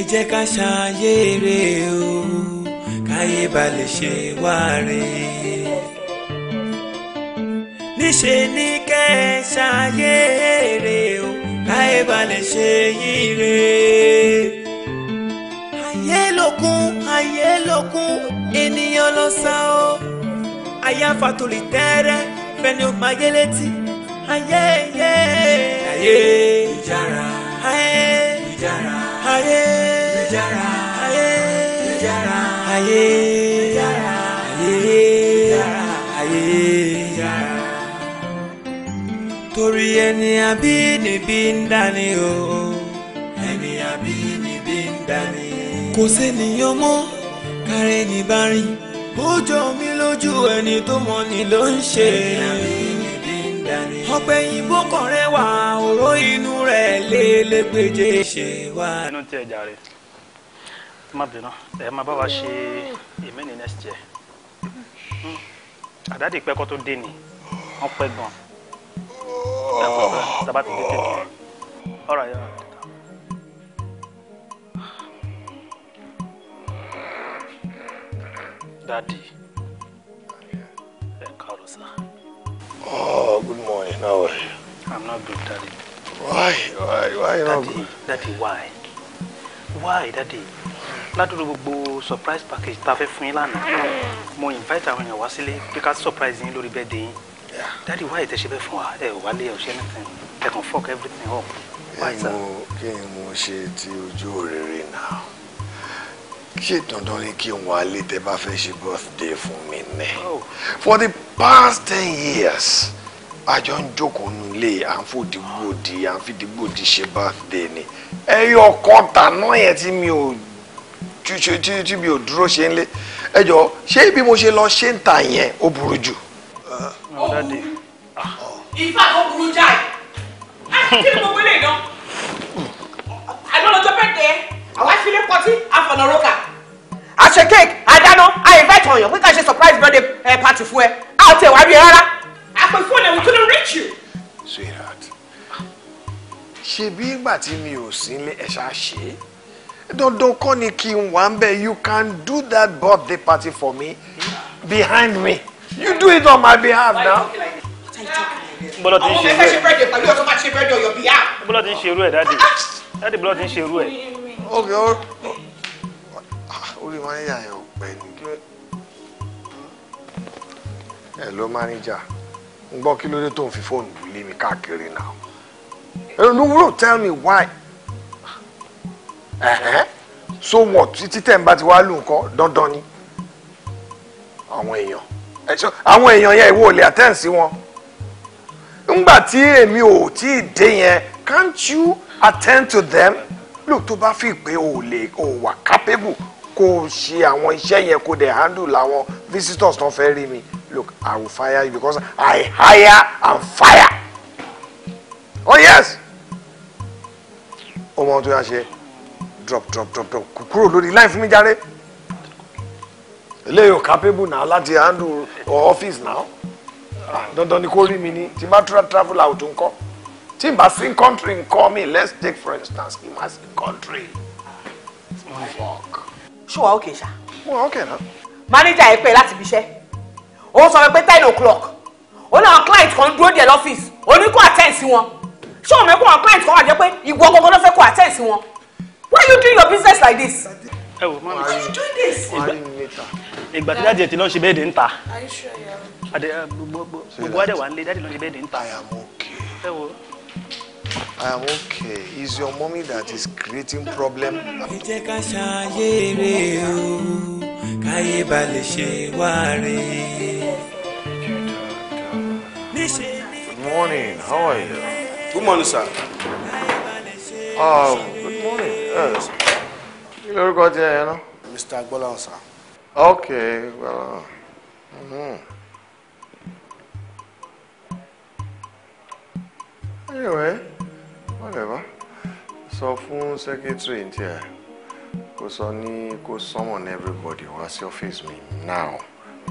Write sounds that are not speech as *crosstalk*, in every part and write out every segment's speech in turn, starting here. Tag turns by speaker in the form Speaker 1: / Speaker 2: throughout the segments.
Speaker 1: ẹ jẹ́ ká ṣàyè rè o káyé ba lè ṣe wá rè níṣe ní kẹ́ ẹ ṣàyè rè o káyé ba lè ṣe yí rè. ayé lókun ayé lókun ènìyàn ló sá o àyàfà tó lè tẹ́rẹ́ fẹ́ni ó máa yé létí ayé yé.
Speaker 2: ayé ìjára
Speaker 1: ayé ìjára ayé ìdára ayé ìdára ayé ìdára ayé ìdára ayé ìdára. torí ẹni abínibí ń dání o. ẹni abínibí ń dání. kò sénìyàn mọ́ kárẹ́ ní bá rìn. ó jọ mí lójú ẹni tó mọ̀ ni ló ń ṣe. ẹni abínibí ń dání. ọ̀pẹ̀ yìnbọn inú rẹ̀ lélẹ́gbẹ̀jẹ̀ ṣe wá. inú tí ẹ jàre má bínú ẹ máa bá wa ṣe
Speaker 3: èmi ní next year hmm. àdáde ìpẹ́kọ́ tó dé ni wọ́n pẹ́ gan-an tàbá ti dé tètè ọ̀rọ̀ yẹn. Daddy. Oh, good morning. How are you? I'm not good, Daddy. Why? Why? Why? Daddy, daddy, why? Why, daddy? Ládùúgbò gbogbo surprise package tá a fẹ́ fún yín lánàá. Mo invite àwọn èèyàn wá sílé pé ká surprise yín lórí birthday yín. Daddy, why tẹ ṣe bẹ́ẹ̀ fún wa? Ẹ ò wálé ọ̀ṣẹ́ nìkan. Ẹ kàn fọ́ọ̀kì everything up. Why, sir? Kí ni mo ṣe ti ojú òrèrè náà? ṣe dandan ni kí n wálé tẹ bá fẹ́ ṣe birthday fún mi ní. Oh. for the past ten years àjọ ń jókòó nu ilé à ń fòdìgbòdì à ń fìdígbòdì ṣe birthday ni ẹyọ ọkàn tàná yẹn tí mi ò tí mi ò dúró ṣe ń lé ẹ jọ ṣé bí mo ṣe lọ ṣe ń ta yẹn ó burú jù. ìfà tó burú jáì kí ni mo gbélé iná àdánlọ́jọ́ bẹ́ẹ̀ dẹ́ àwa ìfilé pọtí àfọ̀nàrọ́kà. àṣẹ kéèkì
Speaker 4: àdáná àyè bẹ́ẹ̀ tàn yàn pé ká ṣe surprise birthday party fún ẹ àti ẹ̀wà rí ẹ rárá. I my phone
Speaker 3: we couldn't reach you. Sweetheart, she be tí in ò sí ilé ẹ̀ṣá she don't don't call me kí n wà you can do that birthday party for me behind me you do it on my behalf now. bọ́lá ti ń ṣe irú ẹ̀ pẹ̀lú ọtọ́ máa ṣe bẹ́ẹ̀dẹ̀ ọ̀yọ́ bíyà. bọ́lá ti ń ṣe irú ẹ̀ dáàdì dáàdì bọ́lá ti ń ṣe irú ẹ̀. ok ah, orí máníjà yẹn ò pẹ́ ni. hello máníjà n gbọ́ kí ló dé tó ń fi fóònù lé mi káàkiri náà ẹnu wúlò tell me why ẹ̀hẹ́n so what títí tẹ̀ ń bá ti wá lù nǹkan dandan ni àwọn èèyàn
Speaker 5: ẹ̀ṣọ́ àwọn èèyàn yẹn ìwọ ò lè
Speaker 3: attend sí wọn ńgbà tí èmi ò tí ì dé yẹn can't you attend to them lò tó bá fi pé o lè o wà capable kó o ṣe àwọn iṣẹ́ yẹn kó o dẹ̀ handle àwọn visitors tó fẹ́ rí mi Look, I will fire you because I hire and fire. Oh yes! Ọmọ tó yà ṣe drop drop drop drop kúrò lórí line fún mi jáde. Eléyìí ò capable na láti handle office now. Ah, dandan ni kó rí mi ní tí bá travel out ńkọ́. Tí n bá sí country ńkọ́ mi let's take for instance kí n má sí country. Fuck. Ṣé wàá òkè ṣá? Wọ́n òkè náà.
Speaker 4: Mánéjà ẹ pé láti bí iṣẹ́ ó sọ pé ten o'clock ó náà client kan
Speaker 3: dúró díẹ̀ lọ́fíìsì oníkó attend sí wọn ṣé òun mẹ́kún àwọn client kan wà jẹ́ pé ìwọ gbogbo ló fẹ́ kó attend sí wọn why you do your business like this.
Speaker 1: ẹ wò mami why you do this.
Speaker 3: ìgbà tí dájú ẹ ti lọ ṣe bẹ́ẹ̀ dé ń ta gbogbo adé wà ń lé dájú lọ
Speaker 1: ṣe bẹ́ẹ̀ dé ń ta.
Speaker 2: I am okay.
Speaker 3: I am okay. It's your mommy that
Speaker 1: is creating problem káyé ba lè ṣe wá rè Good morning, how are you? Good morning, sir. Um,
Speaker 3: good morning, yes. Kí lorúkọ tí you know. náà? Mr. Agbọ́láhùn, sir. Okay, well. Mm-hmm. Anyway, whatever. So, phone secretary in here kò sọ ní kò summon everybody wá sí ọ́fíìsì mi now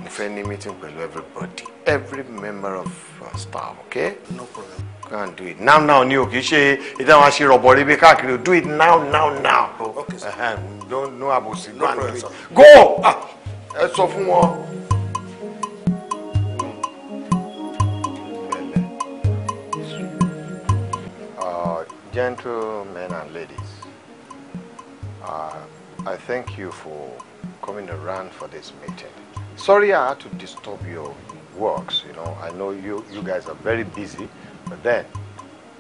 Speaker 3: mo fẹ́ ní meeting pẹ̀lú everybody every member of uh, staff okay. no problem. go and do it now now ni o kì í ṣe ìdáhùn aṣèrọ̀bọ̀ rẹ̀ bí káàkiri do it now now now. Oh, okay sir. Uh-huh. don't know àbòsí no problem sir.
Speaker 2: go ah,
Speaker 3: ẹ sọ fún wọn. Mm. Uh, gentlemen and ladies, uh, I thank you for coming around for this meeting. Sorry I had to disturb your works, you know. I know you, you guys are very busy, but then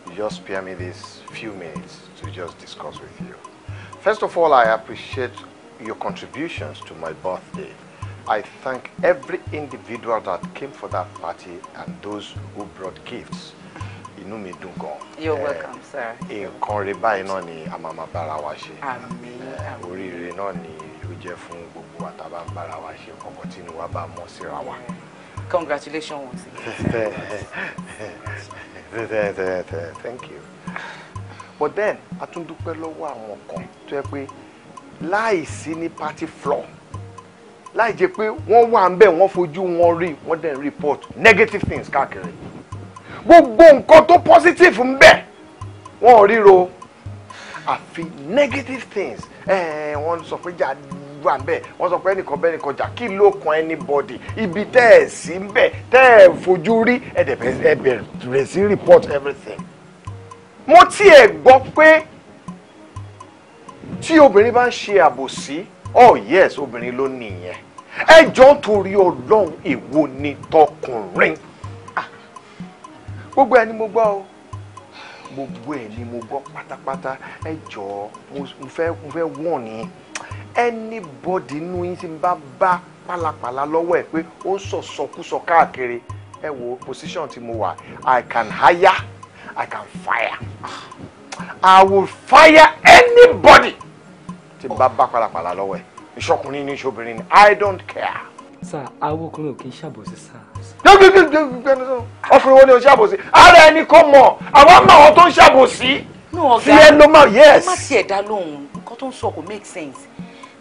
Speaker 3: you just spare me these few minutes to just discuss with you. First of all, I appreciate your contributions to my birthday. I thank every individual that came for that party and those who brought gifts. inú mi dùn gan. you're eh, welcome sir. nǹkan rẹ báyìí náà ni a máa máa bára wa ṣe. àmín eh, àmín. oríire náà ni yóò jẹ́ fún gbogbo wa tá a bá ń bára wa ṣe kọ̀ọ̀kan tí inú wa bá mọ́ síra wa. congratulations once again.
Speaker 5: *laughs*
Speaker 3: thank you. but then a tún dúpẹ́ lọ́wọ́ àwọn kan tó yẹ pé láì sí ní party floor láì jẹ́ pé wọ́n wà ń bẹ̀ wọ́n fojú wọn rí wọ́n dẹ̀ report negative things káàkiri gbogbo nǹkan tó positive ń bẹ wọn ò ríro àfi negative things wọ́n sọ pé jà wà bẹ́ẹ̀ wọ́n sọ pé ẹnìkan bẹ́ẹ̀ nìkan jà kí ló kan anybody ibi tẹ́ ẹ̀ sí ń bẹ̀ tẹ́ ẹ̀ fojú rí ẹ̀ sí report everything. mo tiẹ̀ gbọ́ pé tí obìnrin bá ń ṣe àbòsí oh yes obìnrin ló nìyẹn ẹ jọ ń torí ọlọ́run èwo ni tọkùnrin gbogbo ẹ ni mo gbọ́ o gbogbo ẹ ni mo gbọ́ pátápátá ẹ jọ̀ọ́ mo fẹ́ mo fẹ́ wọ̀n ni anybody nínú yín tí n bá bá pálapàla lọ́wọ́ ẹ̀ pé ó ń sọ̀sọkúsọ káàkiri ẹ wo position tí mo wà i can hire i can fire i will fire anybody tí n bá bá pálapàla lọ́wọ́ ẹ̀ ìṣọkùnrin ní ìṣobìnrin ni i don't care. sir awokunrin ò kí ń ṣàbòsí sáà ọkùnrin wo ni o ṣàbòsí ara ẹni kò mọ àwọn mọ àwọn tó ń ṣàbòsí tí ẹ ló mọ yes. má tiẹ̀ dá lóhùn nǹkan tó ń sọ kò make sense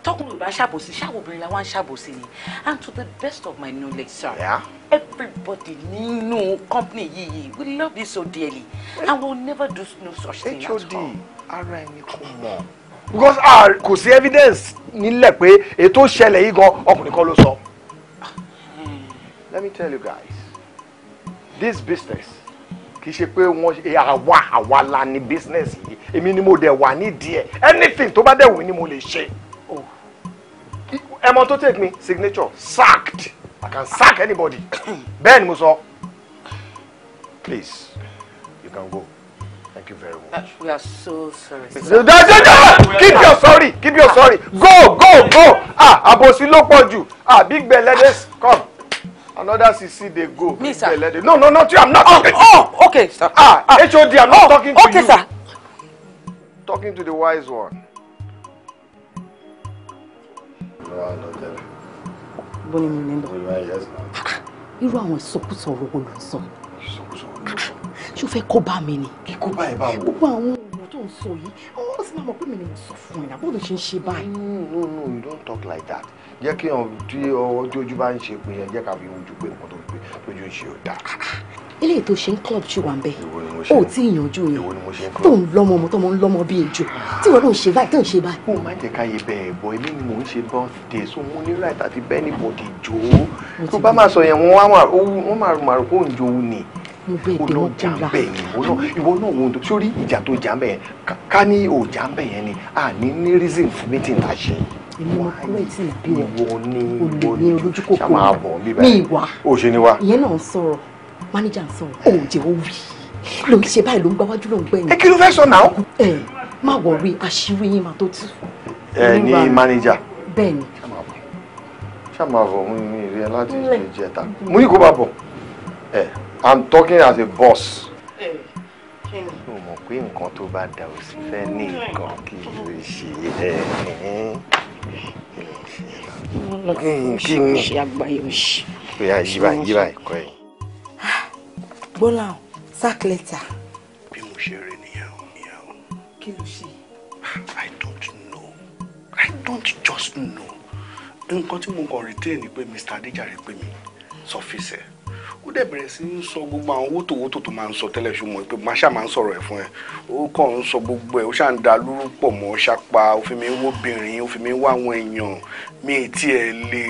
Speaker 3: tọkùnrin bá ṣàbòsí ṣàwòbìnrin la wá ń ṣàbòsí ni and to the best of my knowledge sir yeah. everybody nínú company yìí we love you so dearly and we will never do no such thing at all. hod ara ẹni kò mọ because ah, kò sí evidence nílẹ̀ pé ètò ìṣẹ̀lẹ̀ yìí gan ọkùnrin kan ló sọ. So let me tell you guys this business kì í ṣe pé wọ́n ṣe àwa àwa la ni business yìí èmi ni mo dẹ̀ wà nídìí ẹ̀ anything tó bá dẹ̀ wù ni mo lè ṣe oh. ẹmọ tó take me signature sacked I can sack anybody *coughs* bẹ́ẹ̀ ni mo sọ please you can go. Thank you very much. Uh, we are so sorry. Sir. No, no, Keep your sorry. Keep your sorry. Go, go, go. Ah, àbòsí ló pọ̀ jù. Ah, big bell let us. Another CC dey go. Me, sir. No, no, not I'm not talking. Oh, okay, sir. Ah, ah. HOD, I'm not oh, talking to you. Oh, okay, sir. Talking to the
Speaker 5: wise one. No, I'm not there. Bọ́ni mi ní lọ.
Speaker 3: Irú àwọn ìsọkúsọ ọ̀rọ̀ wo ló ń sọ?
Speaker 4: Ṣé o fẹ́ kó bá mi ni? Kí kó bá ẹ bá wo? Gbogbo
Speaker 3: àwọn ọ̀rọ̀ tó ń sọ yìí, àwọn ọ̀sìn máa mọ̀ pé mi ni mo sọ fún ẹ náà. Bọ́ọ̀lù ṣe ń ṣe báyìí. No, no, no, you don't talk like that jẹ́ kí ọ̀hún tí ọwọ́ ojú bá ń ṣe pé yẹn jẹ́ ká fi ojú pé nǹkan tó pé tójú ń ṣe ò dáa.
Speaker 4: ilé ètò ṣe ń club ṣì wà ń bẹ o tí ì yanjú yẹn tó ń lọmọ ọmọ tọmọ ń lọmọ bí ejò tí wọn ló ṣe báyìí tó ń ṣe báyìí.
Speaker 3: mo máa ń jẹ káyé bẹ́ẹ̀ bọ èmi ni mò ń ṣe bọ́ọ̀dé so mo ní right àti bẹ́ẹ̀ni bòdì jò ó tó bá máa sọ yẹn wọ́n máa rò kó ń jò ó ni ìwọ náà jà ń bẹ̀ yẹn ìwọ náà ìwọ náà wo tó sórí ìjà tó jà ń bẹ̀ yẹn ká ní òjà ń bẹ̀ yẹn ni à ní ní reason for meeting ta ṣe èmi mo kúrò ètí ìbí wọn ìwọ ni ìwọ ni olójú mi ìwà
Speaker 4: ìyẹn náà ń sọ̀rọ̀ mánéjà ń sọ̀rọ̀ ó jẹ́ ó wí ló ń ṣe báyìí ló ń gbáwájú ló ń gbẹ̀yìn. ẹ kí ló fẹ́ sọ náà. ẹ má wọrí àṣírí yín máa tó tú.
Speaker 5: ẹ ní mánéjà.
Speaker 4: bẹ́ẹ̀ ni.
Speaker 3: ṣá máa bọ̀ láti ṣe jẹta mo ní kó bá bọ̀ ẹ i'm talking as a boss. ẹ kí pé nǹkan tó bá dà ó fẹ́ ní nǹkan
Speaker 5: kí ló ṣe ẹ̀ ẹ́. I
Speaker 2: don't know
Speaker 3: I don't just know nǹkan tí mo kàn retain ni pé Mr. Adéjàre pè mí sọ fèsì ẹ̀ ó dẹ̀ bẹ̀rẹ̀ sí ń sọ gbogbo àwọn wótòwótò tó máa ń sọ tẹ́lẹ̀ ṣùgbọ́n pé máa máa ń sọ̀rọ̀ ẹ̀ fún ẹ ó kàn ń sọ gbogbo ẹ̀ ó ṣáà ń da lúrú pọ̀ mọ́ ṣapa òfin mi ń wó obìnrin òfin mi ń wá àwọn èèyàn mi tí ẹ lè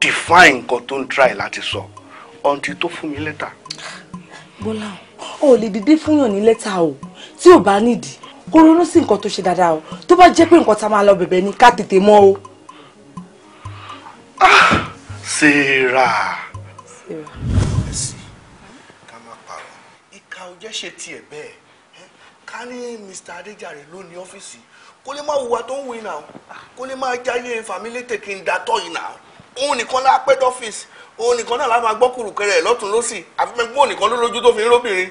Speaker 3: define nǹkan tó ń try láti sọ ọ̀ǹtí tó fún mi lẹ́tà. bọ́lá o ò lè dìde fún yàn ní lẹ́tà o tí ò bá nídìí kó ronú sí nǹkan tó
Speaker 4: ṣe dáadáa o tó bá jẹ́ pé nǹkan tá a máa lọ bẹ̀bẹ̀ ni
Speaker 3: ah, sarah ẹ̀sìn ká má parọ́ ìka ọjẹ́ ṣe tiẹ̀ bẹ́ẹ̀ ká ní Mr Adéjàre ló ní ọ́fíìsì kó lè má wùwà tó ń wí náà kó lè má jáyé fàmílì tèkì ń datọ́ yìí náà òun nìkan lá pẹ́ dọ́fíìsì òun nìkan náà lá máa gbọ́ kùrùkẹrẹ lọ́tún lọ́sì àfimẹ́gbọ́n nìkan ló lójú tó fi ń róbìnrin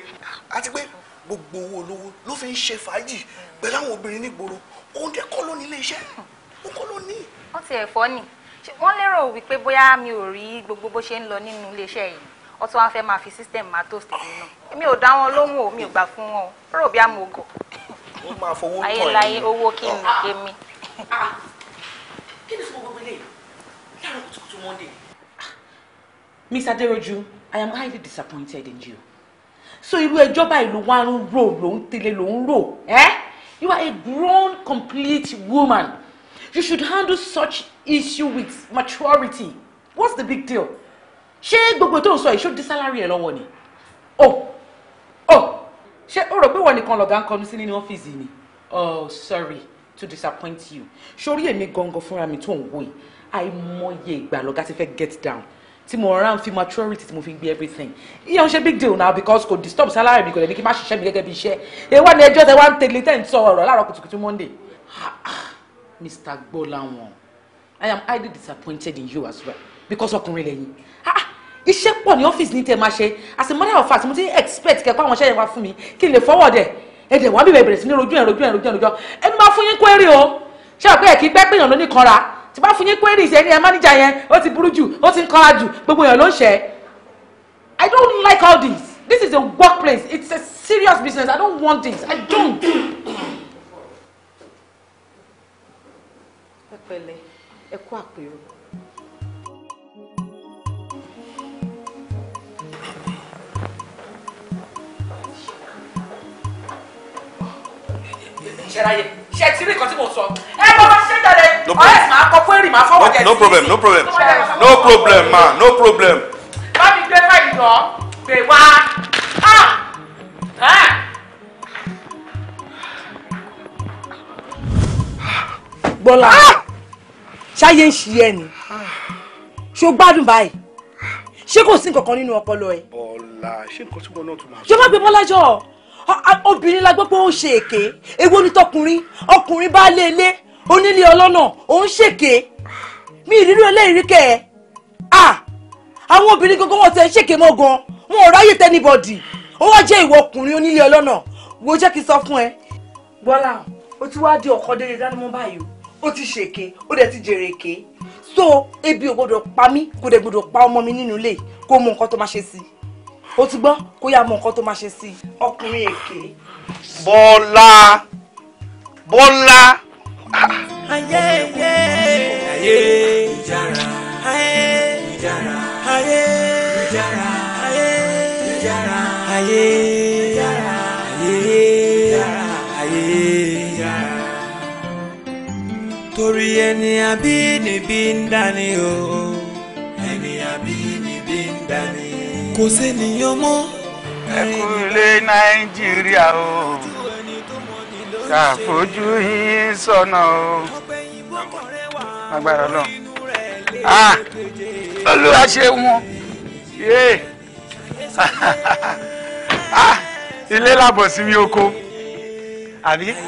Speaker 3: àti pé gbogbo owó olówó ló fi ń ṣe fàájì pẹ̀lú àwọn obìnrin nígboro òun dẹ̀ kọ́ ló ní ilé kọ́ ló wọ́n ti ẹ̀fọ́ nì wọ́n lérò
Speaker 4: wípé bóyá mi ò rí gbogbo bó ṣe ń lọ nínú iléeṣẹ́ yìí wọ́n tún wá fẹ́ máa fi system máa toast mi náà èmi ò dá wọn lóhùn o mi ò gbà fún wọn o rò bí a mọ̀ gọ̀. ó máa fowó tọ̀ ẹ́ ayélayé owó kí ni èmi. Ah, ah. kí ni fún gbogbo ilé láàárọ̀ kùtùkùtù monday.
Speaker 3: Ah, Mr. Aderoju I am highly disappointed in you so irú ẹjọ́ báyìí ló wá ń rò ló ń tẹ̀lé ló ń rò ẹ́ eh? you are a grown complete woman you should handle such issue with maturity what's the big deal ṣé gbogbo tó ń sọ ìṣó dí sálárì ẹ lọ́wọ́ ni oh oh ṣé o rò pé wọn nìkan lọ̀gá ń kọnu sí nínú ọ́fíìsì ni oh sorry to disappoint you sórí èmi gangan fúnra mi tó ń wò yìí àìmọye ìgbà lọ̀gá ti fẹ́ get down tí mo rán fi maturity tí mo fi gbé everything ìyẹn ṣe big deal now because kò disturb salary mi kò lè ní kí n má ṣiṣẹ́ mi gẹ́gẹ́ bí iṣẹ́ èèwọ̀ ni ẹjọ́ tẹ wá ń tẹ̀lé tẹ̀ ń sọ ọ̀rọ̀ láàárọ̀ kùtùkùtù monday ah, ah. mr gbọ́láwọn I am highly disappointed in you as well because ọkùnrin lẹ́yìn ah, iṣẹ́ pọ̀ ní ọ́fíìsì ní tẹ́ máa ṣe as a matter of fact mo ti expect kẹ́kọ́ àwọn iṣẹ́ yẹn wá fún mi kí n lè forward ẹ̀ ẹ̀ dẹ̀ wá bíbẹ̀ bẹ̀rẹ̀ sí ní rojú ẹ̀ rojú ẹ̀ rojú ẹ̀ rojú ẹ̀ máa fún yín query o ṣé àpẹ́ ẹ̀ kí gbẹ́ pèèyàn ló ní kanra tí bá fún yín query ṣe ẹni ẹ̀ máníjà yẹn ó ti burú jù ó ti ń kanra jù gbogbo èèyàn ló ń ṣẹ́ I don't like all this this is a workplace it's a serious business I don't want this I don't ẹ kú àpérò. ṣe ti rí nǹkan tí mo sọ ẹ bọ́ bá ṣe jáde ọ̀rẹ́ sì máa kọ fún èrì máa fọwọ́ jẹ no problem no problem
Speaker 2: no problem
Speaker 3: ma no problem. bá gbé fáìlì lọ gbè wá. Ah! Ah!
Speaker 1: Bọ́lá. Ah! ṣáyé ń ṣí ẹ ni
Speaker 3: ṣó gbádùn báyìí ṣé kò sí nǹkan kan nínú ọpọlọ ẹ. bọ́lá ṣé nǹkan tí wọn náà tún máa. jọba gbé bọ́lá jọ obìnrin la gbọ́ pé ó ń ṣe èké èwo ni tọkùnrin ọkùnrin bá lé ilé onílé ọlọ́nà ó ń ṣèké mi ìrírú ẹlẹ́rìí kẹ́ ẹ̀ ah àwọn obìnrin gangan wọn ti ẹ̀ ń ṣèké mọ́ gan wọn ò ráyè tẹ́nibọ̀dì
Speaker 4: ó wá jẹ́ ìwọ ọkùnrin onílé ọlọ́nà wo jẹ́ kí n sọ fún ẹ. bọ́lá o ti wá di ọ̀kọ́ dédé dánimọ́ báyìí o ó ti ṣèké ó dẹ̀ ti jèrè so ebi ò gbọdọ̀ pa mí kò dẹ̀ gbọdọ̀ pa ọmọ mi nínú ilé kó mọ nǹkan tó máa ṣe sí i ó ti gbọ́ kó yá mọ nǹkan tó máa ṣe sí i ọkùnrin èké. bọ́lá
Speaker 3: bọ́lá. ayé ayé ayé ìjàrá ayé ìjàrá
Speaker 1: ayé ìjàrá ayé ìjàrá ayé. torí ẹni àbínibí ń dání o ẹni àbínibí ń dání. kò sénìyàn mọ́.
Speaker 3: ẹ ilé nàìjíríà o ṣàfojú yín sọ́nà o agbára Ọlọ́run ah olúwa ṣe wọn ah ilé làbọ̀ sí mi oko àbí. *laughs*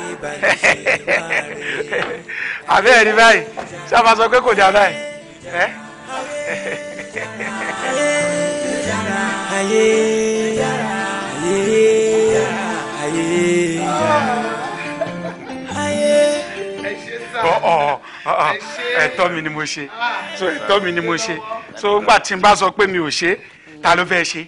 Speaker 3: àbẹ́ ẹ̀rí báyìí ṣé a máa sọ pé kò dá báyìí ẹ́. ẹ̀tọ́ mi ni mo ṣe so ẹ̀tọ́ mi ni mo ṣe so nígbà tí n bá sọ pé mi ò ṣe ta ló fẹ́ ṣe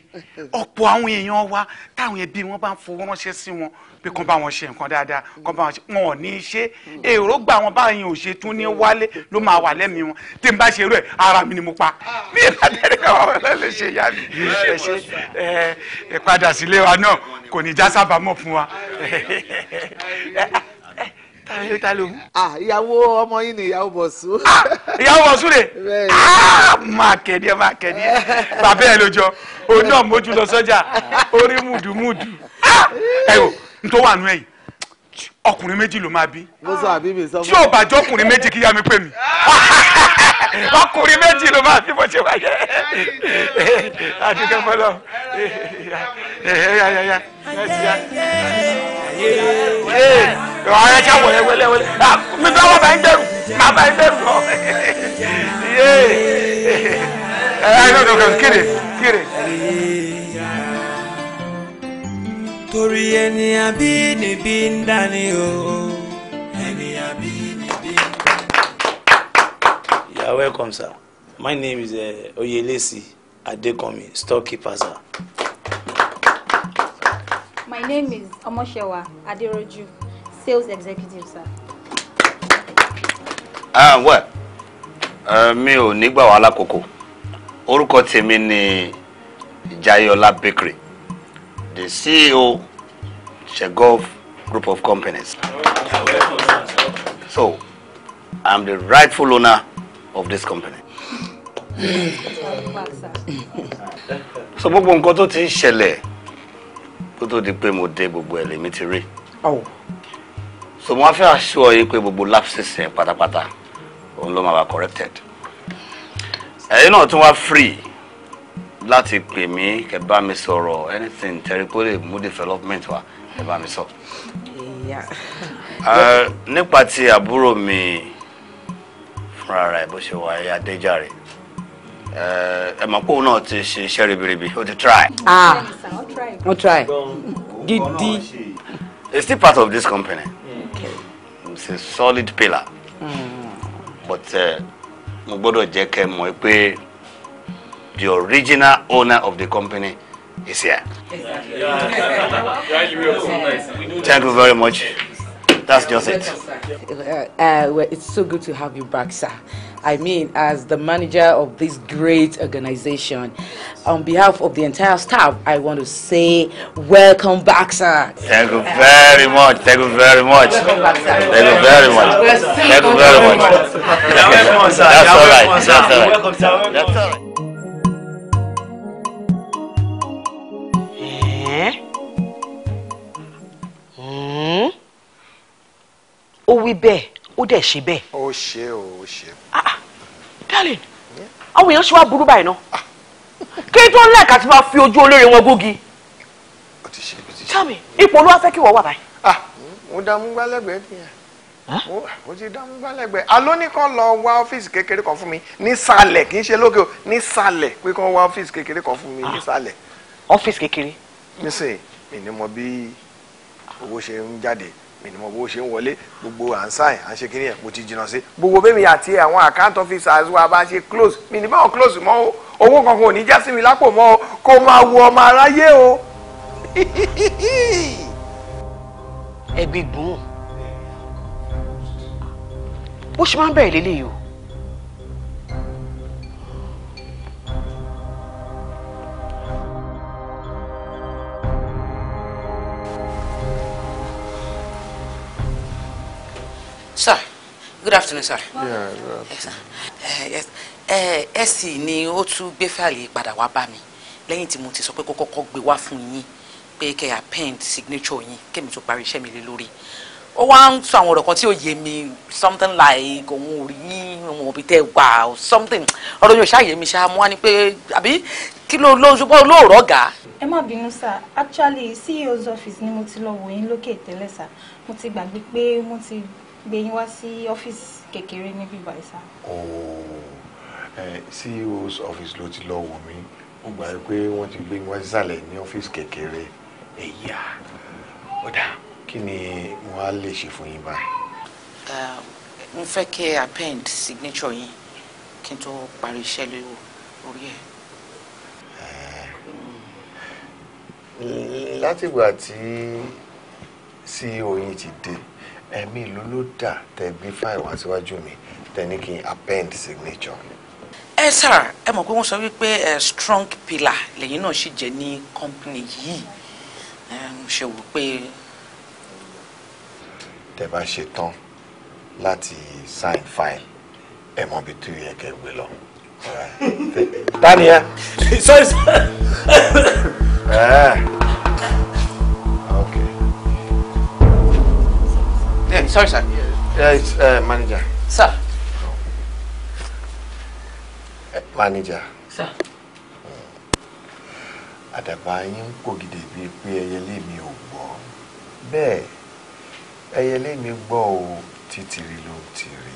Speaker 3: ọ̀pọ̀ àwọn èèyàn wa táwọn ẹbí wọn bá ń fowó ránṣẹ́ sí wọn pé kán bá wọn ṣe nǹkan dáadáa kán bá wọn ṣe wọn ò ní í ṣe èròǹgbà wọn báyìí ò ṣe tún ní wálé ló máa wà lẹ́mìí wọn tí n bá ṣe irú ẹ̀ ara mi ni mo pa bí ìbádẹ́rẹ́ kan wọn lè ṣe ìyá mi ẹ ṣe ẹ padà sílé wa náà kò ní já sábàámọ̀ fún wa ta ló. ìyàwó ọmọ yín ni ìyàwó bọ̀sùn. ìyàwó bọ̀sùn rè máa kẹ́ni máa kẹ́ni bàbá ẹ lójọ òun náà mójú lọ sọ́jà orí mùdùmùdù nítorí wà nú ẹ̀yìn ọkùnrin méjì ló máa bí tí ò bá jọ ọkùnrin méjì kí yá mi pè mí ọkùnrin méjì ló máa bí bó ṣe wáyé àdìgbò fọlọ ọ̀rẹ́ ṣá wọlé wẹlé wẹlé mi bá wà bá ń dẹrù má bá ń dẹrù lọ ẹ ẹ
Speaker 1: ẹ ẹ kéde kéde torí ẹni àbínibí ń dání o. ẹni àbínibí
Speaker 3: ń you are welcome sir my name is uh, oyelesi adekunmi storekeeper sir.
Speaker 4: my name is omosewa aderoju sales executive sir.
Speaker 5: ah well uh, mi ò ní gbà wá lákòókò orúkọ tèmi ni Jayola Bakery the CEO Chegov Group of Companies. So, I'm the rightful owner of this company. so gbogbo nǹkan tó ti ń ṣẹlẹ̀ kó tó di pé mo dé gbogbo ẹ̀ lèmi ti rí. Oh. so mo wá fẹ́ aṣọ yín pé gbogbo lapses yẹn pátápátá òun ló máa wà corrected. ẹ̀yin náà tún wá free láti pè mí kẹ́ bá mi sọ̀rọ̀ anything tẹrípó lè mú development wá kẹ́ bá mi sọ.
Speaker 2: *laughs*
Speaker 5: nípa ti àbúrò mi fúnra rẹ̀ bó ṣe wà ẹ adéjàre ẹ mọ̀ pé òun náà ti ṣe iṣẹ́ ribiribi ó ti try.
Speaker 2: ah
Speaker 3: ó try gidi.
Speaker 5: he's still part of this company okay. he's a solid pillar mm. but eh, mo gbọ́dọ̀ jẹ́ kẹ́ mọ̀ pé. the original owner of the company is here.
Speaker 2: Thank you
Speaker 5: very much. That's just it.
Speaker 2: Uh,
Speaker 3: well, it's so good to have you back, sir. I mean, as the manager of this great organization, on behalf of the entire staff, I want to say
Speaker 4: welcome back, sir.
Speaker 5: Thank you very much. Thank you very much. Thank you very
Speaker 2: much. Thank you very much. That's all right. That's all right. That's all right.
Speaker 4: ó wí bẹ́ẹ̀ ó dẹ̀ ṣe bẹ́ẹ̀.
Speaker 1: ó ṣe o ó ṣe. Ah, ah,
Speaker 2: darling
Speaker 3: àwọn èèyàn ṣe wá burú báyìí náà ah. kí tó ń lẹ́ẹ̀ka tí máa fi ojú olóore wọn gógi. ó ti ṣe ó ti ṣe. tami ipò olúwa fẹ́ kí wọ́n wà báyìí. ah mo dààmú gbálẹ́gbẹ̀ẹ́ nìyẹn mo ti dààmú gbálẹ́gbẹ̀ẹ́ alóníkan lọ wá ọ́fíìsì kékeré kan fún mi nísàlẹ̀ kì í ṣe lókè o nísàlẹ̀ pé kí wọ́n wá ọ́fíìsì kékeré kan fún mi nísàlẹ̀. ọ́fíìsì kékeré. nísìnyí mi ni mo bí owó ṣe ń jáde mi ni mo bó ṣe ń wọlé gbogbo à ń sáyìn à ń ṣe kínní ẹ̀ mo ti jìnnà sí gbogbo bẹ́ẹ̀ mi àti àwọn account officers wa bá ṣe close mi báwọn close mọ́ owó kankan ò ní já sí mi lápò mọ́ kó máa wo ọmọ aráyé o. ẹgbẹ́ gbòó
Speaker 4: bó ṣe máa ń bẹ̀rẹ̀ lélẹ́yìí o
Speaker 3: sir good afternoon sir. yeah yes eh, yes eh, ẹ sì ni ó tún gbé fàlì padà wá bá mi lẹ́yìn tí mo ti sọ pé kó kọ́kọ́ gbé wá fún yín pé kẹ́ append signature yín kémi tó parí iṣẹ́ mi lé lórí ó wá ń sọ àwọn ọ̀rọ̀ kan tí
Speaker 4: ò yé mi something like òun ò rí òun ò tẹ́ wà or something ọ̀rọ̀ yóò
Speaker 3: ṣáà yé mi ṣáà mú wá ni pé àbí kí ló ló ṣùgbọ́n olóòrọ̀ ọ̀gá.
Speaker 1: ẹ má bínú sá actually CEO's office ni mo ti lọ wò yín lókè tẹ́lẹ̀ sá mo ti gbàgbé pé mo ti gbé yín wá sí ọ́fíìsì kékeré níbí báyìí sá.
Speaker 3: CEO's oh, eh, office ló ti lọ wò mí mo gbà pé wọ́n ti gbé yín wá sísàlẹ̀ ní ọ́fíìsì kékeré ẹ̀yà ọ̀dà kí ni wọ́n á lè ṣe fún yín báyìí. Eh, mo fẹ́ kí ẹ append signature yín kí n tó parí iṣẹ́ lórí ẹ̀. Eh, látìgbà tí CEO yín ti dé ẹ̀mí ìlú ló
Speaker 5: dà tẹ́ gbé fáìlì wá síwájú mi tẹ́ ní kí n append signature.
Speaker 3: ẹ sà ẹ mọ̀ pé wọ́n sọ wípé ẹ strong pillar lẹ́yìn náà ṣì jẹ́ ní company yìí ẹ ṣe wò pé. tẹ́ bá ṣe tán láti sign file ẹ mọ̀ bí tó yẹ kẹ́ gbé lọ.
Speaker 5: *laughs* tani ẹ. sorry sir. *laughs* Eh. Sorry, sir.
Speaker 3: Yeah, it's uh, manager. Sir. Manager. Sir. Àdàbà yín ń kò gidi bíi pé ẹyẹlé mi ò gbọ́. Bẹ́ẹ̀ ẹyẹlé mi gbọ́ o títìrì ló tìrì.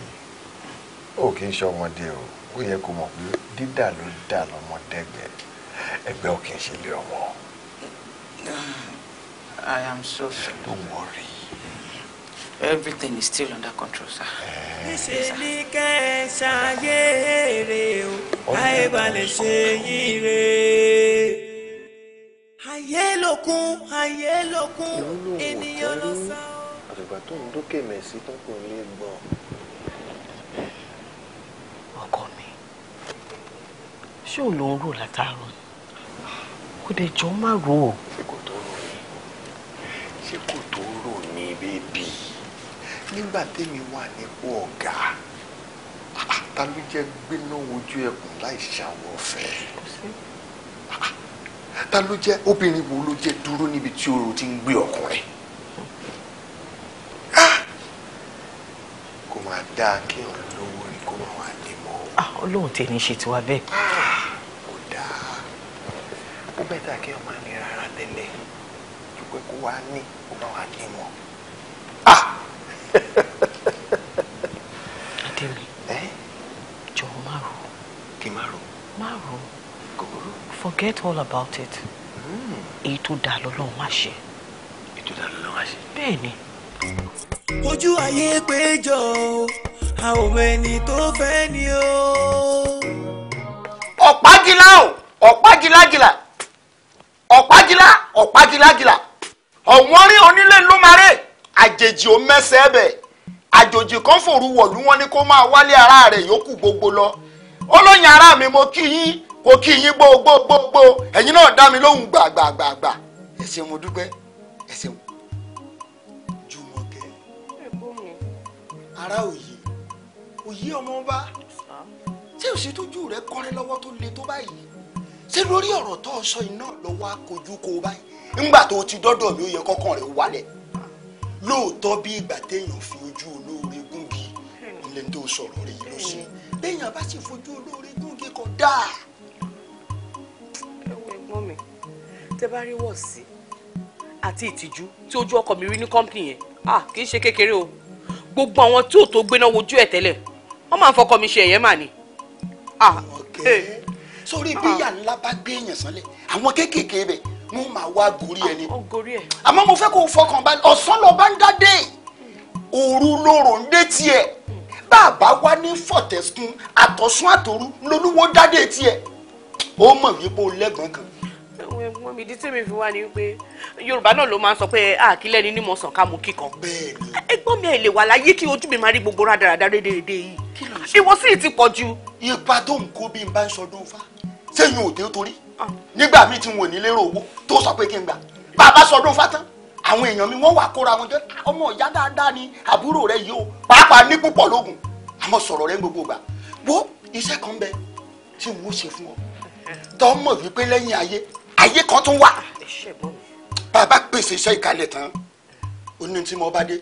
Speaker 3: Ó kì í ṣọmọdé o. Ó yẹ kó mọ̀ pé dídà ló dà lọ́mọdẹ́gbẹ́. Ẹgbẹ́ ò kì
Speaker 1: I am so sorry. Don't worry everything is still under control sir. níṣẹ́ ní kẹsàn-ayé rè o ayé balẹ̀ ṣe yí rè ayé lókun ayé lókun ènìyàn ló sá.
Speaker 5: àgbà tó ń dókè mẹ́sì tó kò lè gbọ́.
Speaker 3: ọkọ mi ṣé ò ló ń rò látàárọ̀ ni kò dé jọ má rò ó. ṣé
Speaker 5: kò tó rò ní bébì nígbà
Speaker 3: tèmi wà nípò ọ̀gá *laughs* ta ló jẹ́ gbéná ojú ẹkùn láì ṣàwọ̀ ọ̀fẹ́ *laughs* ta ló jẹ́ obìnrin wo ló jẹ́ dúró níbi tí oró ti ń gbé ọkùnrin kò máa dáa kí òun lówó rí kó máa wà ní mọ́.
Speaker 2: Ah, ọlọ́run tẹ̀ ní ṣe tiwa bẹ́ẹ̀. Ah, kò dáa
Speaker 3: ó bẹ́ẹ̀ dà kí ọmọ ní rárá tẹ́lẹ̀ ju kó wá ní kó máa wà ní mọ́.
Speaker 1: Ademi. Eh? Joe Maru. Kimaru. Maru. Guru. Forget all about it. Hmm. Èyí tó dáa lọ́lọ́run wá ṣe. Èyí tó dáa lọ́lọ́run wá ṣe. Bẹ́ẹ̀ni. Ojú ayé péjọ, a ò mẹ́ni tó fẹ́ ni o. Ọ̀pájìlá o, ọ̀pájìlájìlá, ọ̀pájìlá,
Speaker 3: ọ̀pájìlájìlá, ọ̀wọ́n rí onílé ló máa rè àjèjì ó mẹ́sẹ̀ ẹ̀bẹ̀ àjòjì kan fòru wọ̀lú wọn ni kó máa wálé ara rẹ̀ yòókù gbogbo lọ olóyin ara mi mo kí yín kò kí yín gbogbogbò ẹ̀yin náà dá mi lóhùn gbàgbàgbà ẹ ṣé mo dúpẹ́ ẹ ṣé mo. ara òye òye ọmọọba ṣé o ṣe tójú rẹ kọrin lọ́wọ́ tó le tó báyìí ṣé lórí ọ̀rọ̀ tó sọ iná lọ́wọ́ akojú kó báyìí ńgbà tó ti dọdọ mi ó yẹ kọkàn rẹ wálẹ̀ lóòótọ́ bí ìgbà téèyàn fi ojú olóore gúngi ilé tó sọ̀rọ̀ rẹ̀ yìí ló sí béèyàn bá sì fojú olóore gúngi kò dáa. ẹ wo ẹ̀gbọ́n mi tẹ bá rí wọ̀sí àti ìtìjú tí ojú ọkọ mi rí ní kọ́ńpìnì yẹn kì í ṣe kékeré o gbogbo
Speaker 4: àwọn tí ò tó gbéná wojú ẹ̀ tẹ́lẹ̀ wọ́n máa ń fọkọ mi ṣe ẹ̀yẹ́ mà ni.
Speaker 3: sórí bí ńlá bá gbé èèyàn sánlẹ̀ àwọn kéékèèké bẹ̀ mo máa wá gorí ẹni ah, àmọ́ mo fẹ́ kó o fọkàn balẹ̀ ọ̀sán lọ bá ń dá dé òru lóòrò ń dé tiẹ̀ bá a bá wá ní fọ̀tẹ̀sùn àtọ̀sùn àtòru lolúwo dá dé tiẹ̀ ó mọ̀ wípé o lẹ́gbọ̀n kan
Speaker 1: mọ mi di tèmi fi wá ni pé
Speaker 4: yorùbá náà ló máa ń sọ pé àkílẹ̀ ni ní mo sàn ká mo kíkan. ẹgbọ́n mi ẹ̀ lè wà láyé kí
Speaker 3: ojú mi máa rí gbogbo rádaràda rédèrèdè yìí ìwọ sì ti pọ̀ ju. ipa tó ń kó bí n bá ń sọdún fa téèyàn ò dé torí nígbà míì tí wọn ò ní lérò owó tó sọ pé kí n gbà bàbá sọdún fátán àwọn èèyàn mi wọ́n wà kóra wọn jẹ́ ọmọ ìyá dáadáa ni àbúrò rẹ yìí o pàápàá ní púpọ̀ lógun àmọ́ sọ̀rọ̀ rẹ gbogbo gbà wo iṣẹ́ kan bẹ tí n ó ṣe fún ọ tọ́mọ̀ wípé lẹ́yìn ayé ayé kan tún wà bàbá pèsè iṣẹ́ ìkàlẹ̀ tán ó tí mo bá dé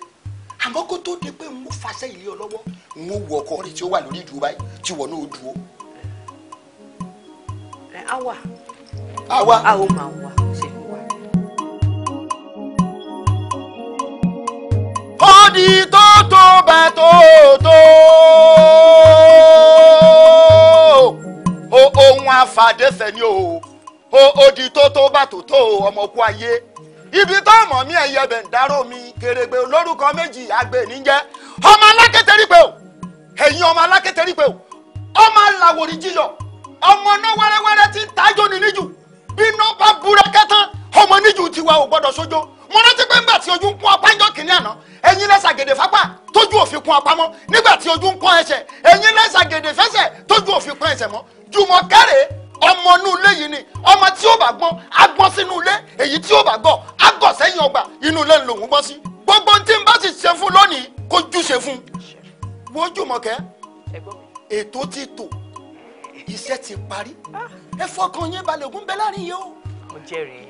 Speaker 3: àmọ́ kó tó di pé n ó fàṣẹ ilé ọ n ó wọ ọkọ rẹ tí ó wà lórí ìdúró báyìí tí wọ́n náà dúró á wà. á wà. a ó máa wà ṣe wà.
Speaker 2: ó di tó tó bá tó tó
Speaker 3: ohun àfàdẹ́sẹ̀ ni o ó di tó tó bá tó tó ọmọ kú ayé ibi tó mọ̀ mí ẹ̀yẹ bẹ̀ ń dárò mi kèrègbè olórúkọ méjì àgbè níjẹ́ ọmọ alákẹ́tẹ̀rí pé o ẹ̀yin ọmọ alákẹ́tẹ̀rí pé o ọmọ aláwòrì jiyọ̀ ọmọ náà wẹ́rẹ́wẹ́rẹ́ ti ń tajọ ní níjù bí iná bá búrẹ́kẹ́ tán ọmọ níjù tiwa ò gbọ́dọ̀ sójó mo rántí pé nígbà tí ojú ń kún apá ńjọ́ kìnìún àná ẹ̀yin lẹ́sà gèdè fápá tójú òfin kún apá mọ́ nígbà tí ojú ń kún ẹsẹ̀ ẹ̀yin lẹ́sà gèdè fẹsẹ̀ tójú òfin kún ẹsẹ̀ mọ́ jùmọ̀ kẹ́rẹ̀ẹ́ ọmọ inú ilé yìí ni ọmọ tí ó bá gbọ́n á gbọ́n sínú ilé èyí tí ó bá gbọ́ á gọ̀ sẹ́yìn ọgbà inú ilé lòún gbọ́n sí. gbogbo tí n bá sì ṣe fún lónìí kó júṣe fún un. wo jùmọ̀kẹ́ ètò ti tò iṣẹ́ ti parí ẹ fọkàn yín balẹ̀ ògùn bẹ láàrin yìí o. mo jẹ́rìí.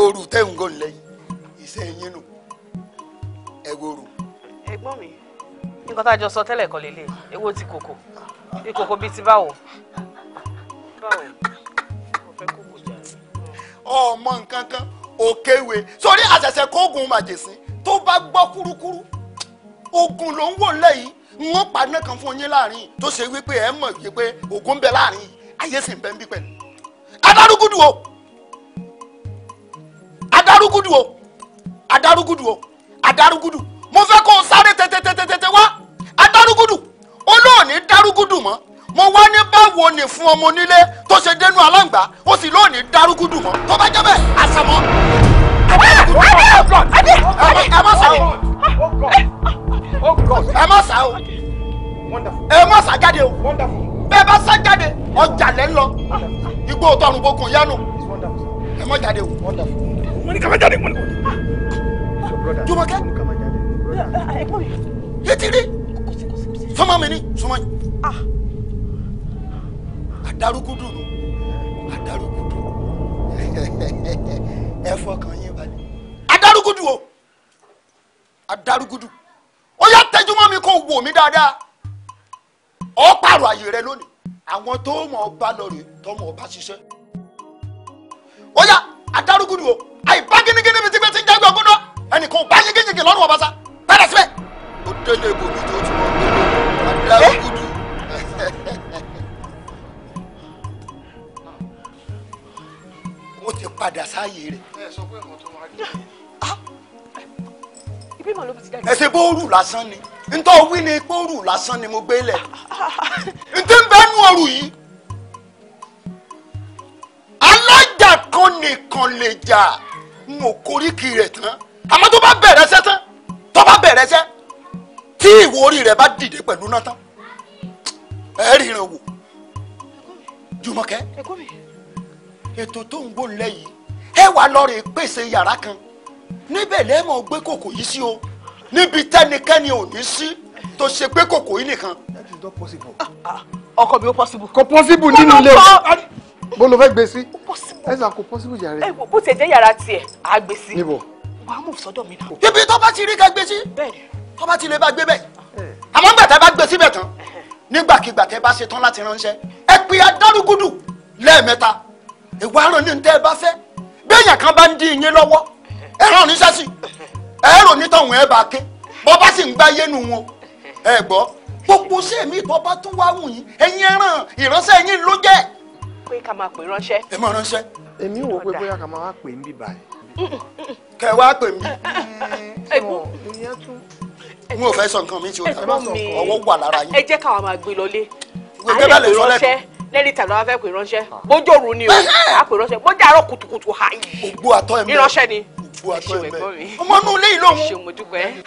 Speaker 3: ooru tẹ́hùn gò lẹ́yìn iṣẹ́ yín nù ẹ wòrò.
Speaker 1: ẹ̀gbọ́n mi nǹkan tá a jọ sọ tẹ́lẹ̀ kọ́ lélẹ̀ èwo ti kòkò bí kòkò bíi ti báwo.
Speaker 3: báwo kò fẹ́ kókò jà. ọmọ nǹkan kan òkèwé sórí àṣẹ̀ṣẹ̀ kóògùn màjèṣin tó bá gbọ́ kúrúkúrú ogun ló ń wò lẹ́yìn n ó paná kan fún yín láàrin tó ṣe wípé ẹ mọ̀ wípé ògùn ń bẹ láàrin yìí ayé sì ń bẹ ń bí pẹ̀lú. adarúgúdù o adarúgúdù o adarúgúdù o adarúgúdù mo fẹ́ kó o sáré tètètètè wá adarúgúdù olóòní darúgúdù mọ́ mo wá ní báwo ni fún ọmọ onílé tó ṣe dénú aláǹgbá ó sì lóòní darúgúdù mọ́ tó bá jẹ́ bẹ́ẹ̀ àṣàmọ́. ẹ má
Speaker 2: sọ̀rọ̀.
Speaker 3: Oh ẹ má sá o ẹ má sá jáde o bẹ́ẹ̀ bá sá jáde ọjà lẹ́ ń lọ igbó tọrùn bó kun yánu ẹ má jáde o. wọ́n ní ká má jáde wọ́n ní. Jùmọ̀kẹ́ yétiri sọmọ mi ni sọmọ yìí adaruku ah. dùnú adaruku dùnú *laughs* ẹ fọkàn yín balẹ̀ adaruku dùn o adaruku dùn ó yá tẹjú mọ́ mi kó wò mí dáadáa ó pààrọ̀ àyè rẹ lónìí àwọn tó mọ̀ ọ́ bá lọ rè tó mọ̀ ọ́ bá ṣiṣẹ́ ó yá adarúgú ni o àìbá gínígíní mi ti gbé ti ń jágbe ọgbọ́dọ̀ ẹnìkan bá yégéjègé lọ́rùn ọ̀básá bẹ̀rẹ̀ síbẹ̀. ó délé ibò mi tó tún wọn gbélé adarúgú dùn. ó ti padà sáàyè rẹ̀.
Speaker 2: ẹ sọ pé ìmọ̀ tó máa rí ibi ìmọ̀ ló ti jáde. ẹsẹ̀ bóòrù
Speaker 3: lásán ni ntọ́ wí ni bóòrù lásán ni mo gbé lẹ̀ ntí ń bẹ́ nú ọrù yìí alájà kan nìkan lè jà n ò koríki rẹ̀ tán àmọ́ tó bá bẹ̀rẹ̀ sẹ́ tán tó bá bẹ̀rẹ̀ sẹ́ tí ìwọ orí bá dìde pẹ̀lú náà tán ẹ̀ ríran wò Jùmọ̀kẹ́ ètò tó ń gbó lẹ́yìn ẹ wà lọ́ọ́ rè pèsè yàrá kan níbẹ̀ lẹ́mọ̀ gbé kòkò yìí sí o níbi tẹ́nikẹ́ni ò ní sí tó ṣe gbé kòkò yìí nìkan. Ah, ah, ọkọ mi ó pọ́sibú. kò pọ́sibú nínú ilé o bó ló fẹ́ gbé sí ẹ sàn kò pọ́sibú jàre. ẹ bó ṣe jẹ́
Speaker 4: yàrá tiẹ̀ á gbé sí. níbo. wà á mú sọ́dọ̀ mi náà. ibi tó bá ti rí ká gbé sí tó bá ti lè bá gbé bẹ́ẹ̀ eh. àmọ́ gbà tẹ́ bá gbé síbẹ̀ tán eh, eh. nígbàkigbà tẹ́ bá ṣe tán láti ránṣẹ́
Speaker 3: ẹ pe adárúgúdù lẹ́ẹ̀mẹ́ta ìwà aràn ní ní tẹ́ ẹ bá fẹ́ bẹ́ẹ̀ yàn kan bá ń dín in yín lọ́wọ́ ẹran oníṣẹ́ sí ẹ̀rọ onítọ̀hún ẹ̀ bá ké bọ́ bá sì ń gbá yénu wọn ẹ gbọ́ gbogbo ṣé mi ìbọn bá tún wá wù yín ẹ̀yin ẹran ìránṣẹ́ yín ló jẹ́. pé ká máa pè ránṣẹ́. ẹ máa ránṣẹ́. èmi wò pé bóyá ká máa wá pè ń bì báyìí. kẹ wá pè mí. n ò fẹ́ sọ nǹkan mi tí o ta ọwọ́ wà lára yín. ẹ jẹ́ káwa máa gbé lọlé.
Speaker 2: àárẹ̀ kò ránṣẹ́
Speaker 3: lẹ́ni tàbí wàá fẹ́ pè ránṣẹ́ bójú òru ni o àpè ránṣẹ́ bójú àárọ̀ kùtùkùtù ha yìí. ògbó àtọ́ ẹ̀ mọ́ ìránṣẹ́ ni bu aṣọ rẹ ọmọ inú ilé yìí lòun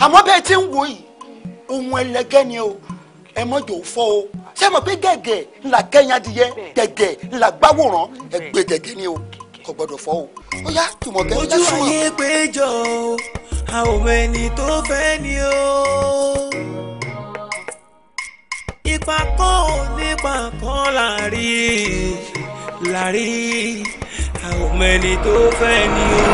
Speaker 3: àmọ́ bẹ́ẹ̀ ti ń wò yìí ohun ẹlẹgẹ́ ni o ẹ mọ jò fọ o ṣé mo pé gẹ́gẹ́ ńlá kẹ́yìn adìyẹ gẹ́gẹ́ ńlá gbáwòrán ẹgbẹ́ gẹ́gẹ́ ni o kò gbọdọ̀ fọ o ó yá
Speaker 1: tùmọ̀ bẹ́ẹ̀ yá súnmọ́. ojú ayé péjọ àwọn ẹni tó fẹ́ ni o ipa kan ò nípa kan láàrin láàrin àwọn ẹni tó fẹ́ ni o.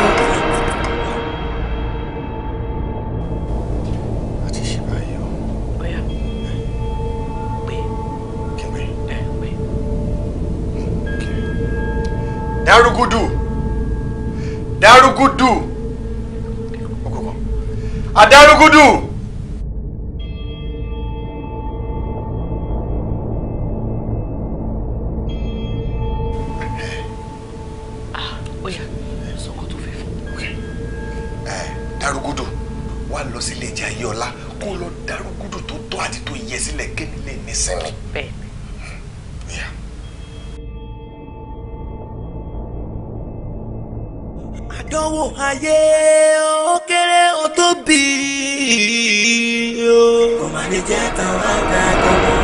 Speaker 3: Darugudu Darugudu okoko Adarugudu. Darugudu. Ah, lọ sílé ìjà yọlá kó lọ dárúgúdù tó tọ́ àti tó yẹ sílẹ̀ kéde lè ní sinmi.
Speaker 1: ìdánwò ayé ó kéré ó tóbi
Speaker 2: o. kò má ní jẹ́ tàwọn àgbà kan mọ́.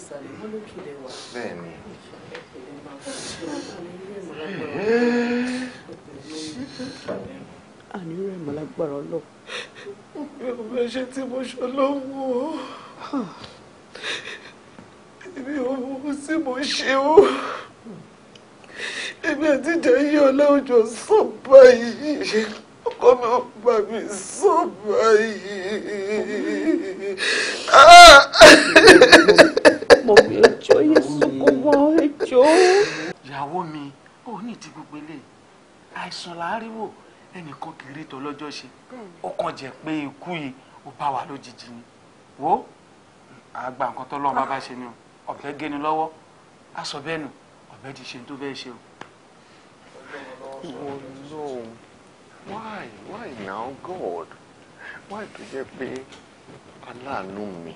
Speaker 2: ìsàlẹ̀ wọn lókè lè wà. bẹ́ẹ̀ni. àní
Speaker 1: rẹ̀ mọ́ lágbára ọlọ́run.
Speaker 2: mo fi ọ̀rọ̀ ṣe tí mo ṣe lọ́wọ́
Speaker 3: èmi ò mọ ohun mo ṣe o èmi àti jẹ́yí ọlọ́jọ́ sọ báyìí ọkọ mi ò gbà mí sọ báyìí
Speaker 2: pọ̀ mí ẹjọ́ yẹ sunkún
Speaker 3: mọ́ ẹjọ́. ìyàwó mi ò ní ti gbogbo eléyìí àìsàn làáríwò ẹnìkan kiri tó lọ́jọ́ ṣe ó kàn pé ikú yìí ó bá wa lójijì ni wo àgbà nǹkan tó lọ́wọ́ bá ṣe ni o ọ̀bẹ géni lọ́wọ́ aṣọ bẹ́ẹ̀ nù ọ̀bẹ ti ṣe tó bẹ́ẹ̀ ṣe o. why why now God why tó jẹ́ pé aláàánú mi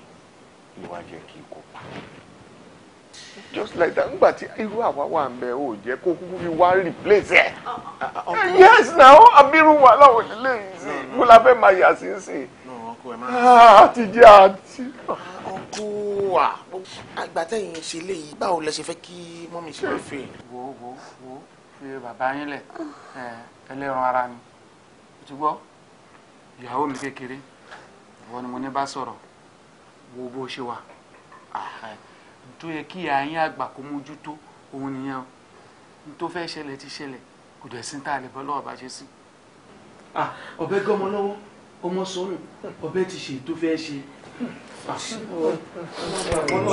Speaker 2: ìwà jẹ́ kí n kópa
Speaker 3: just like that ngbà tí irú àwa wà ń bẹ jẹ kó kúkú fi wá replace ẹ
Speaker 2: uh-huh.
Speaker 3: yes na ó abiru wà láwọn ìdílé yìí sí mo la fẹ́ máa yà sí sí ah, àti jẹ àti. ọkọ wa àgbà tẹ̀yìn ṣe léyìí báwo lẹ ṣe fẹ́ kí mọ́mí ṣe fẹ́ fẹ́. wo wo wo fi bàbá yín lẹ ẹlẹ́ran ara ni o ti gbọ́ ìyàwó mi kékeré ìwọ ni mo ní bá sọ̀rọ̀ wo bó ṣe wà tó yẹ kí àyín àgbà kó mójútó òun nìyẹn n tó fẹ́ ṣẹlẹ̀ ti ṣẹlẹ̀ kò dẹ̀ sí ní tààlẹ̀ bọ́ lọ́wọ́ bá ṣe sí. ọ̀bẹ gé ọmọ lọ́wọ́ ọmọ sọnù ọ̀bẹ ti ṣe tó fẹ́ ṣe.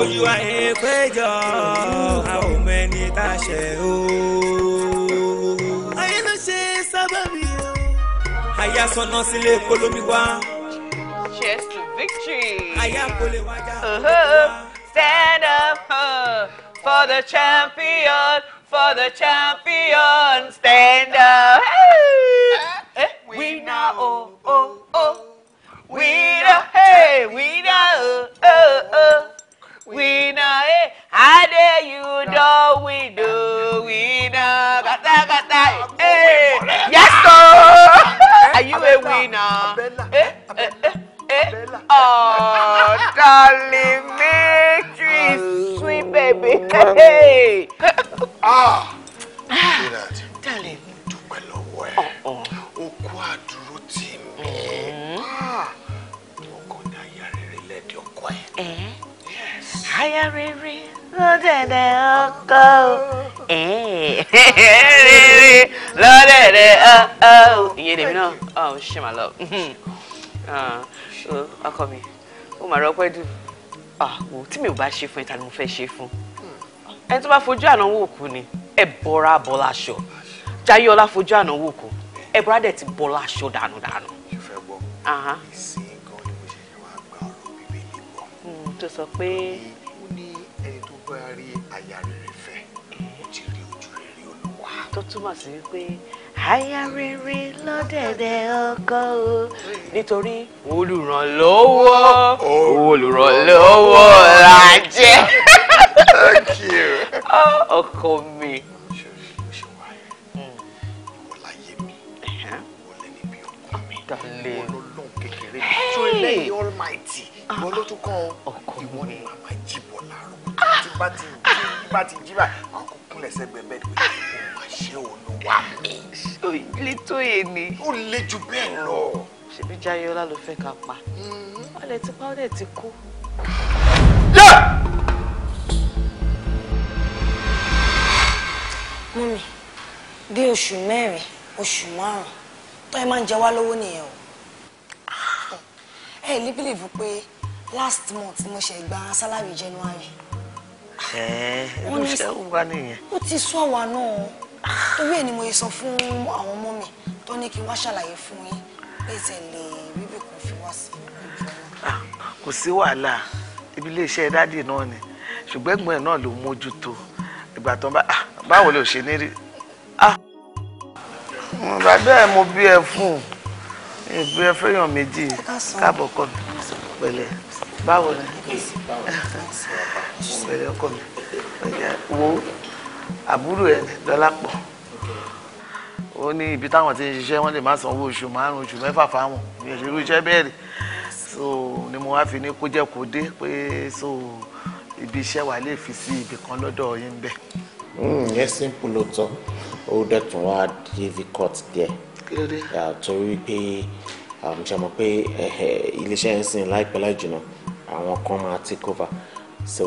Speaker 1: olùwà ìpéjọ àwọn ọmọ ẹni tá a ṣe o. ayé ló ṣe sábàbí o. àyà sọnà sílé polómi wá. cheers victory. àyà kò lè wájà. stand up for the champion, for the champion. Stand up. Hey. Eh, we now, oh, oh, oh. We now, hey, we now, oh, uh,
Speaker 4: oh,
Speaker 2: uh, oh. Uh. We now, hey, How dare you, know we do. We now, got that, got that, hey. Yes, sir.
Speaker 4: Are you a winner? Eh? Oh, darling, make it sweet, baby.
Speaker 3: Ah, oh,
Speaker 2: that?
Speaker 3: Darling. Dúpẹ́ lọ́wọ́ ẹ. O Oh, oh, oh, oh. Oh, ní aya rere lẹ́dí ọkọ uh, uh. Oh, oh, oh, oh. Oh,
Speaker 1: ọkọ. Rere ló dẹ̀dẹ̀ ọkọ.
Speaker 2: Oh,
Speaker 1: oh, oh, oh, ṣé màá lọ so ọkọ mi ó mà rọpẹ́ dùn
Speaker 4: àwò tí mi ò bá ṣe fún ẹ ta ni mo fẹ́ ṣe fún ẹni tó bá fojú àná wò kú ni ẹ bọ́ra bọ́lá aṣọ jayé ọlá fojú àná wò kú ẹ bọ́ra dẹ̀ ti bọ́lá aṣọ dànù
Speaker 3: dànù. ṣe hmm, tó sọ pé. ó ní ẹni tó bá rí àyà rẹ̀
Speaker 1: tó túmọ̀ sí wípé aya rere lọ́dẹ̀dẹ̀ ọkọ o nítorí olùrànlọ́wọ́
Speaker 3: olùrànlọ́wọ́
Speaker 1: la jẹ́ *laughs* ah, ọkọ mi.
Speaker 3: Darling lẹ́yìn almighty ah. ìwọ ló tún kọ́ ìwọ ni màmá jí bọ̀ láàárọ̀ ah. tí bá ti jí bá ti jí bá kó kúnlẹ̀ sẹ́gbẹ̀ẹ́
Speaker 1: bẹ́ẹ̀ iṣẹ́ olúwa mi. ó le tó yé ni. ó le jù
Speaker 3: bẹ́ẹ̀ lọ. ṣebí jayọlá ló fẹ́ ká pa ọlẹ mm-hmm. ti pa ọlẹ ti kú.
Speaker 4: mọ́mi bí oṣù mẹ́rin oṣù márùn-ún tó ẹ máa ń jẹ wá lówó nìyẹn o ẹ ní bílíìfù pé last month mo ṣe gba salary January.
Speaker 3: ẹ ẹ ló ṣe wá nìyẹn.
Speaker 4: ó ti sọ wa náà torí ẹ̀ ni mo sọ fún àwọn ọmọ mi tó ní kí wọ́n ṣàlàyé fún yín pé
Speaker 3: tẹ̀lé bíbí kan fi wá sí ah, kò sí wàhálà ibi iléeṣẹ́ dádì náà ni ṣùgbọ́n ẹ̀gbọ́n ẹ̀ náà ló mójútó ìgbà tán ah, báwo ló ṣe ní rí. bàbá ah, ẹ mo bí ẹ fún un bí ẹ fẹ́yàn méjì káàbọ̀ kọ́ mi pẹ̀lẹ́ báwo ni pẹ̀lẹ́ ọkọ mi wo àbúrò ẹ Dọlápọ̀ ó ní ibi táwọn ti ń ṣiṣẹ́ wọ́n lè má sanwó oṣù márùn-ún oṣù mẹ́fà fáwọn mi ò iṣẹ́ bẹ́ẹ̀ so ni mo wá fi ní kó jẹ́ kó dé pé so ibi iṣẹ́ wa lè fi sí ibì kan lọ́dọ̀ yín bẹ́ẹ̀. Hmm, yẹn simple ló tọ́ ó dẹ̀ tún wá difficult díẹ̀ torí pé ṣe mọ̀ pé iléeṣẹ́ ń sìn láìpẹ́ láì àwọn kan máa take over so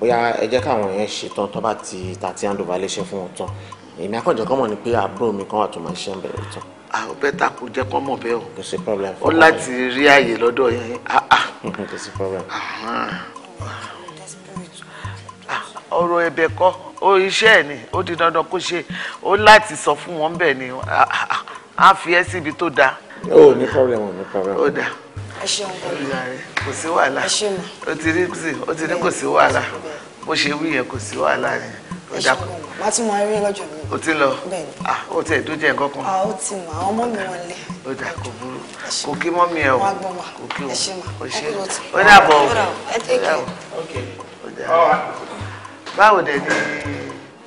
Speaker 3: bóyá ẹ jẹ́ káwọn yẹn ṣetán tó bá ti tàti handover léṣe fún wọn tán èmi akọ́jọ́ kọ́ mọ̀ ni pé àbúrò mi kan wà tó máa ṣe ń bẹ̀rẹ̀ tán. àwọn bẹ́tà kò jẹ́ kọ́ mọ̀ bẹ́ẹ̀ o kò sí problem fún mi ó láti rí àyè lọ́dọ̀ yẹn ah, ah. kò sí problem. Ah, ọ̀rọ̀ ẹ̀bẹ̀ kọ́ ó iṣẹ́ ẹ̀ ni ó di dandan kó ṣe ó láti sọ fún wọn bẹ́ẹ̀ ni á fi ẹ́ síbi tó dáa. ó ní problem ó ní problem. ó dáa ṣeun kò sí wàhálà ó ti rí sí ó ti rí kò sí wàhálà bó ṣe wí yẹn kò sí wàhálà ni ó dàpọ̀. wàá tún
Speaker 4: máa rí lọ́jọ́ mi.
Speaker 3: o ti lọ o ti ẹ̀dùn jẹ́ nǹkan a
Speaker 4: ó ti mọ àwọn ọmọ mi wọn lé.
Speaker 3: ó dà kò burú kò kí mọ́ mi ẹ̀ o
Speaker 4: kò
Speaker 3: kí o kò ṣe ó dàbọ̀ o báwo dẹ̀ ni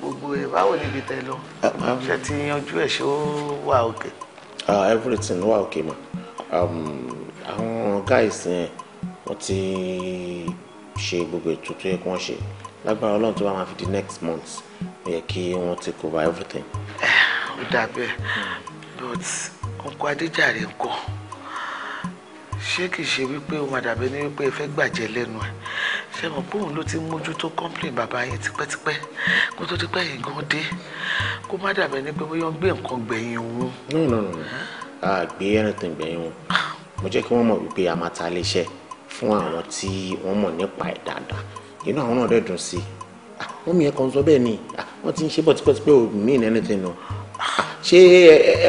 Speaker 3: gbogbo ẹ̀ báwo ni ibi tẹ lọ um, ṣe ti yanjú ẹ̀ ṣé ó wà òkè. Uh, everything wà òkè mà àwọn ọ̀gá ìsìn ẹ̀ wọ́n ti ṣe gbogbo ètò tó yẹ kí wọ́n ṣe lágbára ọlọ́run tó bá máa fi di next month ó yẹ kí wọ́n ti kó ba everything. ó dà bẹ́ẹ̀ but uncle adéjàre ń kọ́ ṣé kìí ṣe wípé o máa dàbí ní wípé ẹ fẹ́ gbàjẹ́ lẹ́nu ẹ̀ ṣé mọ̀ pé òun ló ti mójútó complain bàbá yẹn tipẹ́tipẹ́ kó tó ti pẹ́ yìí gan dé kó má dàbí ní pé bóyá ń gbé nǹkan gbẹ̀yìn òun. no no no a gbé anything gbẹ̀yìn òun *laughs* mo jẹ́ kí wọ́n mọ̀ wípé a máa ta iléeṣẹ́ fún àwọn tí wọ́n mọ̀ nípa ẹ̀ dáadáa inú àwọn náà dẹ̀ dùn sí i wọ́n mi yẹn kàn sọ bẹ́ẹ̀ ni ah, wọ́n ti ń ṣe bọ̀típẹ́típẹ́ ò mean anything o ah, ṣé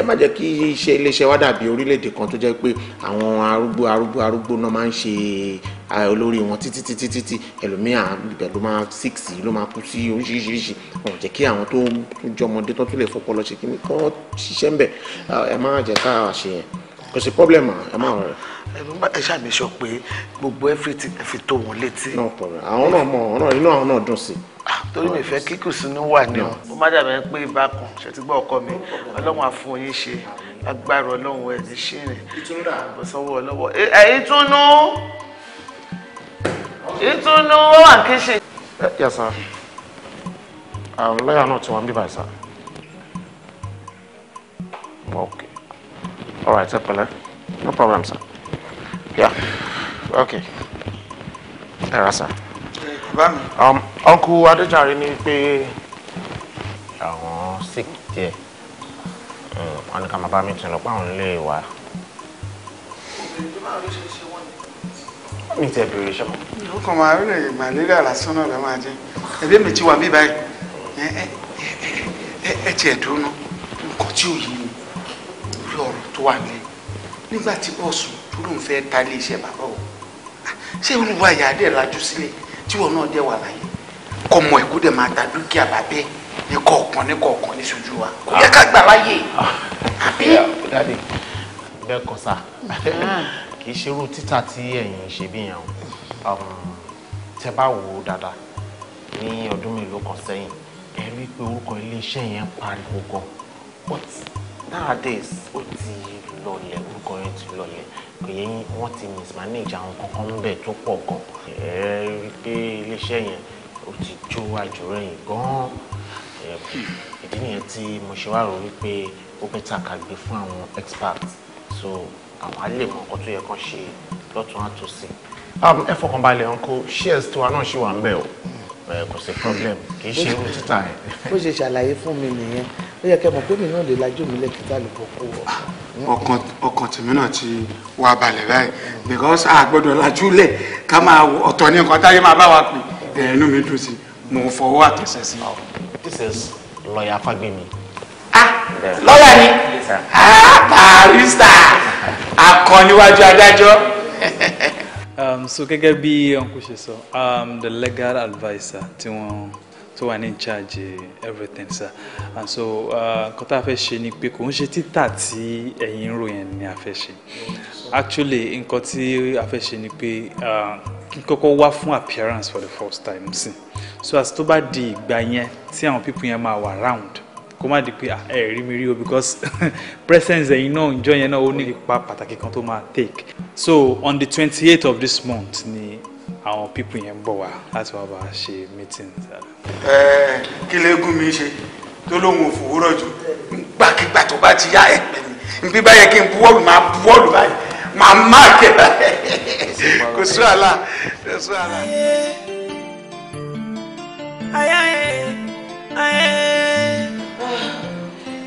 Speaker 3: ẹ má jẹ́ kí iṣẹ́ iléeṣẹ́ wa dàbí orílẹ̀-èdè kan tó jẹ́ pé àwọn arúgbó arúgbó arúgbó náà máa ń ṣe olórí wọn títí títí títí ẹlòmíà ibẹ̀ ló máa six ló máa kú sí oríṣiríṣi wọn jẹ́ kí àwọn tó jọmọdé tó tún lè fọpọlọ ṣe kí ni kí wọ́n ṣiṣẹ́ ń bẹ̀ ẹ má jẹ́ ká ṣe yẹn kò sí problem ẹ má rẹ. ẹ ṣàmì sọ pé gbogbo everything ẹ fi tó wọn létí. no problem àwọn náà mọ ọ̀nà inú àwọn náà dùn sí.
Speaker 2: Ah, torí mi fẹ́
Speaker 3: kíkù sínú wà ní ọ mo má dàbẹ̀ pé ìbákan ṣe ti gbọ́ ọkọ mi ọlọ́run á fún yín ṣe agbára ọlọ́run ẹ̀ ní ṣìrìn ìbọ̀sọ́wọ́ ọlọ́wọ́ ìtùnú ìtùnú wà kí ṣe. Eh, yes sir lọ́yà náà ti wá ń bíbáyìí sir. okay. All right, Apala. No problem, sir. Yeah. Okay. There sir. Um, Uncle Adéjàre ní pé àwọn sick díẹ̀. Wọ́n ní ká máa bá mi tún lọ pé àwọn ilé wa. Mi ti ẹ̀bẹ̀rẹ̀ iṣẹ́ mọ́. Ó kàn máa rí rẹ̀ màlẹ́rẹ́ àlásán náà lọ máa jẹ́. Ẹbí mi ti eh. Eh, báyìí. Ẹ tiẹ̀ dúró náà. Nǹkan tí ò yí bí ọ̀rọ̀ tó wà nílẹ̀ nígbà tí bọ́ọ̀sù tó lóun fẹ́ ta ilé iṣẹ́ bàbá o ah, ṣé olùwà ìyá dẹ̀ lajú sílẹ̀ tí wọn náà dẹ̀ wà láyé kọmọ ẹ̀kú dẹ̀ máa ta dúkìá bàbẹ́ ní kọ̀ọ̀kan ní kọ̀ọ̀kan ní sojú wa kò yẹ ká gbà láyè ah, àbí. Oh, bẹ́ẹ̀ kọ́ sá ah. kì í ṣerú títà tí ẹ̀yin ṣe bí yàn um, tẹ bá wò ó dáadáa ní ọdún mélòó kan sẹ́yìn ẹ rí i pé orúkọ iléeṣẹ́ yẹn pariwo gan but nowadays ó ti lọlẹ̀ orúkọ yẹn ti lọlẹ̀ pé wọ́n ti mismanage àwọn kankan ń bẹ̀ tó pọ̀ gan ẹ rí i pé iléeṣẹ́ yẹn ó ti jó àjòrò yìí gan ìdí nìyẹn tí mo ṣe wá rò wípé ó bẹ́tà ká gbé fún àwọn experts so àwọn á lè mọ ọkọ tó yẹ kán ṣe lọ́tún àtòsí. Um, ẹ fọkànbalẹ̀ uncle shares tiwa náà ṣì wà ń bẹ̀ o kò sí problem kì í ṣe irú títà yẹn. bó ṣe ṣàlàyé fún mi nìyẹn ó yẹ kẹ́ mọ̀ kó lè lajú mi lẹ́kìtà lè wọ. ọkàn ọkàn tèmi náà ti wà balẹ̀ báyìí because a gbọ́dọ̀ lajú lẹ̀ ká máa ọ̀tọ̀ ní nǹkan táyé máa bá wa pè é inú mi dùn sí mo fọwọ́ àtẹ̀sẹ̀ sí. Oh, this is lawyer Fagbemi. Ah, lọ́yà ni ah, barista akọniwájú adájọ́. *laughs* Um, so gẹ́gẹ́ bí uncle ṣe sọ the legal adviser tí wọ́n tó wà ní in charge everything sir and so uh, nǹkan tá a fẹ́ ṣe ni pé kò ń ṣe títà tí ẹ̀yin ń ròyìn ni a fẹ́ ṣe actually nǹkan tí a fẹ́ ṣe ni pé uh, kí n kọ́kọ́ wá fún appearance for the first time sí so as tó bá di ìgbà yẹn tí àwọn people yẹn máa wà round kó má di pé ah, ẹ rí mi rí o because *laughs* presence ẹ̀yin náà ìjọ yẹn náà ó ní ipa pàtàkì kan tó máa take so on the twenty eight of this month ni àwọn people yẹn ń bọ̀ wá láti wá bá a ṣe meeting. ẹ kí lẹ́gùn mi ṣe tó lóun ò fòwúrọ̀ jù gbàkigbà tó bá ti yá ẹ pè mí bí báyẹn kí n buwọ́lù máa buwọ́lù báyìí máa máa báyìí kò sí àlà kò sí àlà.
Speaker 1: ayé ayé ayé.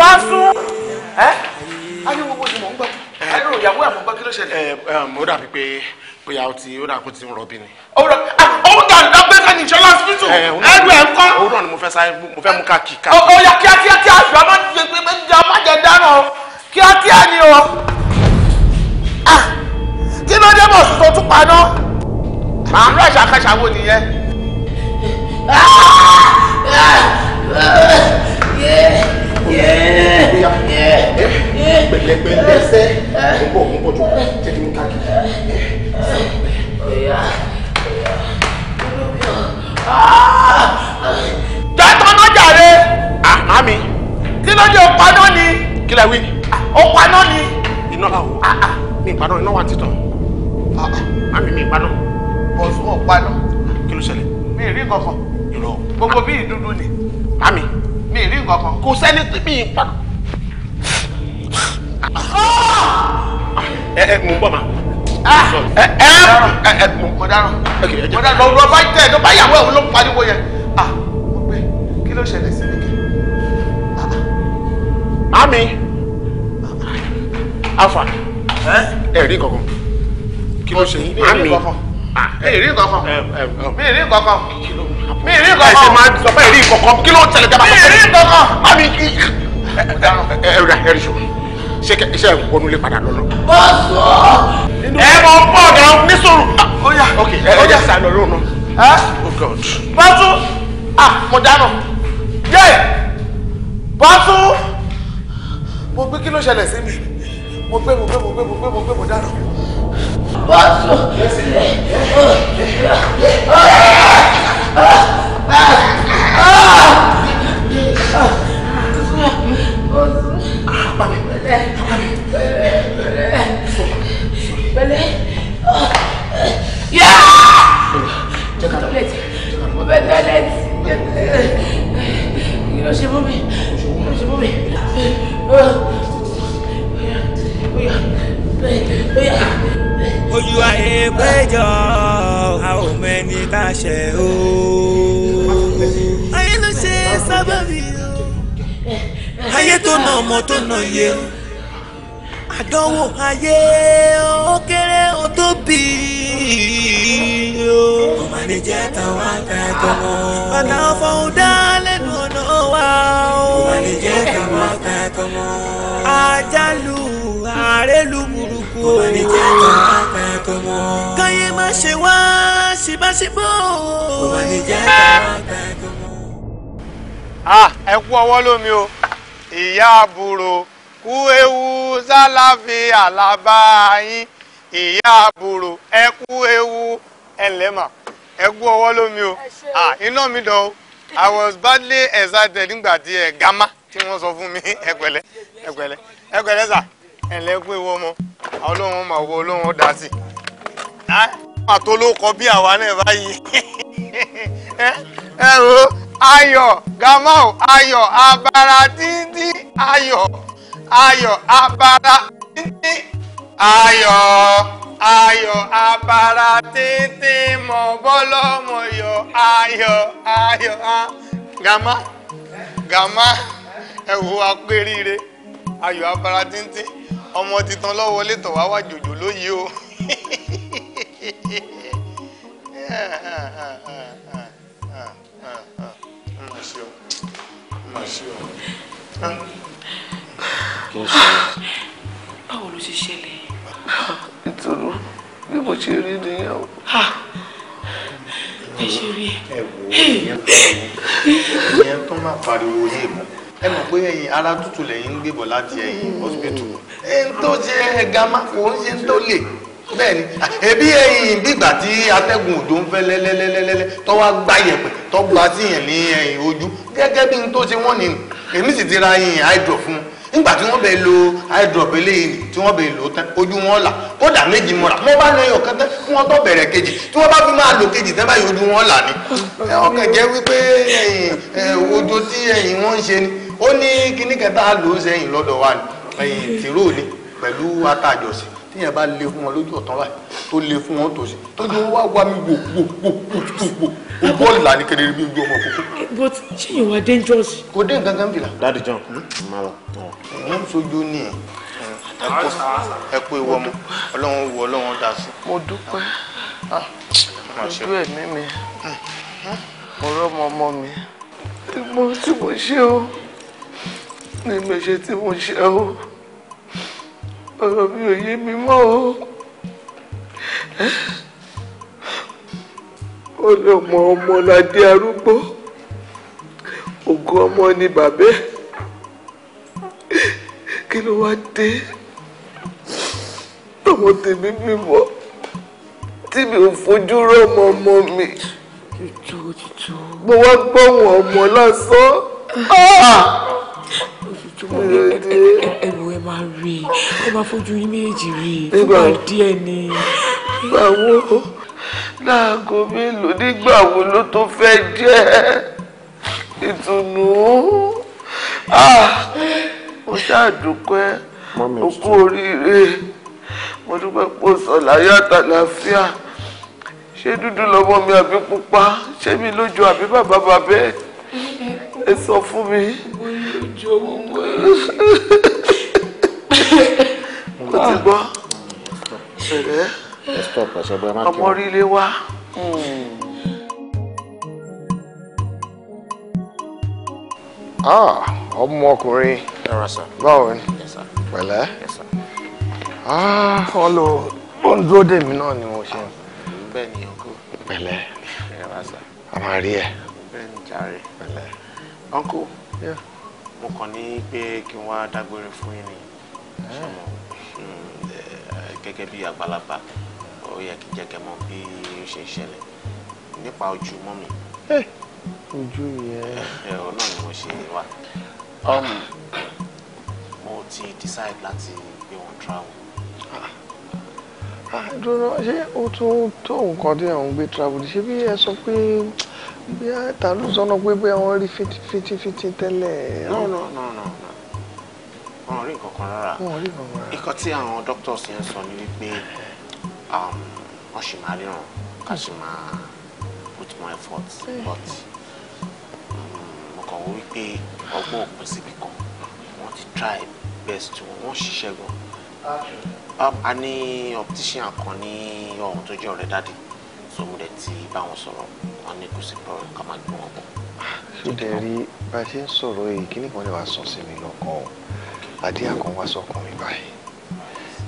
Speaker 3: Wàásù. ẹ ayé wo bójú mọ̀ ń gbà ayé rò ìyàwó àmọ́ gbà kí ló ṣẹlẹ̀. ó dàbí pé bóyá ó ti ó dà kó ti ń rọbí ni. òun dà nígbà pé sani ìṣọlá hospital ẹrù ẹ̀ ń kọ́. òun náà ni mo fẹ́ sáré mo fẹ́ mú ká kì í ká. ó yá kíákíá kíá àṣùwà má ti gbé gbé má jẹ dáná kíákíá ni o. kí ló dé bọ̀ tó tún paná. àárọ̀ ìṣàkàṣà wo nìyẹn. Ah! Ah! Ah! Yeah pẹ̀lẹ́pẹ̀lẹ́ ẹsẹ̀ púpọ̀ púpọ̀ tó jẹ́ kí n ká kìí. dẹ́tọ́ náà jàre àmì kí ló dé ọ̀pá náà ni kí lè wí ọ̀pá náà ni iná la wò ní ìpaná iná wà títàn àmì mi ìpaná. bọ̀sùn ọ̀pá náà. kí ló ṣẹlẹ̀. mi ì rí kankan. gbogbo bí ìdúdú ni. àmì mi rí nǹkan kan kò sẹ́ni tí mi pa. Ah! ẹ ẹ mò ń bọ̀ ma. Ah! ẹ ẹ mo dáràn mo dáràn lọ bá tẹ lọ bá yàwó ẹ ló ń pariwo yẹn ah! mo gbé kí ló ṣẹlẹ̀ sí mi kí. mami afa ẹ rí nǹkan kan kí ló ṣe mami ẹ rí nǹkan kan mi rí nǹkan kan mi rí nǹkan kan. ẹ ṣe máa sọ pé ìrí nǹkan kan kí ló ń tẹ̀lé tẹ́lẹ̀ bá sọ pé. mi rí nǹkan kan. má mi kí. ẹ ẹ ẹ rí sọ ṣe kẹ iṣẹ ìwọnú lè padà lọ lọ. bá a sọ. ẹ mọ pọ gan ní sòrò. ó yá ok ó yá sàn lọ lónà. ẹ oh god. bọ́tú ah mo dáná yé bọ́tú mo gbé kí ló ṣẹlẹ̀ sí mi mo gbé mo gbé mo gbé mo gbé mo gbé mo dáná. bọ́tú.
Speaker 1: Olúwa ẹ péjọ mẹ́ni tá a ṣe o. ayé ló ṣe sábàbí o. ayé tó na ọmọ tó na iye o. àdánwò ayé ó kéré ó tóbi o. ọmọ ní jẹ́ tàwọn akẹ́kọ̀ọ́ mọ́. bàtà fọ̀hún dá lẹ́nu ọ̀nà wa o. ọmọ ní jẹ́ tàwọn akẹ́kọ̀ọ́ mọ́. àjálù àrélù burúkú o. ọmọ ní jẹ́
Speaker 2: tàwọn akẹ́kọ̀ọ́
Speaker 1: mọ́ ṣe wá síbáṣíbò.
Speaker 2: òun
Speaker 1: ah ẹ kú ọwọ́
Speaker 3: lómi o ìyá àbúrò kú ewu sálàfi àlàbà yín ìyá àbúrò ẹ kú ewu ẹlẹ́mà ẹ kú ọwọ́ lómi o ah iná mi dán o i was badly excited nígbà tí ẹ gama tí wọ́n sọ fún mi ẹ pẹ̀lẹ́ ẹ pẹ̀lẹ́ ẹ pẹ̀lẹ́ sà ẹ̀lẹ́kùn ewu ọmọ ọlọ́run máa wọ ọlọ́run dá sí i. Ah pàtó ló kọ bí àwa náà báyìí *laughs* ẹ wo ayọ̀ gamau ayọ̀ abara díndín ayọ̀ ayọ̀ abara díndín ayọ̀ ayọ̀ abara díndín mọ bọlọmọ yọ ayọ̀ ayọ̀ gama gama ẹ wo apẹrire ayọ̀ abara díndín ọmọ titan lọ́wọ́ létọ wá wá jòjò lóyìí o.
Speaker 2: *laughs* báwo ló ṣe ṣẹlẹ̀.
Speaker 3: ìtùnú bí mo ṣe rí nìyẹn o. ẹ ṣe rí ẹ. ẹ wo ìyẹn tó máa pariwo yé mọ́ ẹ mọ̀ pé ẹ̀yin ara tútù lẹ́yìn ń gbébọ̀ láti ẹ̀yìn hospital. ẹ ń tó ṣe ẹ̀gá máa kò ń ṣe ń tó lè bẹ́ẹ̀ni ebi ẹyin bígbà tí atẹ́gùn òjò ń fẹ́ lẹ́lẹ́lẹ́lẹ́lẹ́ tó wá gbá yẹ̀pẹ̀ tó gba sí yẹn ní ẹyin ojú gẹ́gẹ́ bí n tó ṣe wọ́n ni èmi sì ti ra yìn hydro fún un nígbà tí wọ́n bẹ lo hydro eléyìí tí wọ́n bẹ lò tán ojú wọn là kódà méjì mọ́ra wọ́n bá lo ọ̀kan tán kí wọ́n tó kejì tí wọ́n bá fi máa lo kejì tán báyìí ojú wọn là ni ọkàn jẹ́ wípé ojú tí ẹyin wọ́n ń ṣe ni ó ní kíníkẹ́ta lò ó sẹ́yìn lọ́dọ̀ wa ni ẹyin tìró ni pẹ̀lú atájọsìn tíyẹn bá lé fún wọn lójú ọ̀tán báyìí tó lé fún wọn tòsí tójú wọn wá wá mi wò wò wò wò wò bọ́ọ̀lù là ní kedere bí ojú ọmọ kókó. Eh, but ṣéyìn wa dangerous. kò dé nǹkan kan fìlà. dáàdi john má hmm? lọ. mo ń sojú ní ẹ kó ewu ọmọ ọlọ́run wù ọlọ́run dà sí. mo dúpẹ́ ah, ojú ẹ̀mí mi hmm. mo rọ́mọ ọmọ mi mo tí mo ṣe o ní mo ṣe tí mo ṣe o ọ̀rọ̀ mi ò yé mi mọ́ o ó lè mọ ọmọ ládé arúgbó ògo ọmọ ni bàbá kí ló wá dé ọmọ tèmi bímọ tí mi ò fojú rọmọ ọmọ mi mo wá gbọ́wọ́n ọmọ lásán. Ah! máa rí i ẹ máa fojú yín méjì rí i nígbà díẹ̀ ni. nígbà wo láago mélòó nígbà wo ló tó fẹ́ jẹ́ ìtùnú ah! mo ṣàdúpẹ́ òkú oríire mo dúpẹ́ pé o sọ láyọ̀ àtàlàáfíà ṣé dúdú lọmọ mi àbí pupa ṣé mi lójú àbí bàbá bàbá ẹ sọ fún mi. mo
Speaker 2: ní ojú ọmọ
Speaker 3: mi. *laughs* ó ti gbọ́ ṣẹlẹ̀ ọmọ orílẹ̀ wa. Ah, ọmọ ọkùnrin báwo ni pẹ̀lẹ́ ah, wọ́n lo ó ń dúró dèmi náà ni mo ṣe pẹ̀lẹ́ a máa rí ẹ pẹ̀lẹ́ uncle mo kàn ní pé kí n wá dágbére fún yín ni eh. Eh, gẹ́gẹ́ bí àgbàlagbà ó yẹ kí jẹ́ kẹ́ mọ̀ bí ó ṣe ń ṣẹlẹ̀ nípa ojú mọ́ mi. Eh, ojú yẹn. ẹ eh, ọ náà ni mo ṣe wá. Um, mo ti decide láti gbé wọn travel. àdúrà ah, ah, ṣé ó tún tó nǹkan tí àwọn gbé travel ṣé bí ẹ sọ pé bí ta ló sọ náà pé bóyá wọn rí fitifiti tẹ́lẹ̀. no no no no. no wọn rí nǹkan kan rárá ikọ̀ tí àwọn doctors yẹn sọ ni wípé um, wọ́n ṣì máa ríran ká ṣì máa put more effort mm. but um, mo kàn wọ wípé ọgbọ́n òpin síbi kan wọ́n ti try best wọ́n ṣiṣẹ́ gan um, a ní optician kan ní ọ̀hún tó jẹ́ ọ̀rẹ́ dáàdì so mo dẹ̀ bá wọn sọ̀rọ̀ wọn ní kò sí problem ká máa gbé wọn bọ̀. o dẹ̀ bá a ṣe ń sọ̀rọ̀ yìí kí nìkan lè wá sọ sí mi lọ́kàn o àdíyà kan wá sọ́kàn mi báyìí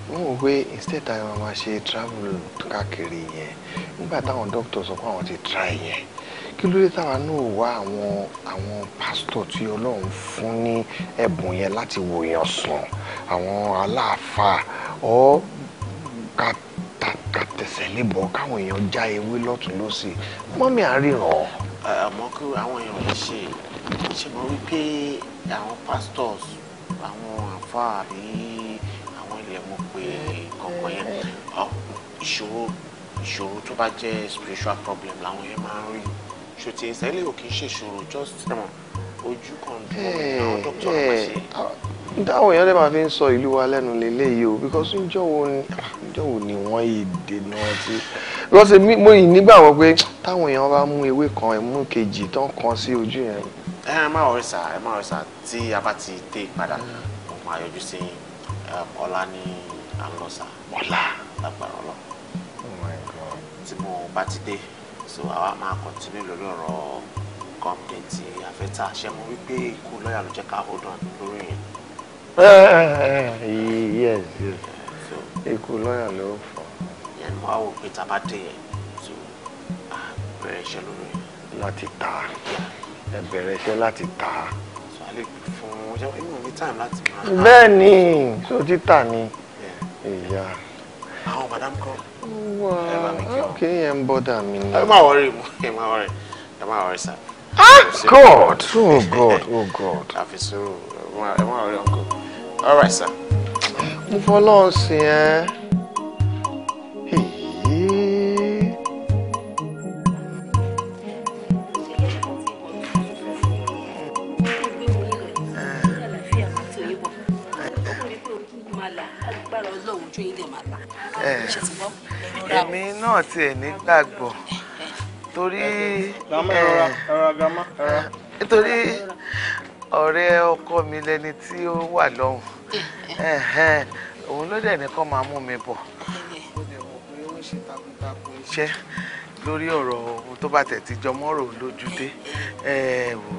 Speaker 3: mo rò pé instead ta ma ṣe travel káàkiri yẹn nígbà táwọn doctor sọ pé àwọn ti try yẹn kí ló dé táwa náà wá àwọn àwọn pásítọ̀ tí ọlọ́run fún ní ẹ̀bùn yẹn láti wòyàn sàn àwọn aláàfáà ọ ká káwọn èèyàn já ewé lọ́tún lọ́sì
Speaker 5: mọ́mí àríran.
Speaker 3: àmọ́ kí àwọn èèyàn ṣe ṣe mọ̀ wípé àwọn pastors àwọn àfa àbí àwọn ilẹ̀ mo pè kọ̀ọ̀kan yẹn ìṣòro ìṣòro tó bá jẹ́ spiritual problem làwọn yẹn máa ń rí ṣòtì ìsẹ́lẹ̀ ò kì í ṣe ìṣòro just ojú kan dùn àwọn eh, dókítà máa eh, ṣe. Ah, dáwọn èèyàn lè máa fi ń sọ ìlú wa lẹ́nu lélẹ́yìí o because ǹjọ́ wo ni ah, wọ́n yìí dènà ọtí lọ́sẹ̀ mo yìí nígbàgbọ́ pé táwọn èèyàn bá mú ewé kan ẹ̀mú kejì tán kan sí ojú yẹn Eh, ẹ má wọrí sá ẹ má wọrí sá tí a bá ti dé padà mo máa yọjú sí um, ọlá ní àlọ́sà ọlá lágbára ọlọ oh tí mo bá ti dé so àwa máa kọ́ntínú lórí ọ̀rọ̀ kọ́mpìtì àfẹ́tà ṣe mo wí pé ikú lọ́ọ̀yà ló jẹ́ ká hold on lórí yẹn. Eh,
Speaker 5: eh, yes yes
Speaker 3: ikú lọ́ọ̀yà ló fọ. ìyẹn ni wàá wò pé tá a bá dé yẹn tó ah, bẹ̀rẹ̀ iṣẹ́ lórí yẹn. láti tà á ẹ bẹ̀rẹ̀ iṣẹ́ láti tà á. sọ alẹ́ pè fún time láti máa. bẹ́ẹ̀ ni so títà ni ìyá. àwọn madam kan. wà á kí yẹn ń bọ́dà mi ni. ẹ má wọrí mu ẹ má wọrí ẹ má wọrí sá. ah oh *laughs* god oh god oh god. àfisùn ẹ má wọrí uncle all right sir. mo fọlọ́ ọ̀sìn ẹ́. Eh? náà tiẹ̀ nígbàgbọ́ torí nítorí ọ̀rẹ́ ọkọ mi lẹni tí ó wà
Speaker 2: lọ́hùn
Speaker 3: òun ló dẹ̀ nìkan máa mú mi bọ̀ ó dẹ̀ wọ̀ pé ó ń ṣe takuntakun iṣẹ́ lórí ọ̀rọ̀ ohun tó bá tẹ̀tí jọ mọ́rò lójúdé ẹ wò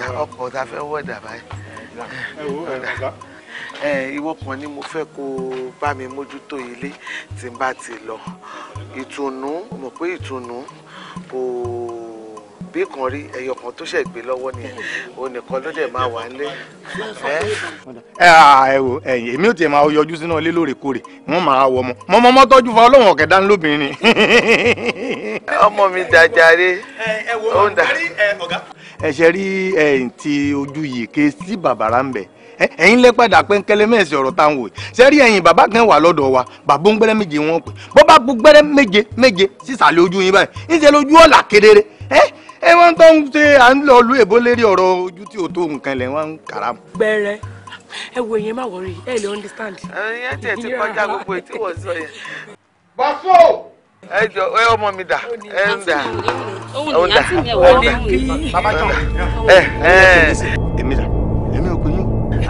Speaker 3: ẹ ọkọ̀ tá a fẹ́ wọ̀dà báyìí ìwọ kan ni mo fẹ́ kó bá mi mójútó ilé tí n bá ti lọ ìtùnú mọ̀ pé ìtùnú kò bí kan rí ẹyọ kan tó ṣẹ̀ gbé lọ́wọ́ ni onìkan ló dẹ̀ máa wà nílé. ẹ ẹ wo ẹ̀yin èmi ò tiẹ̀ máa yọjú sínú ilé lóòrèkóòrè wọ́n máa wọ ọmọ mọ́mọ́ mọ́ tọ́jú fa ọlọ́wọ̀n ọ̀kẹ́ dání lóbìnrin. ọmọ mi dàjàre ó ń dà. ẹ ṣe rí ẹ ti ojú yìí ké sí bàbàrà ń bẹ̀. ẹ̀yin lẹ padà pé nkẹlẹ mẹ́sì ọ̀rọ̀ táwọn wòye sẹ́rí ẹ̀yin bàbá kan wà lọ́dọ̀ wa bàbá ń méje wọn pè bó bá méje méje sísàlẹ̀ ojú yín báyìí lójú kedere ẹ ẹ wọn tó ń ṣe à ń lọ lu èbó lérí ọ̀rọ̀ ojú tí ò tó nǹkan lẹ̀ wọ́n ń kàrà. gbẹrẹ ẹ wo ìyẹn má wọrí ẹ lè understand. ti kọjá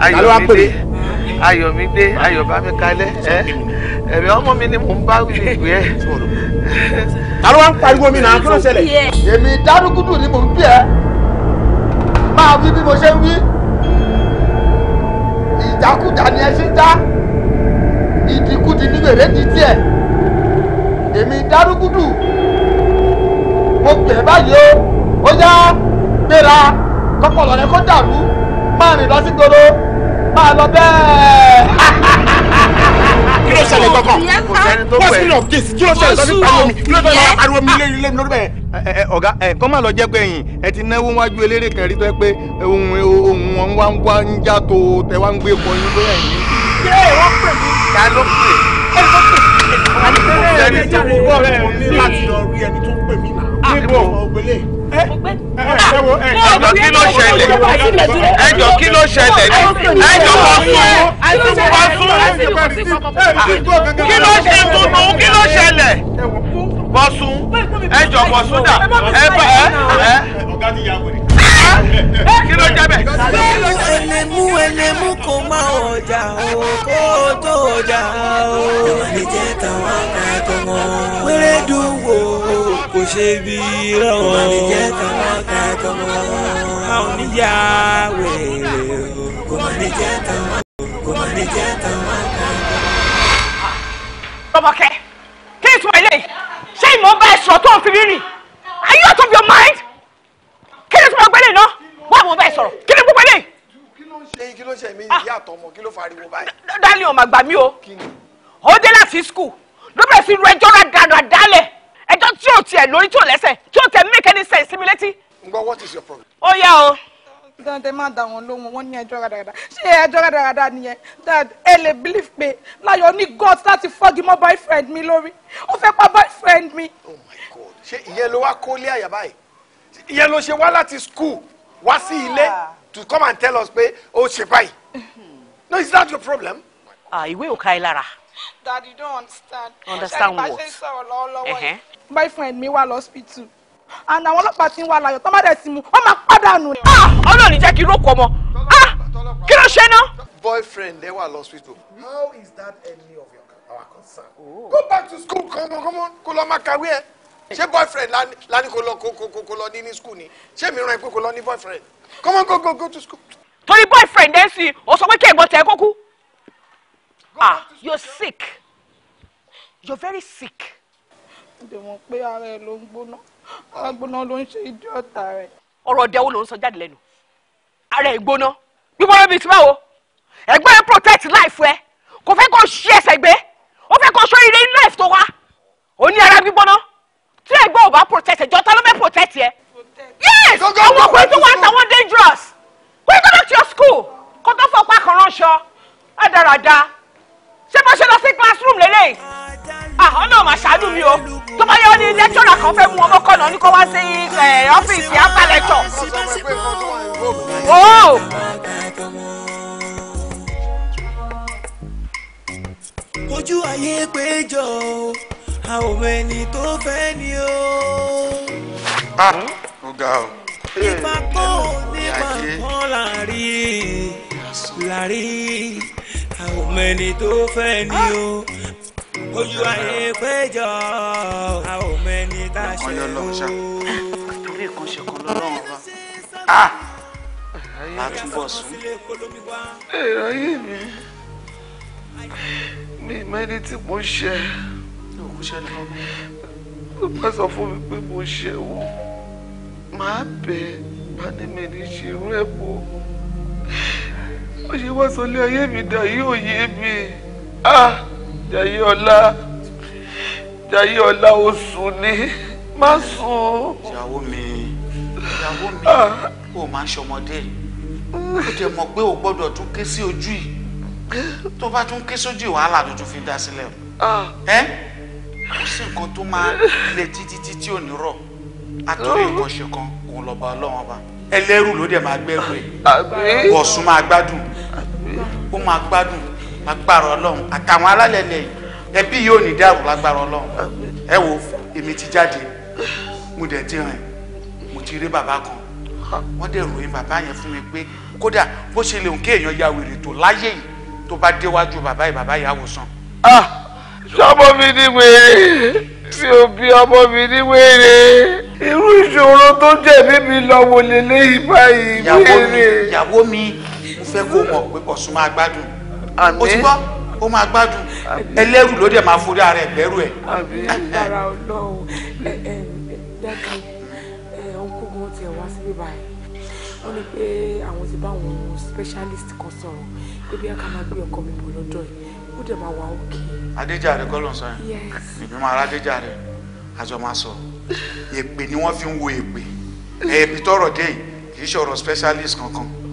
Speaker 3: ayọ̀mídé ayọ̀mídé ayọ̀bámikálẹ̀ ẹ ẹ̀mí ọmọ mi ni mò ń bá wíìlì ìwé ẹ̀. ta ló wá ń pariwo mi náà kí ló ṣẹlẹ̀. èmi dárúgúdù ni mò ń bí ẹ máa wí bí mo ṣe ń wí ìjákújà ni ẹ ṣe ń já ìdìkudì ní wèrè ní tiẹ̀ èmi dárúgúdù mo pè é báyìí o ó yá gbéra kọ́kọ́rọ́ rẹ kó dàrú máa rìn lọ sí gbòòrò máa lọ bẹ́ẹ̀. kí ló ṣẹlẹ̀ gbọ̀ngàn wọ́n sí lọ gèsì kí ló ṣẹlẹ̀ lọ́dún pariwo mi kí ló fẹ́ lọ́ọ́ pariwo mi lé mi lórí bẹ́ẹ̀. ọ̀gá ẹ̀ kọ́ máa lọ jẹ́ pé ẹ̀yìn ẹ ti náwó wájú eléré kan rí tó yẹ pé ohun ohun wọn wá ń wá ń já tó tẹ wá ń gbé bọ yín lórí ẹ̀yìn.
Speaker 2: ṣé wọ́n pè mí ká ló pè é. ẹni tó pè mí ẹni tó pè mí láti
Speaker 3: lọ rí ẹni tó pè mí náà níbo.
Speaker 2: ẹjọ́ kí ló ṣẹlẹ̀ ẹjọ́ kí ló ṣẹlẹ̀ ní ẹjọ́ wọ́n sún wọ́n sún kí ló ṣe
Speaker 3: tuntun kí ló ṣẹlẹ̀ bọ́sùn ẹjọ́ bọ́sùn dà ẹ bá ẹ.
Speaker 5: ọ̀gá ti yà wẹ̀rẹ̀
Speaker 3: kí ló jẹ bẹ.
Speaker 1: ẹlẹ́mú ẹlẹ́mú kò má ọjà o kó tó ọjà o. ìwà ni jẹ́ káwọn akẹ́kọ̀ọ́. wẹ́rẹ́ dùn wò ó ṣe bí rọrùn. wọ́n ní jẹ́ tọmọ ká tọmọ. a ò ní yá wèrè o. kò mọ̀ ní jẹ́ tọmọ kò mọ̀ ní jẹ́ tọmọ ká tọmọ.
Speaker 4: Rọ́bọ̀kẹ́ kí ni ìtumọ̀ ilé ṣé ìmọ̀ bá ẹ sọ̀rọ̀ tó ń fi mí rìn are you out of your mind kí ni ìtumọ̀ gbẹ́lẹ̀ náà wọ́n àwọn ọba ẹ sọ̀rọ̀ kí ni gbogbo ilé.
Speaker 3: kí ló ṣe mí ah. ìyá àtọmọ kí ló fariwo báyìí.
Speaker 4: dálé o màgbà mi o ó dé láti skul ló bẹ̀rẹ̀ sí rẹjọ́ rẹ̀ dáadáa dálẹ̀ ẹ̀ lórí tí ò lẹ́sẹ̀ tí ò tẹ̀ make any sense sí mi létí. ngbọ́ what is your problem. ó yá o.
Speaker 3: dante má da wọn lóhùn wọn ní ẹjọ́ rádaràda ṣé ẹjọ́ rádaràda nìyẹn dad ẹ lè believe pé láyọ̀ ní god láti fọ́gi mọ́ boyfriend mi lórí ó fẹ́ pa boyfriend mi. oh my god ṣé ìyẹn ló wá kólé àyà báyìí ìyẹn ló ṣe wá láti school wá sí ilé ah. to come and tell us pé ó ṣe báyìí mm-hmm. no is that your problem. Ah, ìwé ò ká ẹ lára.
Speaker 1: Dad, you don't understand. Understand what? Ṣé ìbáṣe
Speaker 3: boyfriend mi wa lọ́sípítù and àwọn ọlọ́pàá ti ń wà láyọ̀ tọ́ bá dẹ̀ ti mú wọ́n máa pàdánù. Ah! ọlọ́run ní jẹ́ kí rókò ọmọ ah! kí ló ṣe ná. boyfriend ẹ wà lọ́sípítù. how is that any of your concern. Oh. go back to school come on come on kó lọ máa kàwé ẹ ṣé boyfriend lani kó lọ kó lọ ní ní school ni ṣé mi ràn ẹ pé kó lọ ní boyfriend come on go go go to school. torí boyfriend ẹ sì ó sọ pé kí ẹ̀gbọ́n tẹ ẹ ah you're sick you're very sick dèmọ̀ pé ara ẹ̀ ló ń gbóná ara gbóná ló ń ṣe ìdí ọ̀tá rẹ̀. ọ̀rọ̀ ọ̀dẹ̀ wo ló ń sọ jáde lẹ́nu
Speaker 4: ara ẹ̀ gbóná gbígbóná bíi ti báwo ẹ̀gbọ́n ẹ̀ protect life ẹ̀ kò fẹ́ kó ṣí ẹsẹ̀ gbé ó fẹ́ kó sọ ire life tó wá ó ní ara gbígbóná tí ẹ̀gbọ́n ò bá
Speaker 3: protect ẹ̀jọ́ ta ló fẹ́ protect ẹ̀ yes àwọn ọkùnrin tó wá àtàwọn dangerous wọ́n go back to your school kó tó fọ́ pa kàn ránṣọ á dáradá ṣé bá ṣe lọ sí classroom lélẹ́yìí ọlọ́run máa ṣàánú mi o tó bá yọ ní lẹ́tọ́rà kan fẹ́ mú ọmọ kọ́nà ní kó wá sí ọ́fíìsì after Oh!
Speaker 1: ojú ayé péjọ a ò mẹni tó fẹ́ ni o. Ah, ó ga o. nípa kó nípa kan láàrin láàrin a ò mẹni tó fẹ́ ni o
Speaker 2: ojú ayé
Speaker 1: péjọ a ò mẹ́ni tá a ṣe o. torí kan ṣe kan lọ́rọ̀ wọn
Speaker 3: bá a túbọ̀ sùn. èrò ayé mi mi mẹ́ni tí mo ṣe ló bá sọ fún mi pé mo ṣe o máa bẹ bánímẹ́ni ṣe irú ẹ̀ bò ó ṣe wá sọ lé ayé mi dà yí òye mi. Ah! Jayé ọlá Jayé ọlá ó sùn ní má sùn. ìyàwó mi ìyàwó mi kò ah. máa ń ṣọmọdé ó jẹ mọ̀ pé o gbọ́dọ̀ tún ké sí ojú yìí tó bá tún ké sójú wàhálà tó tún fi dá sílẹ̀ o ah. ẹ kò sí nǹkan tó máa lé títí títí ò ní rọ àtọrí nǹkan ṣe kan òun lọba Ọlọ́run ọba ẹlẹ́rù ló dẹ̀ máa gbẹ́rù ẹ̀ wọ̀sùn máa gbádùn ó máa gbádùn lágbára ọlọ́run àtàwọn alálẹ̀ ilẹ̀ yìí ẹbí yóò ní dàrú lágbára ọlọ́run ẹ wo èmi ti jáde mo dẹ̀ ti rìn mo ti rí bàbá kan wọ́n dẹ̀ ròyìn bàbá yẹn fún mi pé kódà bó ṣe lè hùn kéèyàn ya wèrè tó láyé yìí tó bá déwájú bàbá yìí bàbá yìí á wòsàn. sọmọ ah, mi ní wèrè mi ò bí ọmọ mi ní wèrè irú ìṣòro tó jẹ̀bi mi lọ́wọ́ lélẹ́yìí báyìí wèrè. ìyàwó mi ìyàwó mi mo fẹ́ kó mọ̀ pé Ọ̀ṣun máa gbádùn àmín o ti gbọ́ ó máa gbádùn ẹlẹ́rù ló dẹ̀ máa forí ara ẹ̀ bẹ́rù ẹ̀. àmín agbára
Speaker 1: ọlọ́run ẹ ẹ dákẹ́ ẹ ọkùnrin wọn ti ẹ̀ wá síbí báyìí wọ́n ní pé àwọn ti
Speaker 3: bá àwọn specialist kan sọ̀rọ̀ pé bí ká máa gbé ọkọ mi bọ̀ lọ́dọ̀ yìí ó dẹ̀ máa wà òkè. adéjàre kọ́lọ̀ sọ yẹn ìbí máa rádéjàre àjọ èpè ni wọ́n fi ń wo èpè ẹ̀ẹ́dì tọrọ dé yìí kì í ṣọ̀rọ̀ specialist kankan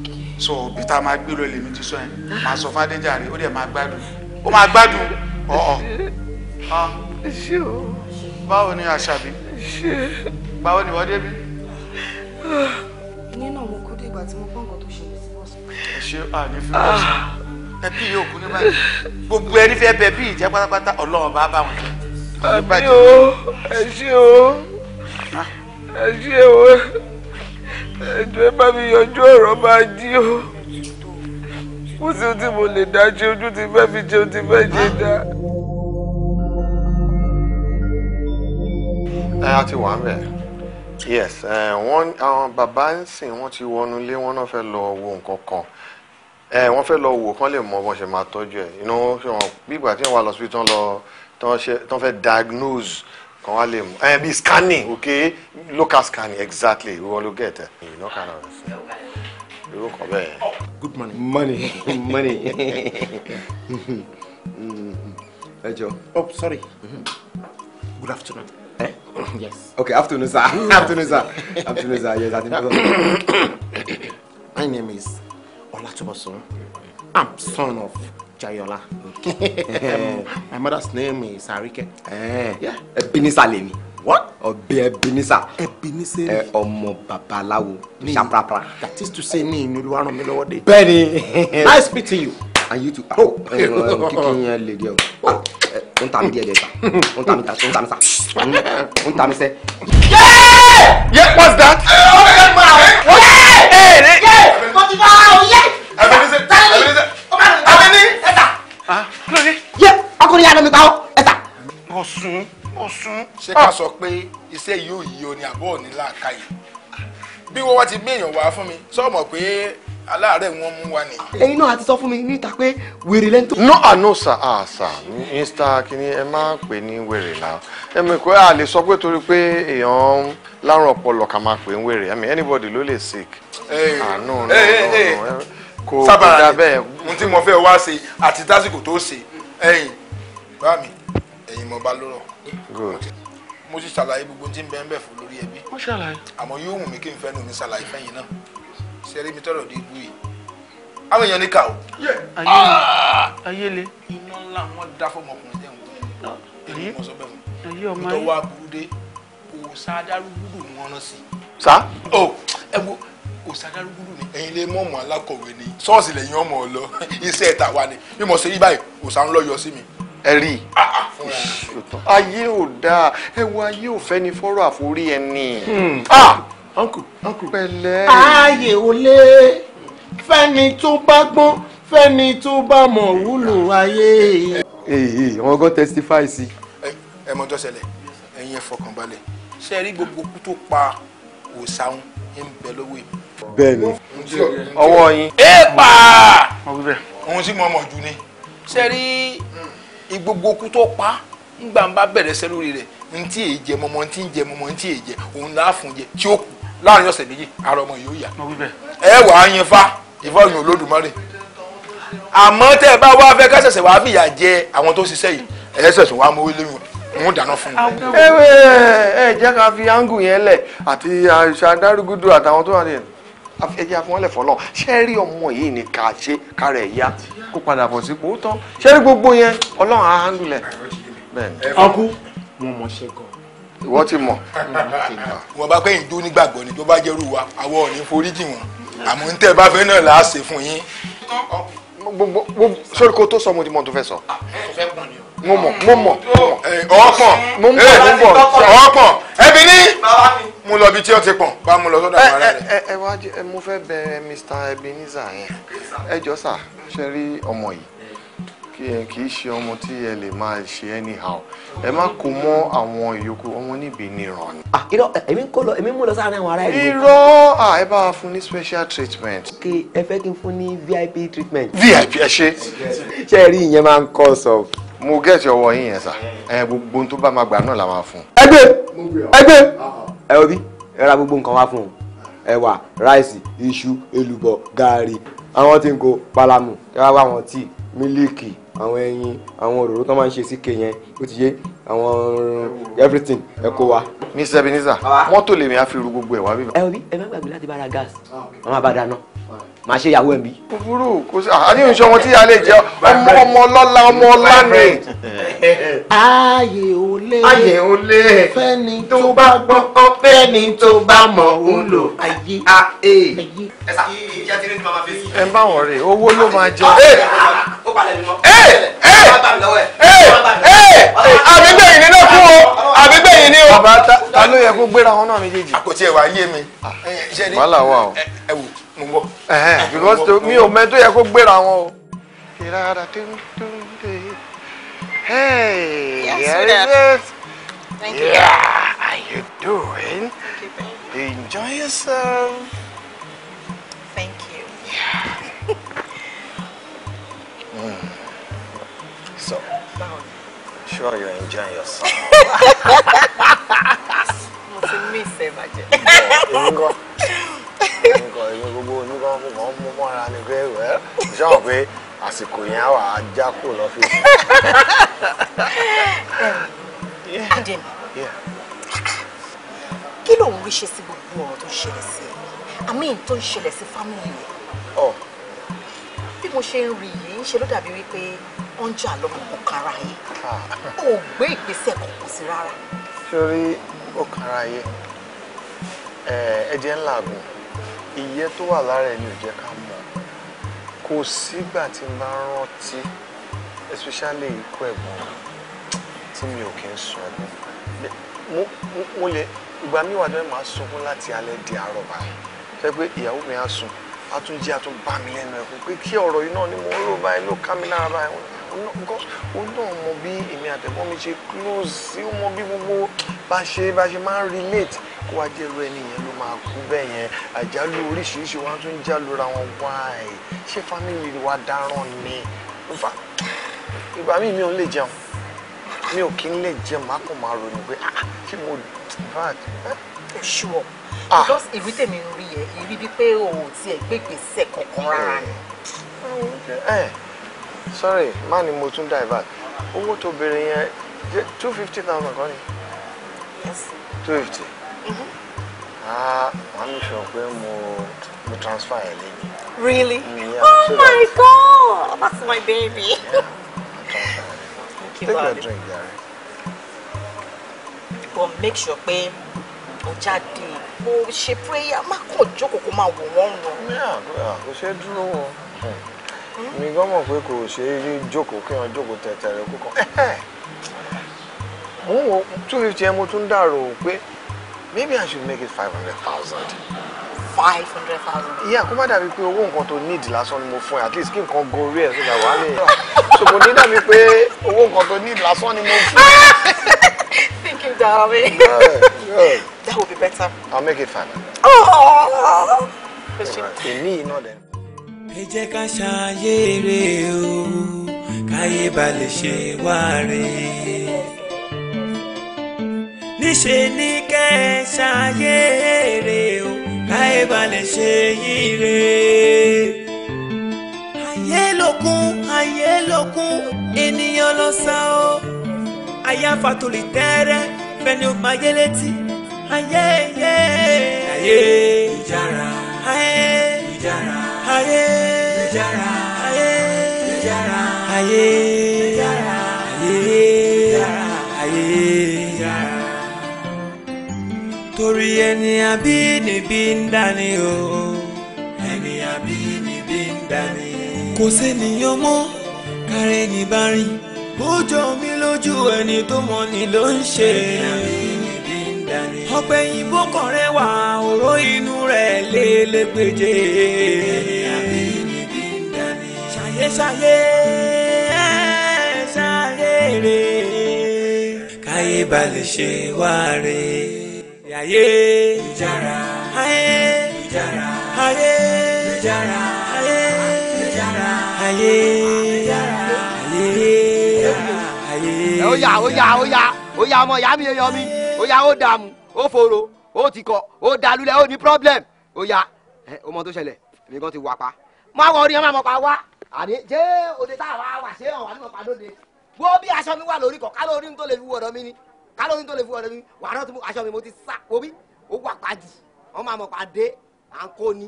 Speaker 3: so bí tá a máa gbé lọ lèmi ti sọ yẹn o ah. sọ fádéjà rẹ ó dẹ̀ máa gbádùn ó máa gbádùn ọ̀ọ̀ ah. ah. báwo ni àṣàbí báwo ni wọ́n débi.
Speaker 4: ìyẹn náà mo kú dé ìgbà tí mo gbọ́ nǹkan tó ṣẹlẹ̀ sí bọ́sùn.
Speaker 3: ẹ ṣe àní fún bọ́sùn ẹ bí yóò kú ní báyìí gbogbo ẹni fẹ́ bẹ bí ìjẹ́ pátápátá ọlọ́run bá bá wọn. àbí o ẹ ṣe o ẹ ṣe o ẹjọ́ ẹ bá mi yanjú ọ̀rọ̀ máa dí o kò sí ohun tí mo lè dá ṣe ojú ti fẹ́ fi jẹun ti fẹ́ ṣe dá.
Speaker 2: ẹ á ti wà ń bẹ̀
Speaker 3: yes wọ́n àwọn bàbá ń sìn wọ́n ti wọnú ilé wọ́n náà fẹ́ lọ wo nǹkan kan wọ́n fẹ́ lọ wò kán lè mọ bọ́n ṣe máa tọ́jú ẹ̀ inú bí ìgbà tí wọ́n wà lọ sí tán lọ tán fẹ́ diagnose kan wá lè mú ẹ eh, bí scanning ok local scanning exactly ìwọ ló gẹ̀ tẹ̀ you know kind of irú kan bẹ́ẹ̀. good money. money money.
Speaker 4: *laughs*
Speaker 3: ẹ jọ. oh sorry. Mm-hmm. good afternoon. Eh? yes. okay afternoon sir *laughs* afternoon sir afternoon sir yes i think so. *coughs* my name is Olatobosun i'm son of. Jayola. Okay. um, my mother's name is Arike.
Speaker 4: Eh. Yeah. Ebenisa lèmi. What? Ọbẹ̀ Ebenisa. Ebenisa. Ẹ ọmọ babaláwo. Ní That
Speaker 3: is to say ní ìlú wa ràn mí lọ́wọ́ dé. Bẹ́ẹ̀ni. Nice
Speaker 4: meeting you. And you too. Oh. Kíkín yẹn lè díẹ̀ o. Ó ń ta mi díẹ̀ díẹ̀ sá. Ó ń ta mi ta ó ń ta mi sá. Ó ń ta mi sẹ́. Yeah!
Speaker 3: Yeah, what's that? Ọ̀rẹ́ ẹ̀ máa. Wọ́n yẹ́! Ẹ̀ẹ́dẹ́. Yẹ́! Mo ti bá ọ yẹ́! Ebenisa. Ebenisa. Ah. yẹ ọkùnrin yàrá mi pa ọ ẹ ta. ṣé ká sọ pé iṣẹ́ yóò yí o ní àbọ̀ ní làákàyè bí wọ́n wá ti gbé èèyàn wá fún mi sọ́ọ̀mọ̀ pé aláàárẹ̀ wọn mú wa náà sọ fún mi níta pé wèrè lẹ́ńtọ́. no àná sà á sà insta ẹ máa pè ní wèrè la ẹ̀mí kò lè sọ pé torí pé èèyàn lárùn ọpọlọ máa pè ń wèrè anybody ló lè sick. náà náà kò sábàrà ni ohun tí mo fẹ́ wá ṣe àti tásìkò tó ṣe ẹ̀yìn bá mi ẹ̀yìn mo bá lọ́rọ̀ mo ti ṣàlàyé gbogbo tí ń bẹ́ẹ̀ bẹ́ẹ̀ fún lórí ẹbí àmọ́ yóò wù mí kí n fẹ́ nu mi ṣàlàyé fẹ́yìn náà ṣe rí mi tọ́rọ̀ dé ibú yìí àwọn èèyàn ní kà ó. ayéle. iná ńlá wọn dá fọmọkùnrin tẹ̀ ń wọ èyí mo sọ bẹ́ẹ̀ fún mi ìtọ́wọ́ dé òòsà adárúgbùdù òsàdárúgúdù ni ẹ̀yin lè mọ̀mọ́ alákọ̀wé ni ṣọ́ọ̀ṣì lẹ́yìn ọmọ ọ̀lọ́ iṣẹ́ ẹ̀ta wa ni bí mo ṣe rí báyìí òsà ń lọ yọ sí mi. ẹ rí i ah, ah. ayé ò dáa ẹ wo ayé ò fẹ́ ni fọ́rọ̀ àforí ẹni. Hmm. Ah! uncle uncle ààyè ò fẹ́ni tó bá gbọ́n fẹ́ni tó bá mọ̀ wúlò ayé. èyí wọn testify sí. ẹ mọ tó ṣẹlẹ̀ ẹ fọkàn balẹ̀ ṣe rí gbogbo kú tó pa òòṣà ń bẹ lọ́wọ́ èmi bẹ́ẹ̀ ni ọwọ́ yín. éèpà ohun tí mo mọ̀ jù ni. ṣe rí gbogbo okú tó pa ńgbà ń bá bẹ̀rẹ̀ sẹ́ lórí rẹ̀ ntí èyí jẹ mọmọ ntí ń jẹ mọmọ ntí èyí jẹ òun là á fún jẹ tí ó kù láàrin ọ̀sẹ̀ méjì ara ọmọ yìí ó yà. ẹ wàá yin fa ìfọ̀nù olódùmarè àmọ́ tẹ́ ẹ bá wá fẹ́ ká ṣẹ̀ṣẹ̀ wàá fìyà jẹ àwọn tó ṣiṣẹ́ yìí ẹ ṣẹ̀ṣẹ̀ wàá mọ́wé lẹ́yìn òun dáná fún un. ẹ jẹ́ ká fi áńgù yẹn lẹ̀ àti àṣà dárúgúdù àtàwọn tó wà nìyẹn ẹja fún ọlẹ fọlọ ṣé rí ọmọ yìí ni kà á ṣe kára ẹ yá kó padà bọ̀ sípò ó tán ṣé rí gbogbo yẹn Ọlọ́run á handle lẹ. ọkú wọn mọ ṣe gan. ìwọ ti mọ. wọn bá pẹ́ ìdó nígbàgbọ́ ni tó bá jẹ́rù wa àwọn ò ní foríjì wọn àmọ́ ń tẹ́ bá fẹ́ náà là á ṣe fún yín. sórí kó tó sọ mo ti mọ tó fẹ́ sọ. mo mọ mo mọ. ọ̀pọ̀ ọ̀pọ̀ ẹbí ní mú lọ bí tí ó ti pọ̀ bá mú lọ sọ́dọ̀ àwọn ará rẹ̀. ẹ wá ẹ mo fẹ́ bẹ̀ Mr. Ebenezer yẹn ẹ jọ sà ṣe rí ọmọ yìí kí ẹ kì í ṣe ọmọ tí ẹ lè máa ṣe anyhow ẹ má kó mọ́ àwọn ìyókù ọmọ níbi nìran ni. Ah, irọ́ eh, èmi ń kó lọ èmi ń mú lọ sáárín àwọn ará ìlú. irọ́ ah, ẹ bá fún ní special treatment. kí ẹ fẹ́ kí n fún ní VIP treatment. VIP ẹ ṣe. ṣé ẹ rí ìyẹn máa ń kọ́ sọ mo gẹ̀ẹ́sì ọwọ́ yín yẹn sà eh, gbogbo ohun tó bá máa gbà náà la máa fún. ẹgbẹ́ ẹgbẹ́ ẹ orí ẹ ra gbogbo nǹkan wá fún un ẹ̀wà ráìsì iṣu èlùbọ́ gààrí àwọn tí ń ko palamu ẹ wá wá àwọn tíì mílíìkì àwọn ẹyin àwọn òróró tó máa ń ṣe síkè yẹn ó ti yé àwọn everything ẹ kó wa. mr ebenezer mọ́tò lèmi á fi ru gbogbo ẹ̀ wá bíbá. ẹ orí ẹ má gbàgbé láti bára gáàsì àwọn ah, àbá dáná máa ṣe ìyàwó ẹ̀ bí. kò sí àdéhùn iṣẹ́ wọn tí a lè jẹ ọmọ ọmọ ọlọ́lá ọmọ ọlá ni. ààyè ò lè ààyè ò lè fẹ́ni tó bá gbọ́ ọ́ fẹ́ni tó bá mọ̀ ọ́ lò ayé ayé. ẹ bá wọn rè owó ló máa jẹ.
Speaker 2: ó palẹ̀ mi mọ́. ẹ ẹ ẹ àbígbẹ̀yìn nínú fún o àbígbẹ̀yìn ní o. bàbá
Speaker 3: ta ló yẹ kó gbéra wọn náà méjèèjì. àkòtí ẹ̀ wá yé mi. Ah. wàhálà wà o mo bọ. mi ò mẹ yẹ kó gbéra wọn o. hey yes, yes. Thank you. yeah how you doing you, you enjoy yourself. thank you. *laughs*
Speaker 1: Hmm. so
Speaker 2: sure you enjoy yourself. *laughs* mo ti
Speaker 4: mí ìfẹ́ bàjẹ́
Speaker 3: nǹkan ìyẹn gbogbo oníkan fún kan mú mọ́ra ni pé ẹ̀ ṣọ́ọ̀ pé àsìkò yẹn wà á já kúrò lọ́fíìsì.
Speaker 2: adé
Speaker 4: kí ló ń rí ṣe sí gbogbo ọ̀rọ̀ tó ń ṣẹlẹ̀ sí àmì tó ń ṣẹlẹ̀ sí fámìlì rẹ̀ bí mo ṣe ń rí yìí ń ṣe ló dàbí wípé wọ́n eh, ń jà lọ́mọ ọ̀kara yìí ò gbé ìgbésẹ̀ kankan sí rárá.
Speaker 3: sórí ọ̀kara yìí ẹ̀jẹ̀ ńlá gùn ìyẹ́ tó wà lára ẹni ò jẹ́ ká mọ̀ kò sígbà tí n bá rántí especially ikú ẹ̀gbọ́n tí mi ò kí ń sọ ẹ̀gbọ́n mo lè ìgbà mi wà lóyún máa sunkún láti alẹ́ di àárọ̀ báyìí fẹ́ pé ìyàwó mi á sùn á tún jí á tún bá mi lẹ́nu ẹ̀kún pé kí ọ̀rọ̀ yìí náà ni mo rò báyìí ló ká mi lára báyìí ó náà mọ bí èmi àtẹ̀gbọ́n mi ṣe close sí ó mọ bí gbogbo bá ṣe bá ṣe máa ń relate kó wá jẹ́ irú ẹni yẹn ló máa kú bẹ́ẹ̀ yẹn àjálù oríṣiríṣi wọn tún jálù ra wọn wáì ṣé family wa dáràn ni nfa ìgbà míì mi ò lè jẹun mi ò kí ń lè jẹun má kàn máa ronú pé ah ṣé mo bad. Eh, sure ah. because ìrí tèmi ń rí yẹ ìrí bíi pé o ò tiẹ̀ gbégbèsè kankan rárá ni. Eh, eh, sorry má ni mo tún divert owó tó béèrè yẹn two fifty thousand kọ́ ni. two fifty. Mm-hmm. ah màá mi sọ pé mo mo transfer ẹ lẹ́yìn.
Speaker 2: really mm, yeah, oh so my god that's my baby. yeah,
Speaker 3: take your drink jare. but
Speaker 4: make sure pé
Speaker 3: o jáde o ṣe prayer má kàn jókòó kó máa wò wọ́n lọ. ní àgbẹ̀ àkọsẹ́ dúró wọn mi gan mọ̀ pé kò ṣe é jókòó kí wọ́n jókòó tẹ̀tẹ̀rẹ̀ kó kàn *laughs* mo wo two fifty mo tún dàrò pé maybe I should make it five hundred thousand.
Speaker 4: five hundred thousand.
Speaker 3: ìyá kó má dàbí pé owó nǹkan tó need lásán ni mo fún ẹ at least kí nǹkan gorí ẹ sódà wà lè *laughs* so kò ní dàbí pé owó nǹkan tó need lásán ni mo fún ẹ. *laughs* thank you darling. that would be better. I'll make it five
Speaker 1: Oh. Right. Èmi iná dẹ̀ ẹ jẹ́ ká ṣàyè rè o káyé ba lè ṣe wá rè níṣe ní kẹ́ ẹ ṣàyè rè o káyé ba lè ṣe yín rè ayé lókun ayé lókun ènìyàn ló sá o àyàfà tó lè tẹ́rẹ́ fẹ́ni máa yé létí ayé yé ayé ìjára ayé ìjára ayé ìjára ayé ìjára ayé ìjára ayé ìjára ayé ìjára. torí ẹni abínibí ń dání o ẹni abínibí ń dání. kò sénìyàn mọ́ kárẹ́ ní bá rìn bójú mi lójú ẹni tó mọ̀ ni ló ń ṣe. ẹni abínibí ọ̀pẹ yìnbó kan rẹwà òró inú rẹ̀ lélẹ́gbèje ṣàyé ṣàyé ṣàyé rè káyé balẹ̀ ṣe wá rè yàyé ìjára ayé ìjára ayé ìjára ayé ìjára ayé ìjára ayé.
Speaker 4: ó yá ó yá ó yá ó yá ọmọ ìyá mi yọ mí. Oya yá ó dààmú ó fòrò ó ti kọ ó dalulẹ̀ ó ní problem oya yá ó mọ tó ṣẹlẹ̀ èmi kan ti wà pa
Speaker 2: má wọ orí ẹ má mọ pa
Speaker 4: wá àní ṣé òde tá a wá wà ṣé ọ̀wà nínú padòde wo bí aṣọ mi wà lórí kọ kálórí tó lè fi wọ̀dọ̀ mi ni kálórí tó lè fi wọ̀dọ̀ mi ni wàá rántí aṣọ mi mo ti sá omi ó wà pàdì wọn máa mọ pàdé à ń kó ni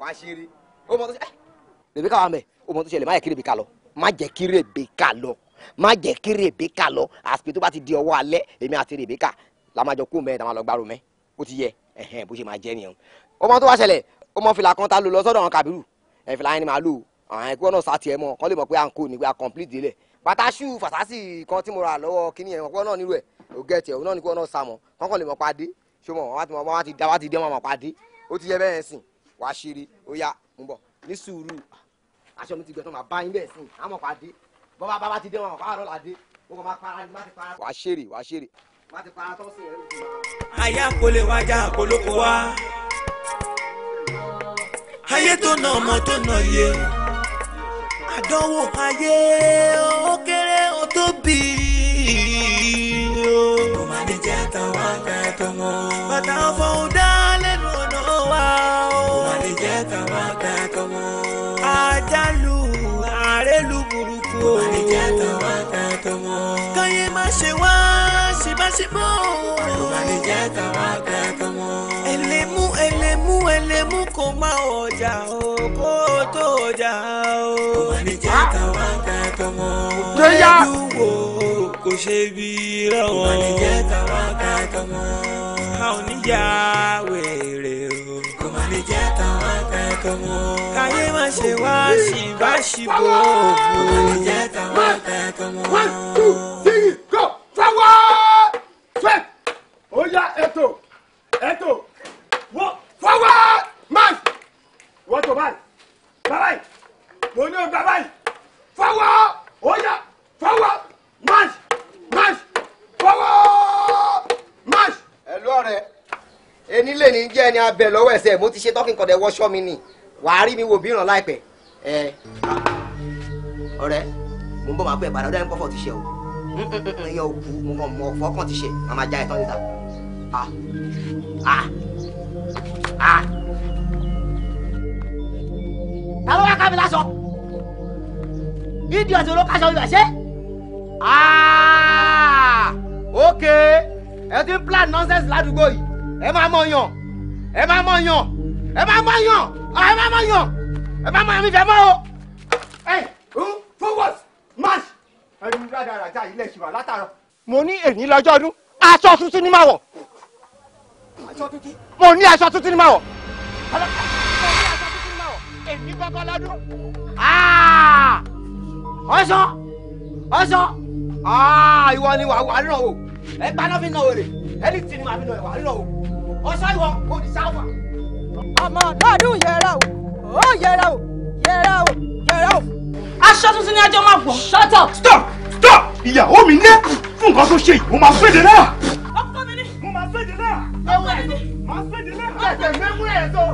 Speaker 4: wàá ṣeré ó mọ tó ṣẹlẹ̀. Rèbékà wà mẹ́ ó mọ tó ṣẹlẹ̀ má yẹ kí Rèbékà lọ má jẹ́ kí Rèbékà lọ má jẹ́ kí Rèbékà lọ àsìkò tó bá ti di ọwọ́ alẹ́ èmi àti Rèbékà la máa jọ kó mẹ́ẹ̀ tá máa lọ gbárò mẹ́ ó ti yẹ ẹ̀hẹ́n bó ṣe máa jẹ́ nìyẹn o ọmọ tó wá ṣẹlẹ̀ ọmọ fìlà kan ta lò lọ sọ́dọ̀ àwọn kàbírù ẹ̀ fìlà yẹn ni màá lò àwọn ẹ̀kú ọ̀nà sá tiẹ̀ mọ́ kán lè mọ̀ pé à ń kó ni pé à complete délẹ̀ pàtàṣù fàtàṣì kan tí mo rà lọ́wọ́ kíní yẹn ọ̀pọ̀ náà nílò ẹ̀ ògẹ́tì ẹ̀ òun náà ní kí wọ́n náà sá mọ́ kán kàn lè mọ̀ pàdé ṣé mo wá ti dá wá ti dé wọn mọ̀ pàdé ó ti yẹ bẹ́ẹ̀ sìn wá ṣeré ó yá mo bọ̀ ti àyà kò lè
Speaker 1: wájà àkólókò wá ayé tó nà ọmọ tó nà yé àdánwò ayé ó kéré ó tóbi o. mo máa ní jẹ́ àtàwọn àgbà ẹ̀tọ́ wọn. bàtà ọ̀fọ̀ dá lẹ́nu ọ̀nà wa o. mo máa ní jẹ́ àtàwọn àgbà ẹ̀tọ́ wọn. àjálù àrélù burúkú o. mo máa ní jẹ́ àtàwọn àgbà ẹ̀tọ́ wọn. káyé má ṣe wá ìbáṣepọ̀. ẹ̀rù bá ní jẹ́ ká wá kẹ́kọ̀ọ́ mọ́. ẹlẹ́mú ẹlẹ́mú ẹlẹ́mú kò má ọjà o kó tó ọjà o. ẹ̀rù bá ní jẹ́ ká wá kẹ́kọ̀ọ́ mọ́. lóyà wo kò ṣe bí lọ́wọ́. ẹ̀rù jẹ́ ká kẹ́kọ̀ọ́ mọ́. a ò ní yá wèrè o. kò má ní jẹ́ ká wá kẹ́kọ̀ọ́ mọ́. káyé má ṣe wá ṣì bá ṣì bò ó. kò má ní jẹ́ ká ó yá ẹ̀tò
Speaker 3: ẹ̀tò wọ́n forward march wọ́n tó báyìí báyìí mo ní o gba báyìí forward ó yá forward march march forward march. ẹ̀lú ọ̀rẹ́
Speaker 4: ẹni lè ní jẹ́ ẹni abẹ lọ́wọ́ ẹsẹ̀ mo ti ṣe tọ́kìn kọ̀dẹ̀ wọṣọ́ mi nì wàá rí mi wò bí ràn láìpẹ́ ẹ ọ̀rẹ́ mo ń bọ̀ máa pẹ́ padà ọ̀dọ́ ẹni pọ́fọ̀ ti ṣe o ẹ̀yọ̀ òkú mo mọ̀ ọ̀fọ̀ kàn ti ṣe màmá já ẹ̀ tán níta. Ah. Ah. Ah. Ta ló wá ká mi lásọ? Ìdí ọ̀sẹ̀ ló ah! Ok, ẹ ti ń plan nonsense ládùúgbò yìí, ẹ máa mọ̀ yàn, ẹ máa mọ̀ yàn, ẹ máa mọ̀ yàn, ah, ẹ máa mọ̀ yàn, ẹ máa mọ̀ yàn mi fẹ́ mọ́ o. Ẹ forward march ẹnu rádaràdà
Speaker 3: mo ní aṣọ tuntun ní máa wọ̀ èmi kọ́kọ́ lọ́dún. ọ̀sán ah! ọ̀sán
Speaker 4: ah! ìwọ ni wà á nínú o ẹ gbaná fi náà wèrè ẹni tì ní màá fi náà wà á nínú o ọ̀sán ìwọ kò ní sáwà. ọmọ ọdọọdún yẹra o ó yẹra o
Speaker 3: yẹra o yẹra o. aṣọ tuntun ni ajọ máa gbọ́. shut up. stop stop ìyàwó mi ní fún nǹkan tó ṣe yìí mo máa gbé de náà délé à. ọwọ́ ẹ̀ ni. màá pè délé à. ẹsẹ̀ mẹ́mú ẹ̀ tó.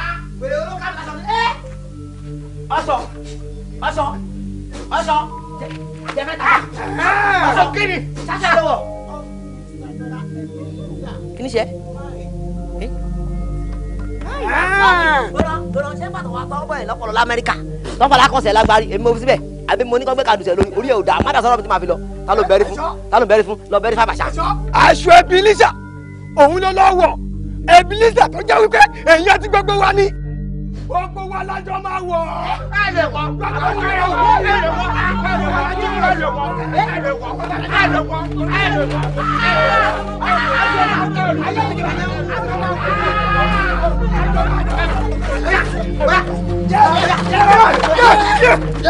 Speaker 3: a wèrè olóka lásán ni. ọsọ ọsọ ọsọ jẹfẹ ta.
Speaker 4: ọsọ ah! ah! kiri. sasa lọ́wọ́. kí ni ṣe. gbọ́dọ̀ ah! gbọ́dọ̀ ṣé pàtó wa tọ́ bọ̀ ẹ̀ lọ́pọ̀lọ́ lamẹ́ríkà tọ́pọ̀ lakọ̀ọ́sẹ̀ lágbárí èmi mo fi síbẹ̀ àbí mo ní kọ́ gbé kadùsẹ̀ lórí orí ẹ̀ ò dá má dà sọ́dọ̀ mi ti máa fi lọ ta ló bẹ̀rí fún ta ló bẹ̀rí fún lọ bẹ̀rí fàbàṣà. aṣọ ebilisa òun ló lọ
Speaker 3: wọ ebilisa tó jẹ́ wípé èèyàn ti gbogbo wa ni. gbogbo wa lájọ
Speaker 4: máa wọ. ẹ lè wọ ẹ lè wọ ẹ lè wọ ẹ lè wọ ẹ lè wọ ẹ lè wọ
Speaker 2: ẹ lè wọ ẹ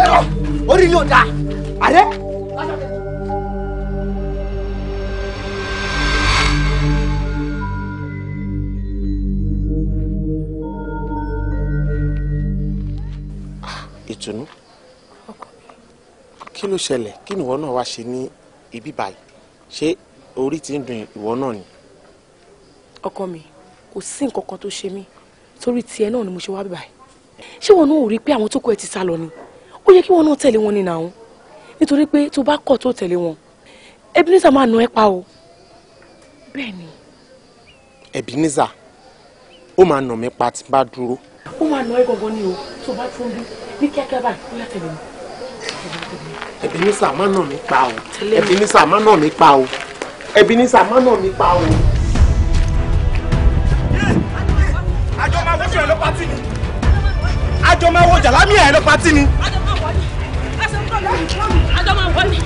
Speaker 4: lè wọ orí yóò da àrẹ.
Speaker 3: ìtùnú kí ló ṣẹlẹ̀ kí ni ìwọ náà wá ṣe ní ibi báyìí ṣé orí ti ń dùn ìwọ náà ni.
Speaker 4: ọkọ mi kò sí nǹkan kan tó ṣe mí torí tiẹ̀ náà ni mo ṣe wá bíbá yìí ṣé wọn náà ò rí pé àwọn tó kọ ẹ ti sá lọ ni ó yẹ kí wọn náà tẹ̀lé wọn ní nàá nítorí pé tó bá kọ̀ tó
Speaker 3: tẹ̀lé wọn Ebenezer máa nà ẹ́ pa o bẹ́ẹ̀ ni. Ebenezer ó máa nà mí pa tí n bá dúró ó máa nà ẹ́ gangan ni o tó
Speaker 1: bá tún bí ní kíákíá báyìí ó yà tẹ̀lé
Speaker 3: ẹbí ní sàmá náà mi pa o ẹbí ní sàmá náà mi pa o ẹbí ní sàmá náà mi pa o. àjọ máa wọ́n jùlọ lọ́pàá tì ní àjọ máa wọ́n jàlámì ẹ̀ lọ́pàá tì ní. àjọ máa wọ́n ní.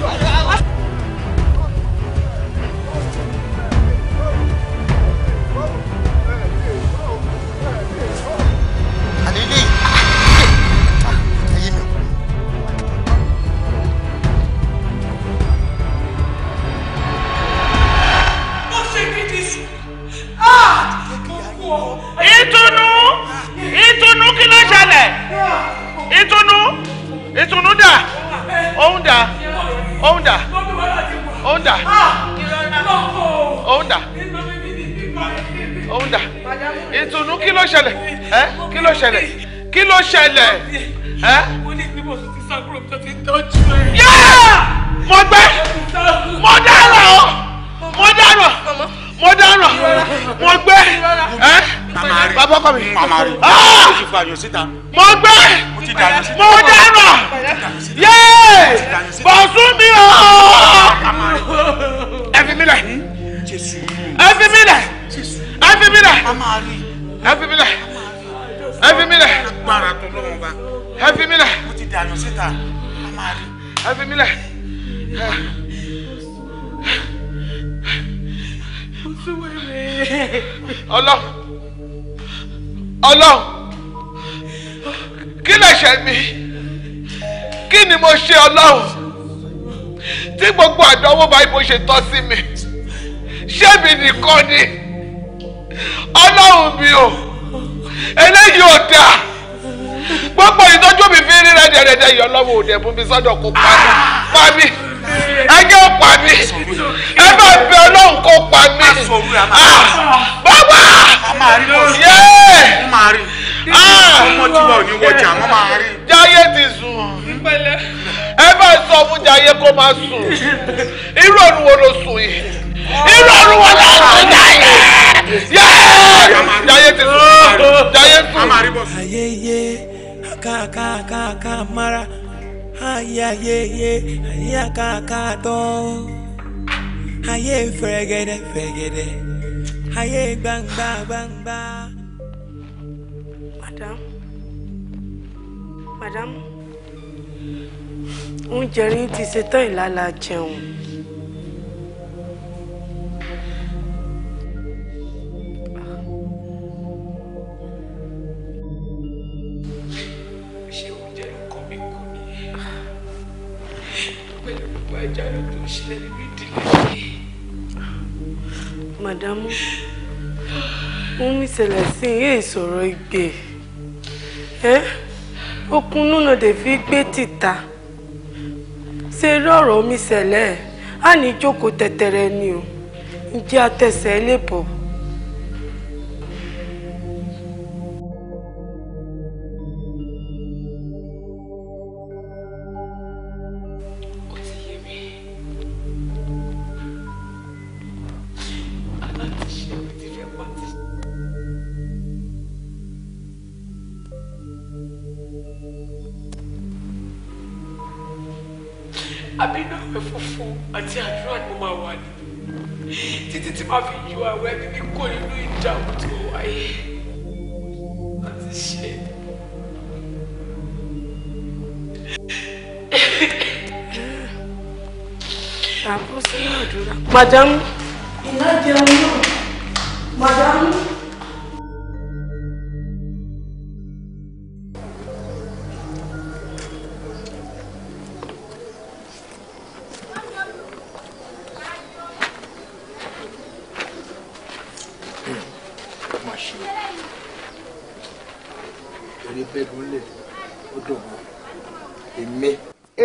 Speaker 3: ìtùnú ìtùnú kí ló ṣẹlẹ̀ ìtùnú ìtùnú dà òun dà òun dà òun dà òun dà òun dà ìtùnú kí ló ṣẹlẹ̀ ẹ kí ló ṣẹlẹ̀ kí ló ṣẹlẹ̀ ẹ. mo ní bí mo o. ọkọ mi. màmá rẹ ah! o ti fa àyàn síta. mo gbé mo dáná yéé bọ̀sùn mi o. ẹ fi mi lẹ̀ ẹ fi mi lẹ̀ ẹ fi mi lẹ̀ ẹ fi mi lẹ̀ ẹ fi mi lẹ̀ ẹ fi mi lẹ̀ ẹ fi mi lẹ̀. Ọlọ́run ọlọ́run kí lẹ̀ṣẹ̀ mi kí ni mo ṣe ọlọ́run tí gbogbo àdánwò báyìí mo ṣe tọ́ sí mi ṣé mi nìkan ni ọlọ́run mi o eléyìí ò dáa gbogbo ìtọ́jú mi fi rí rẹ̀ dẹ̀rẹ̀dẹ̀ yìí ọlọ́run ò dẹ̀ mú mi sọ́dọ̀ kó pa mí pa mí ẹjọ́ pa mí ẹ bá bẹ ọlọ́run kó pa mí ah, bàbá yé ah! jáyé ti sùn ẹ bá sọ fún jáyé kó máa sùn irú òun wo ló sùn yìí
Speaker 2: irú òun wo ló sùn jáyé
Speaker 3: jáyé ti sùn jáyé sùn.
Speaker 1: ayẹyẹ ká ká ká ká mara ayé ayé ayé ayé àkàkàtọ́ ayé fẹ̀rẹ̀gẹ̀dẹ̀ fẹ̀rẹ̀gẹ̀dẹ̀ ayé gbangba gbangba. madam madam oúnjẹ yín ti ṣetán ìlàlà jẹun. ìwà ìjànú
Speaker 2: tó ń ṣẹlẹ̀ nínú ìdílé yìí.
Speaker 1: màdámù ohun mi ṣẹlẹ̀ sí iye ìṣòro ìgbè ẹ́
Speaker 3: okun núnà dè fi gbé tìta ṣe eré mi ṣẹlẹ̀
Speaker 1: á ní jókòó tẹ̀tẹ̀rẹ̀ ni o ǹjẹ́ atẹ̀sẹ̀ lè bọ̀. madam. iná jẹun náà madam.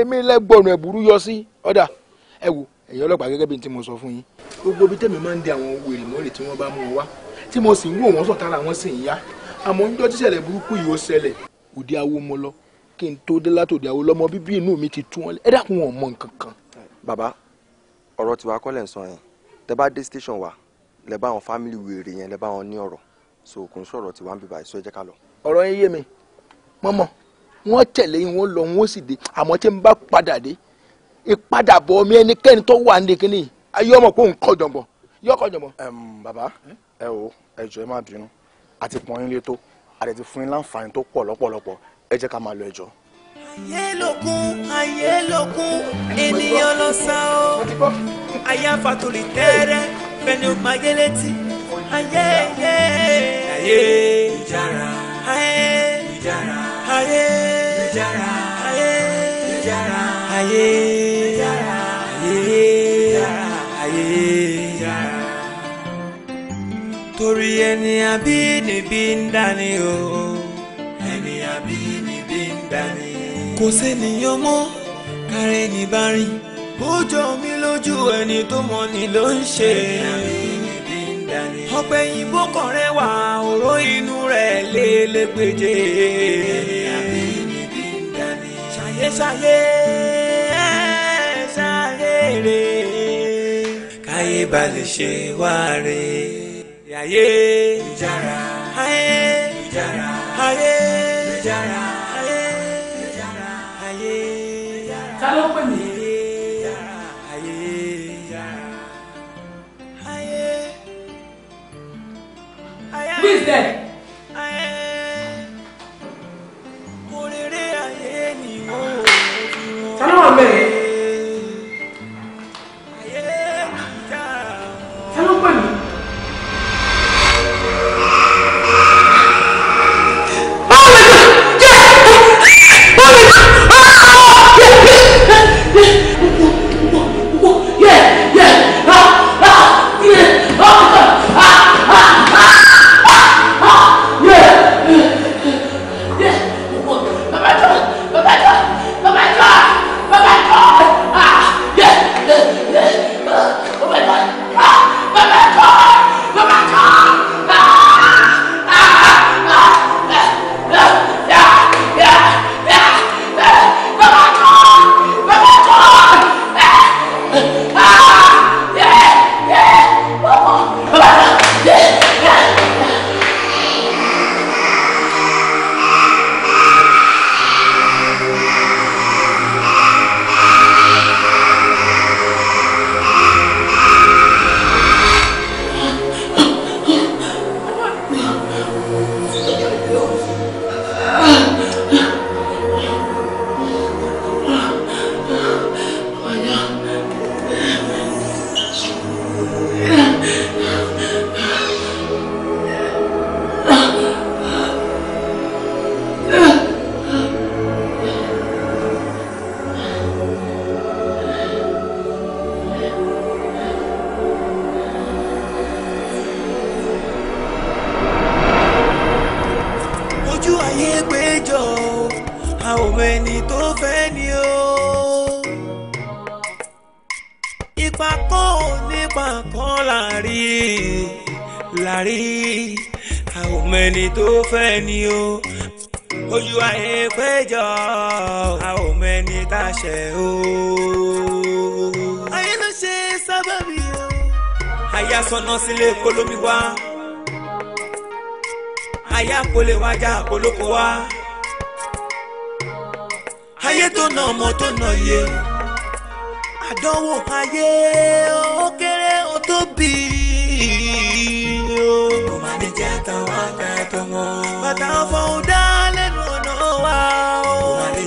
Speaker 3: èmi lẹ́gbọ̀nù ẹ̀bùrú yọ sí ọ̀dà ẹ wò ẹ̀yọ́ ọlọ́pàá gẹ́gẹ́ bí n tí mo sọ fún yín gbogbo ibi tẹ́mi máa ń di àwọn wèrè mọ́rè tí wọ́n bá mú wọn wá tí mo sì ń wò wọ́n sọ̀tara wọn sì ń yá àmọ́ ń jọ́ tíṣẹ̀lẹ̀ burúkú yìí ó ṣẹlẹ̀ òde awo mo lọ kí n tó dé látòde awo lọ́mọ bíbí inú mi ti tú wọn ẹ dákun wọn mọ nǹkan kan. bàbá ọ̀rọ̀ tiwa kọ́ ń sọ yẹn tẹ bá dé station wa lẹ bá àwọn fámìlì wèrè yẹn lẹ bá wọn ní ọ̀rọ̀ so kò ń sọ̀rọ̀ tiwa ń bíbá ìṣó ẹ jẹ́ ká lọ. ọ̀rọ̀ yẹn yé mi mọ́mọ́ wọ́n tẹ̀lé yín wọ́n lọ wọ́n sì dé àmọ́ tí n bá padà dé ìpadàbọ̀ mi ẹnikẹ́ni tó wà ní kínní ayé ọmọ pé òun kọ́ jọ̀gbọ̀n yọ kọ́ jọ̀gbọ̀n. bàbá ẹ o ẹ jọ̀ọ́ ẹ má bínú a ti pọ́n yín tó a ti fún yín láǹfààní tó pọ̀ lọ́pọ̀lọpọ̀ ẹ jẹ́ ká
Speaker 1: máa lọ ẹ jọ̀ọ́. ayé lókun ayé lókun ènìyàn lọ sá o àyàfà tó tẹ́rẹ́ fẹ́ni ó máa yé létí ayé ayé ayé ìjàrá ayé ìjàrá ayé ìjàrá ayé ìjàrá ayé. torí ẹni àbínibí ń dání o ẹni àbínibí ń dání. kò sẹ́niyàn mọ́ kárẹ́ ní bá rìn ó jọ lójú ẹni tó mọ̀ ni ló ń ṣe. ẹni àbínibí ń dání. ọ̀pẹ̀ yìnbó kan rẹwà òró inú rẹ̀ lélẹ́gbẹ̀jẹ̀. ẹni àbínibí ń dání. ṣàyé káyé balẹ̀ ṣe wá rè yàyé lùjárà ayé lùjárà ayé lùjárà ayé lùjárà ayé lùjárà. ta ló pè mí. Who is there?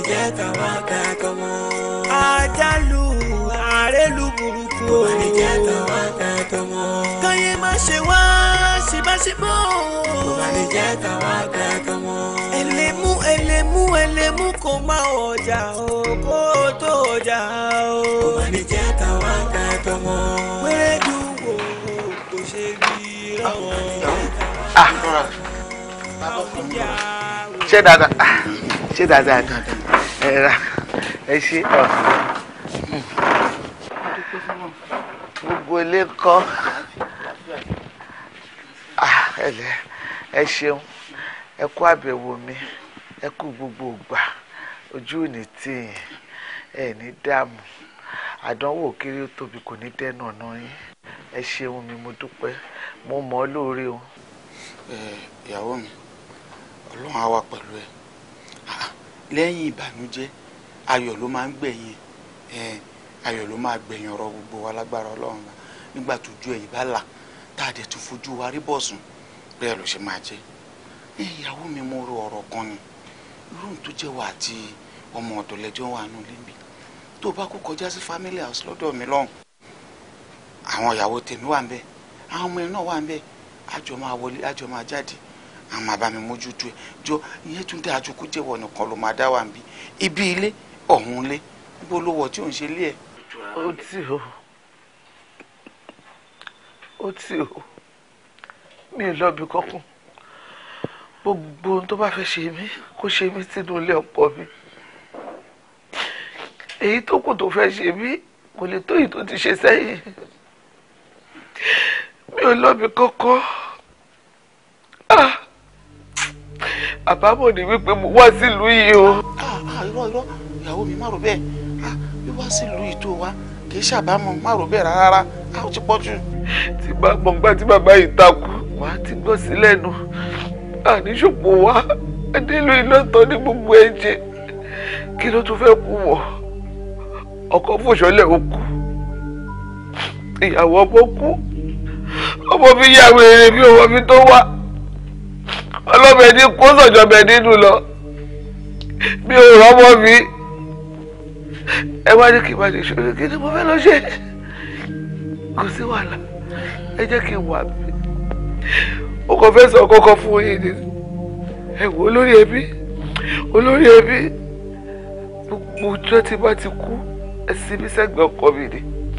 Speaker 1: jẹ́ tàwa gbà tọmọ. àjálù àrélù burúkú o. wọ́n lè jẹ́ tàwa gbà tọmọ. káyé má ṣe wá síbáṣíbọ̀ o. wọ́n lè jẹ́ tàwa gbà tọmọ. ẹlẹ́mú ẹlẹ́mú ẹlẹ́mú kò má ọjà o kó tó ọjà o. wọ́n lè jẹ́ tàwa gbà tọmọ. wẹ́rẹ́ dùn
Speaker 2: wò kò ṣe bí lọ́wọ́. Ah, ah
Speaker 3: ṣé dáadáa ṣé dáadáa dáadáa ẹ̀rà ẹ ṣe ọ̀sán. gbogbo ilé kọ́ ah, ẹ̀lẹ́ ẹ ṣeun ẹ kú àbẹ̀wò mi ẹ kú gbogbo ìgbà ojú ò ní tìyìn ẹ ní dààmú àdánwò kiri ó tóbi kò ní dẹ́nu ọ̀nà yín ẹ ṣeun mi mo dúpẹ́ mo mọ̀ ọ́ lóore o. ìyàwó mi ọlọ́run á wà pẹ̀lú ẹ lẹ́yìn ìbànújẹ́ ayọ̀ ló máa ń gbẹ̀yìn ẹ̀ ayọ̀ ló máa gbẹ̀yìn ọ̀rọ̀ gbogbo wa lágbára ọlọ́run bá nígbà tó ju ẹ̀yìn bá là tá a dẹ̀ tún fojú wa rí bọ̀sùn bẹ́ẹ̀ ló ṣe máa jẹ́ ẹ ìyàwó mi mo ro ọ̀rọ̀ kan ni irú tó jẹ́ wà àti ọmọ ọ̀dọ̀ lẹ́jọ́ wà nù lébi tó bá kó kọjá sí family house lọ́dọ̀ mi lọ́hùn àwọn ìyàwó tèmi wà ń bẹ̀ àwọn ọmọ ẹ náà wà ń bẹ̀ àjọ máa wọlé àjọ máa jáde àwọn máa bá mi mójútó ẹ jọ ìyẹn tún dáa ju kó jẹ́wọ́ nìkan ló máa dá wà níbí ibi ilé ọ̀hún lé níbo ló wọ̀ tí ò ń ṣe lé ẹ̀. ó tì ó ó tì ó mi lọ bí kankan gbogbo ohun tó bá fẹ́ ṣe mí kó ṣe mí sínú ilé ọkọ mi èyí tó kù tó fẹ́ ṣe mí kò lè tó èyí tó ti ṣe sẹ́yìn mi ò lọ́bi kọ́kọ́ ah àbámọ̀ ni wípé mo wá sílùú yìí o. Ah, ah, irọ́ irọ́ ìyàwó mi má rò bẹ́ẹ̀ wíwá ah, sílùú yìí tó wá kì í ṣàbámọ̀ má rò bẹ́ẹ̀ rárá a ó ti pọ̀ jù. tí bá gbọ̀ngbà tí bàbá yìí takú wà á ti gbọ́ sí lẹ́nu àníṣòpò wá adélo iná tán ní gbogbo ẹ̀jẹ̀ kí ló tún fẹ́ kú wọ̀ ọkọ fòṣọlẹ̀ ó kú ìyàwó ọmọ kú ọmọ mi yà wèrè mi ọmọ mi tó wá ọlọ́bẹ̀ ní kó sọ̀jọ̀bẹ̀ nínú lọ mi ò rọ́mọ́ mi ẹ wá ní kí n má ṣe ṣòro kí ni mo fẹ́ lọ ṣe kò sí wàhálà ẹ jẹ́ kí n wà mí ó kàn fẹ́ sọ kọ́kọ́ fún yín ni ẹ wò olórí ẹbí olórí ẹbí gbogbo ọjọ́ tí bá ti kú ẹ sinmi sẹ́gbẹ̀ẹ́ ọkọ mi ni.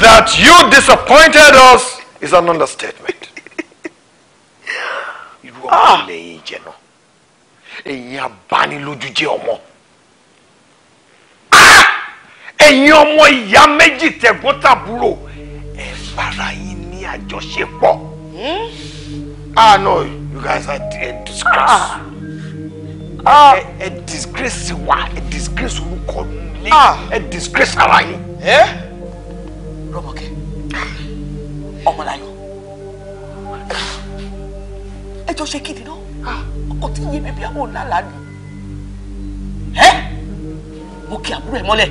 Speaker 3: That you disappointed us is an understatement.
Speaker 4: Irú ọmọ ah. lẹ́yìn jẹ náà.
Speaker 3: Ẹ̀yin abánilójú jẹ́ ọmọ. Ah! Ẹ̀yin ọmọ ìyá méjì tẹ̀gbọ́n tàbúrò. Ẹ bára yín ní àjọṣepọ̀. Hmm? Ah no, you guys are a disgrace. Ah, ah. Ẹ disgrace wa, ẹ disgrace orúkọ nílé, ẹ disgrace ara yín. Eh? Rọ́mọkẹ́ Ọmọláyọ̀ ẹ jọ ṣe kíni náà o tí ì yé mi bí àwọn òǹlàlà ni ẹ mo kí àbúrò ẹ mọ́lẹ̀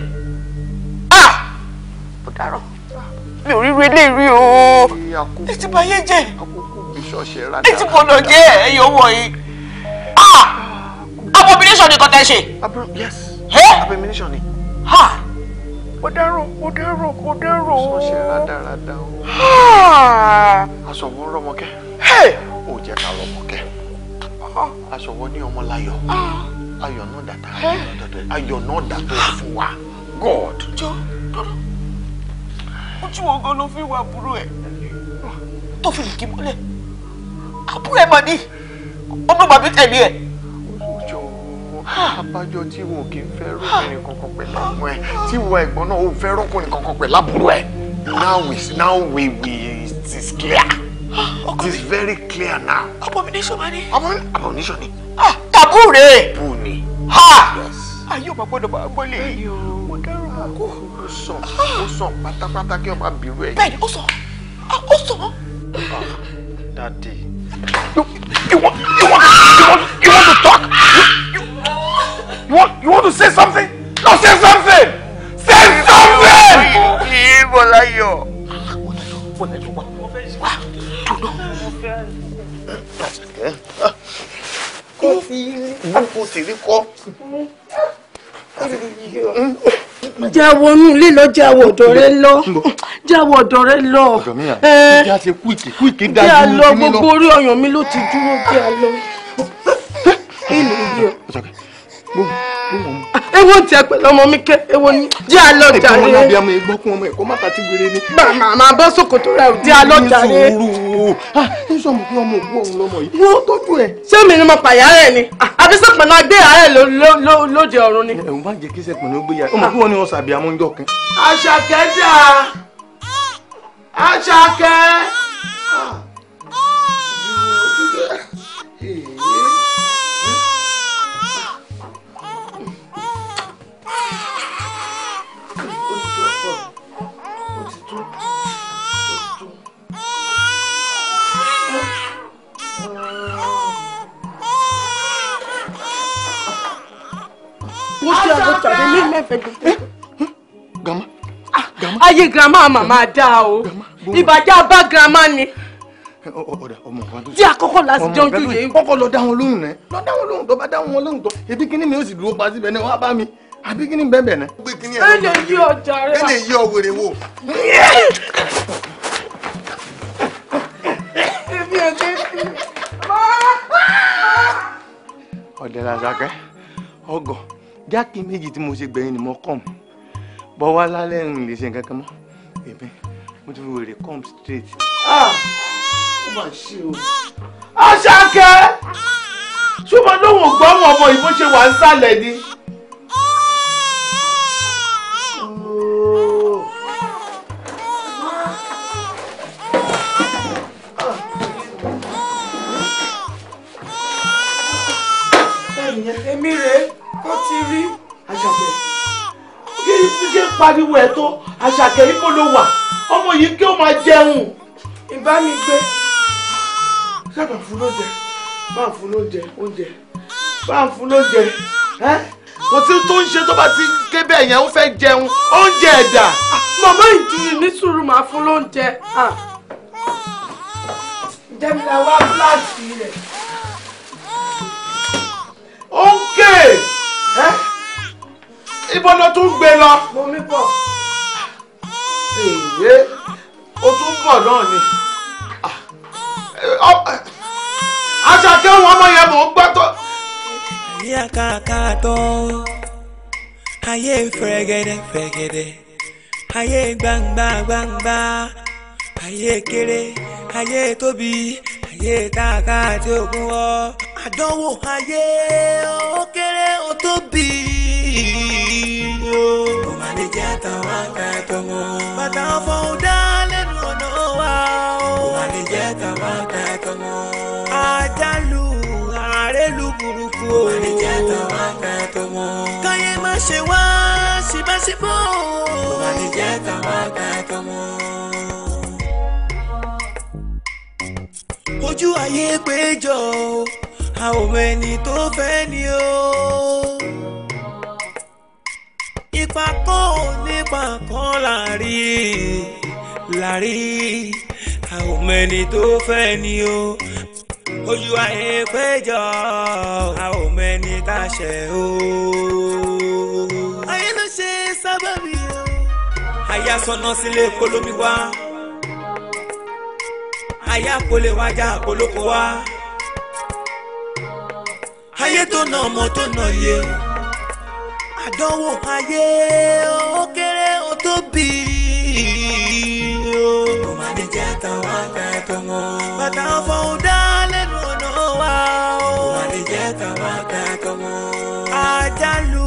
Speaker 3: ó dárọ̀ mi ò ríru eléyìí rí o ẹ ti bá yé jẹ ẹ ti bọ̀nà jẹ ẹyọ wọ̀nyí abomination ni kò tẹ́ ṣe. abomination ni mo dárò mo dárò mo dárò. sọ́ọ̀ṣì rádaràda o. Ah! aṣọ̀wọ́ rọmọkẹ́. ó jẹ́ ká rọmọkẹ́. aṣọ̀wọ́ ah! ní ọmọ láyọ̀. Ah! ayọ̀ náà dàtà ayọ̀ náà dàtà fún wa. God. jọ tọ́lá ojú ogan ló fi wà àbúrò ẹ̀ tó fi yìí kí mọ́lẹ̀ àbúrò ẹ̀ mà ní ọmọ bàbá tẹ̀lé ẹ̀ abájọ tí wọn kì í fẹ́ rọ́kùnrin kankan pẹ̀lú ọmọ ẹ tí wọn ẹ̀gbọ́n náà ò fẹ́ rọ́kùnrin kankan pẹ̀lú àbúrò ẹ now is now we we it is clear ah, it is very clear now. abomination ma ni. abomination ni. ah tabu re. tabu ni. ha ayé ọmọ gbọ́dọ̀ máa gbọ́ lè. mo dárò àkó. ó sàn ah. ó sàn pátápátá kí ọmọ bìrù ẹ. bẹ́ẹ̀ni ó sàn ah, ó sàn. dadi. you want you want you want you want to talk. You want, you want to say something? No, say something!
Speaker 2: Say something!
Speaker 3: Ìbọ̀láyọ̀. Bọ̀láyọ̀ wà. Wà dùnú. Kó ti rí. Kó ti rí kọ́. Jáwọ́ nù lé lọ, jáwọ́ ọ̀dọ̀ rẹ lọ. Jáwọ́ ọ̀dọ̀ rẹ lọ. Ọ̀dọ̀ mi à, kí a ṣe kúìkì, kúìkì dájú ní mi lọ. Bí a lọ, gbogbo orí ọyàn mi ló ti dúró bí a lọ. Kí ni ibi o? ewo ti ẹ pẹ̀lú ọmọ mi kẹ ewo ni jẹ alọjà rẹ ẹ̀gbọ́n wọn àbí ọmọ ẹ̀gbọ́n kún ọmọ ẹ̀kọ́ má kàtí gbére ni. màmá máa bọ́ sòkòtò rẹ ò jẹ alọjà rẹ. ní sọmọ kí ah, ọmọ òkú òun lọmọ yìí. wọ́n tọ́jú ẹ̀. ṣé mi ni mo pàyà rẹ̀ ni ah, àbí sẹ́pẹ̀ náà gbé yàrá ẹ̀ lóde ọ̀run ni. ẹ̀rù bá jẹ́ kí sẹ́pẹ̀ náà gbé yàrá ọmọ kí wọ́n ní wọn sàbí amóúnjọ kan.
Speaker 2: ṣàdélé lẹ́fẹ̀ẹ́ gbogbo.
Speaker 3: gàmá gàmá. ayé gàmá màmá dáa o ìbàjẹ́ abá gàmá ni. ọ̀dà ọmọ nǹkan tó. tí àkọ́kọ́ láti jẹun tó yẹ. kọ́kọ́ lọ dá wọn lóhùn náà lọ dá wọn lóhùn tó bá dá wọn lóhùn tó ebi kíní mi ó sì dúró pa síbẹ̀ náà wá bá mi àbí kíní bẹ́ẹ̀ bẹ́ẹ̀ náà jákè méjì tí mo ṣe gbẹ̀yìn ni mo kàn mú bọ́ wá lálẹ́ ń lè ṣe nǹkan mọ́ èmi mo ti fi wèrè come straight. Ah! ó mà ṣe o. Àṣàkẹ́ ṣùgbọ́n lóhùn gbọ́ wọn ọmọ ìbò ṣe wà ń sálẹ̀ ni. Ah! nìyẹn. èmi rèé ó ti rí àjàbẹ̀ kí ṣe pariwo ẹ̀ tó àṣàkẹ́ yìí kó ló wà ọmọ yìí kí ó máa jẹun ìbá mi gbé sábà fún lóúnjẹ bá ń fún lóúnjẹ oúnjẹ bá ń fún lóúnjẹ ẹ kò sí tó ń ṣe tó bá ti ké bẹ́ẹ̀ yẹn ó fẹ́ jẹun oúnjẹ ẹ̀dà. màmá ìdúró ní sùúrù máa fún lóúnjẹ. jẹ́mi la wá fúláàsì rẹ̀ ó ń ké ẹ ibo ló tún gbé lọ. mo mi bọ̀. èyí ó tún bọ̀ náà ni
Speaker 1: ah, àṣàkẹ́ òun ọmọ yẹn mò ń gbọ́ tó. àyà kàkàtọ́ ayé fẹ̀rẹ̀gẹ̀dẹ̀ fẹ̀rẹ̀gẹ̀dẹ̀ ayé gbangba gbangba ayé kéré ayé tóbi ayé tààkà àti ògùn wọ. àdánwò ayé ó kéré ó tóbi. mo máa lè jẹ́ àtàwọn àgbà ẹ̀tọ́ wọn. bàtà ọ̀fọ̀ dá lẹ́nu ọ̀nà wa. mo máa lè jẹ́ àtàwọn àgbà ẹ̀tọ́ wọn. àjálù àrélù burúkú o. mo máa lè jẹ́ àtàwọn àgbà ẹ̀tọ́ wọn. káyé má ṣe wá síbáṣíbó. mo máa lè jẹ́ àtàwọn àgbà ẹ̀tọ́ wọn ojú ayé péjọ o a ò mẹ́ni tó fẹ́ ni o. ipa kan ò nípa kan láàrí láàrí a ò mẹ́ni tó fẹ́ ni o. ojú ayé péjọ a ò mẹ́ni tá a ṣẹ̀ o. ayé ló ṣe sábàbí o. àyà sọnà sílé polómi wá aya kò lè wájà polówó wá. ayé tó nà ọmọ tó nà yé àdánwò ayé ó kéré ó tóbi. mo máa ní jẹ́ àtàwọn akẹ́kọ̀ọ́ wọn. bàtà ọ̀fọ̀ ò dá lẹ́nu ọ̀nà wa. mo máa ní jẹ́ àtàwọn akẹ́kọ̀ọ́ wọn. àjálù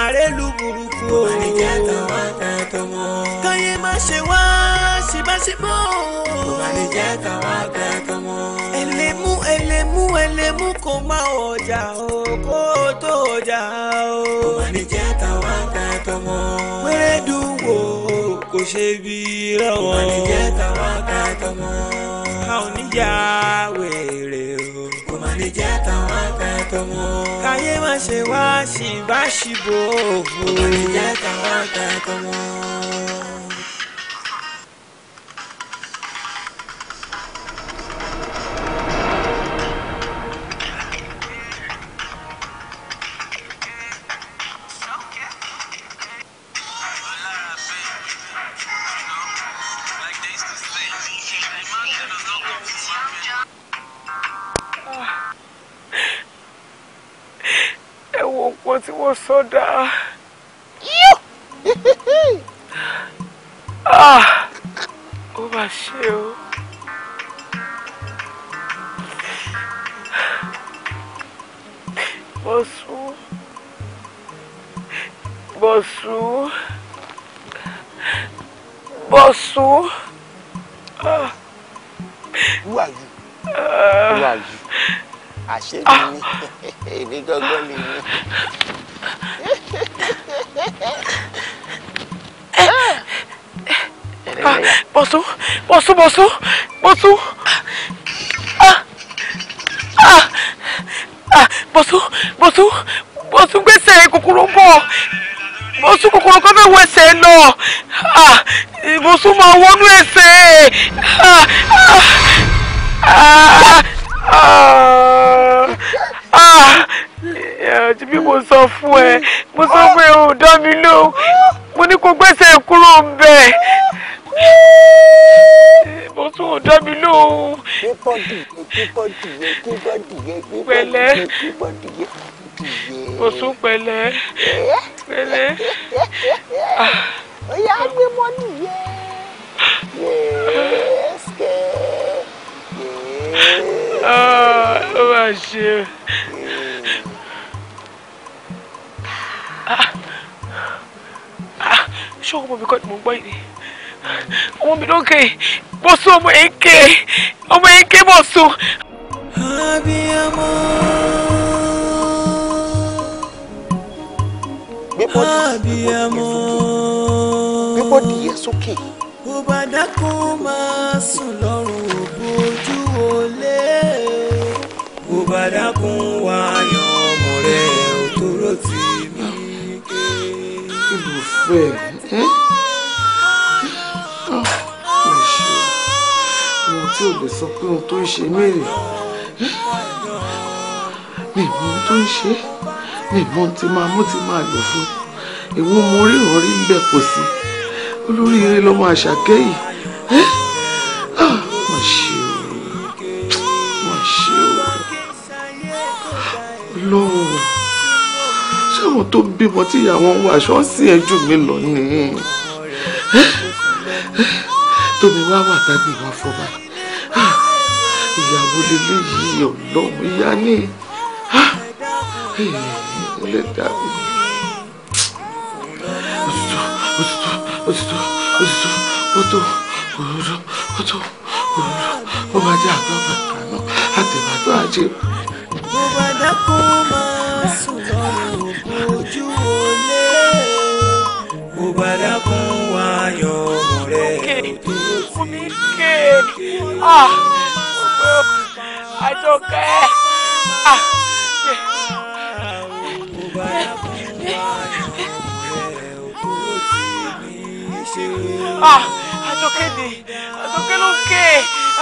Speaker 1: àrélù burúkú. mo máa ní jẹ́ àtàwọn akẹ́kọ̀ọ́ wọn. káyé má ṣe wá síbáṣíbó. kò bá lè jẹ́ káwá kankan mọ́. ẹlẹ́mú ẹlẹ́mú ẹlẹ́mú kò má ọjà o kó tó ọjà o. kò bá lè jẹ́ káwá kankan mọ́. wẹ́rẹ́dùn wò kò ṣe bí lọ́wọ́. kò jẹ́ káwá kankan ká ò ní yá wèrè o. kò má lè jẹ́ káwá kankan mọ́. káyé má ṣe wá ṣìbáṣìbò. kò bá jẹ́ káwá kankan àwọn tí wọ́n sọ́dà.
Speaker 2: Ah, ó mà ṣe o.
Speaker 1: bọ́sù bọ́sù bọ́sù. Ah.
Speaker 3: Who are you? Uh, Who are you? àṣé mi ah! ni *laughs* èmi
Speaker 1: gángan lè mi. Eh! Ah! Eh, bọ̀sùn bọ̀sùn bọ̀sùn bọ̀sùn ah! bọ̀sùn
Speaker 3: bọ̀sùn bọ̀sùn gbèsè kòkòrò ń bọ̀ bọ̀sùn kòkòrò kan fẹ́ wọ ẹsẹ̀ lọ bọ̀sùn máa wọnú ẹsẹ̀. gbèsè kúrò ń bẹ̀ mo tún ò dá mi lóhùn. pẹ̀lẹ́ mo sún pẹ̀lẹ́ pẹ̀lẹ́. oya gbé mọ́ nìyẹn yẹ́ẹ́sì kẹ́ẹ́. Ah, ó mà ṣe o. ṣé ọmọ mi kọ́ ni mo ń gbọ́ yìí ni ọmọ mi ló ń ké bó sún ọmọ yẹn ké
Speaker 1: ọmọ yẹn ké bó sún. gbé
Speaker 3: bọ́dì yẹn sókè. bó bá dákú máa sùn yan
Speaker 1: ọmọ
Speaker 2: rẹ̀ òtòrò tì mí ké. olùfẹ́ mo tí ò lè sọ
Speaker 3: pé ohun tó ń ṣe mí rè ohun tó ń ṣe mi ohun tí máa mú ti máa lò fún ìwọ mo rí ìrọ̀rí ń bẹ̀ kò sí olórí lọ́mọ àṣàkẹ́ yìí ṣe o mà ṣe o lọ́wọ́ táwọn tó bímọ tí ìyàwó ń wọ aṣọ sí ẹ jù mí lọ ni tómi wá wà tábí wá fọ báyìí ah, ìyàwó lélẹ́ yìí ọlọ́run ìyá ní
Speaker 2: ah, eh, mo lè dàbí
Speaker 3: òtútù òtútù òtútù òtútù òtò òróró ó bá jẹ́ àgbà bàtà náà àtẹ̀bàtà àjẹ́.
Speaker 2: mo bá dákun máa sùn lọ́rùn bójú wọlé kò bá
Speaker 1: dákun ayọ̀ rẹ̀ tó ti ké
Speaker 2: àjọkẹ́ kò bá dákun ayọ̀ rẹ̀ tó ti ṣe.
Speaker 1: Ah. àjọkẹ́ ni àjọkẹ́ ló ké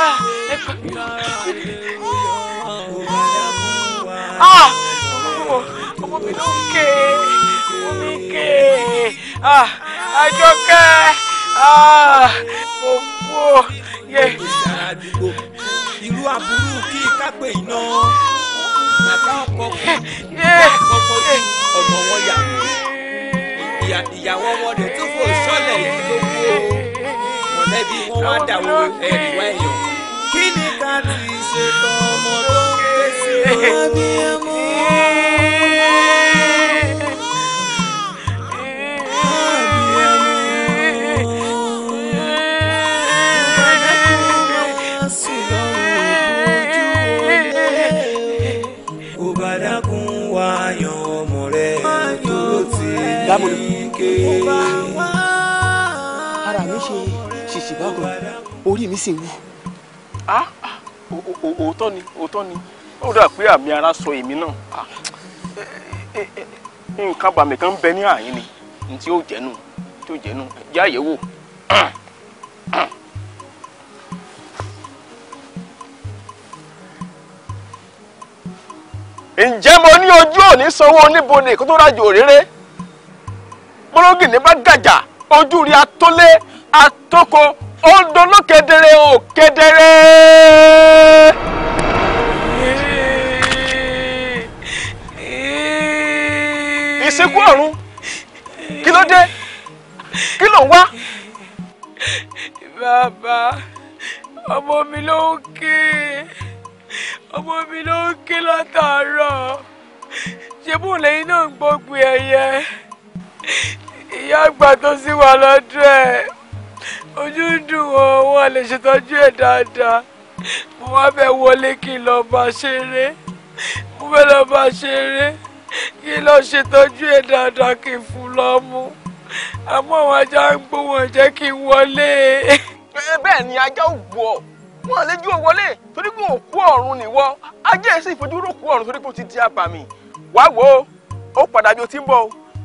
Speaker 1: ah. Wumi lókè Wumi ké ah, Àjọkẹ́ mo kú o. irú àbúrú kí kápẹ́ iná bàbá ọkọ kú ọkọ kú ọmọ wọn yà ìyàwó wọn rẹ tó kò sọlẹ̀ yìí ló kú o mọ̀lẹ́bí wọn wá dàwọ̀ ẹ̀rìwá ẹ̀yọ̀.
Speaker 2: kí ni ká ti ṣe tọ́ ọmọ tó ń ké sí ọmọ bí ẹ mú.
Speaker 3: orí mi sì wú. Ah, ah, òótọ́ ni òótọ́ ni ó dà pé àmì ara sọ èmi náà ah, eh, eh, eh, nǹkan bàmí kan ń bẹ ní àyín ni ní tí ó jẹnu tí ó jẹnu jẹ́ àyẹ̀wò. ǹjẹ́ mo ní ojú òní sanwó oníbodè kó tó rájò òréré bọ́lọ́gì ní bá gàjà ojú rí atólé atóko ó ń doná kedere ó kedere. ìsìnkú ọ̀run kí ló dé kí ló ń wá.
Speaker 1: bàbá ọmọ mi ló ń ké ọmọ mi ló ń ké látàárọ̀ ṣé bóun lẹ́yìn náà ń gbógun ẹ̀yẹ ìyá àgbà tó sì wà
Speaker 3: lọ́dún ẹ̀ ojú ń dùn wọn wọn lè ṣètọ́jú ẹ̀ dáadáa mo wá fẹ́ wọlé kí n lọ bá ṣeré mo fẹ́ lọ bá ṣeré kí n lọ ṣètọ́jú ẹ̀ dáadáa kí n fún lọ́mú àmọ́ àwọn ajá ń gbó wọn jẹ́ kí n wọlé. bẹ́ẹ̀ ni ajá ò gbọ́ wọn àlejò wọlé torí pé òkú ọ̀run nìwọ ajá ẹ̀ sì fojúrò òkú ọ̀run torí pé ó ti di abàmì wá wò ó ó padà bí o ti ń bọ̀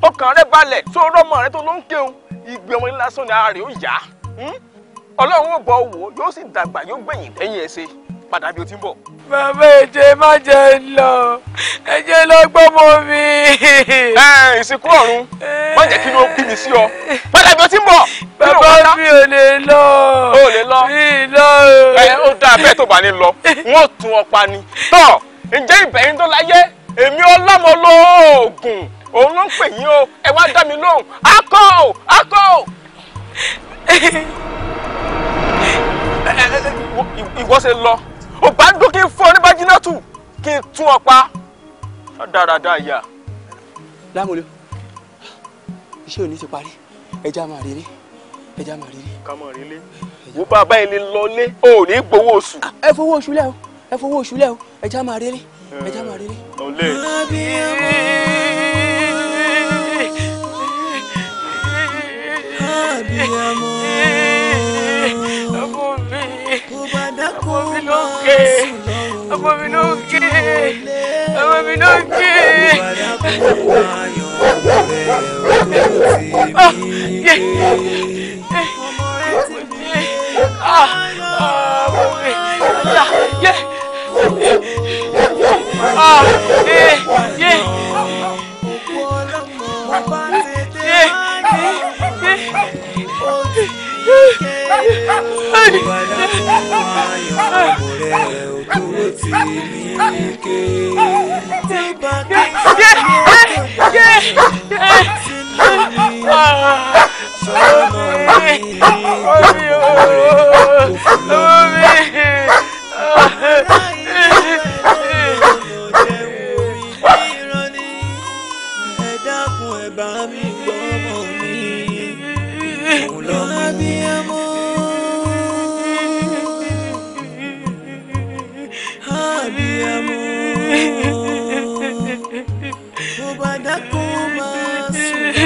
Speaker 3: ọkàn rẹ balẹ̀ tó rọ́mọ rẹ tó ló ń kéwọn ìgbẹ́ ọmọ lásán ni ara rẹ̀ ó yá. Hmm? ọlọ́run ò bọ̀ wò yóò sì dàgbà yóò gbẹ̀yìn lẹ́yìn ẹsẹ̀ padà bí o ti ń bọ̀. bàbá èjè má jẹ́ ń lọ ẹjẹ́ ló gbọ́mọ mi. ẹ ìsìnkú ọ̀run má jẹ́ kí ló bí mi sí ọ padà bí o ti ń bọ̀. bàbá mi ò lè lọ. o lè lọ. mi lọ. ẹ ó dáa bẹ́ẹ̀ tó bá ní lọ wọ́n tún ọ pa ni. tọ́ ǹjẹ́ ìbẹ̀yìn tó láyé èmi ọlọ́mọ lóògùn òun ló ń pè yín o ẹ wá dá mi lóhùn akọ o akọ o ìwọ ṣe lọ ò bá dún kí n fún ọ ní bájínátù kí n tún ọ pa dáradára ìyá. lámúlò iṣẹ́ òní ti parí ẹja máa rí rí ẹja máa rí rí. ká máa rí lé wo bàbá ilé lọlé o ò ní gbowó oṣù. Ah, ẹ fowó oṣù lẹ o ẹ fowó oṣù lẹ o ẹja máa rí rí eh, ẹja
Speaker 2: máa rí rí. abiyamọ. ọmọ mi ọmọ mi ló ń ké ọmọ mi ló ń ké ọmọ mi ló ń ké. Ah, yeah, yeah. bá dáhùn ayọ̀ rẹ̀ òtúrò tì mí ké. tó bá ké sínú ọ̀dọ̀ rẹ̀ sínú ìlú sọ́mọ mi ìgbòho rẹ̀ òfurufú.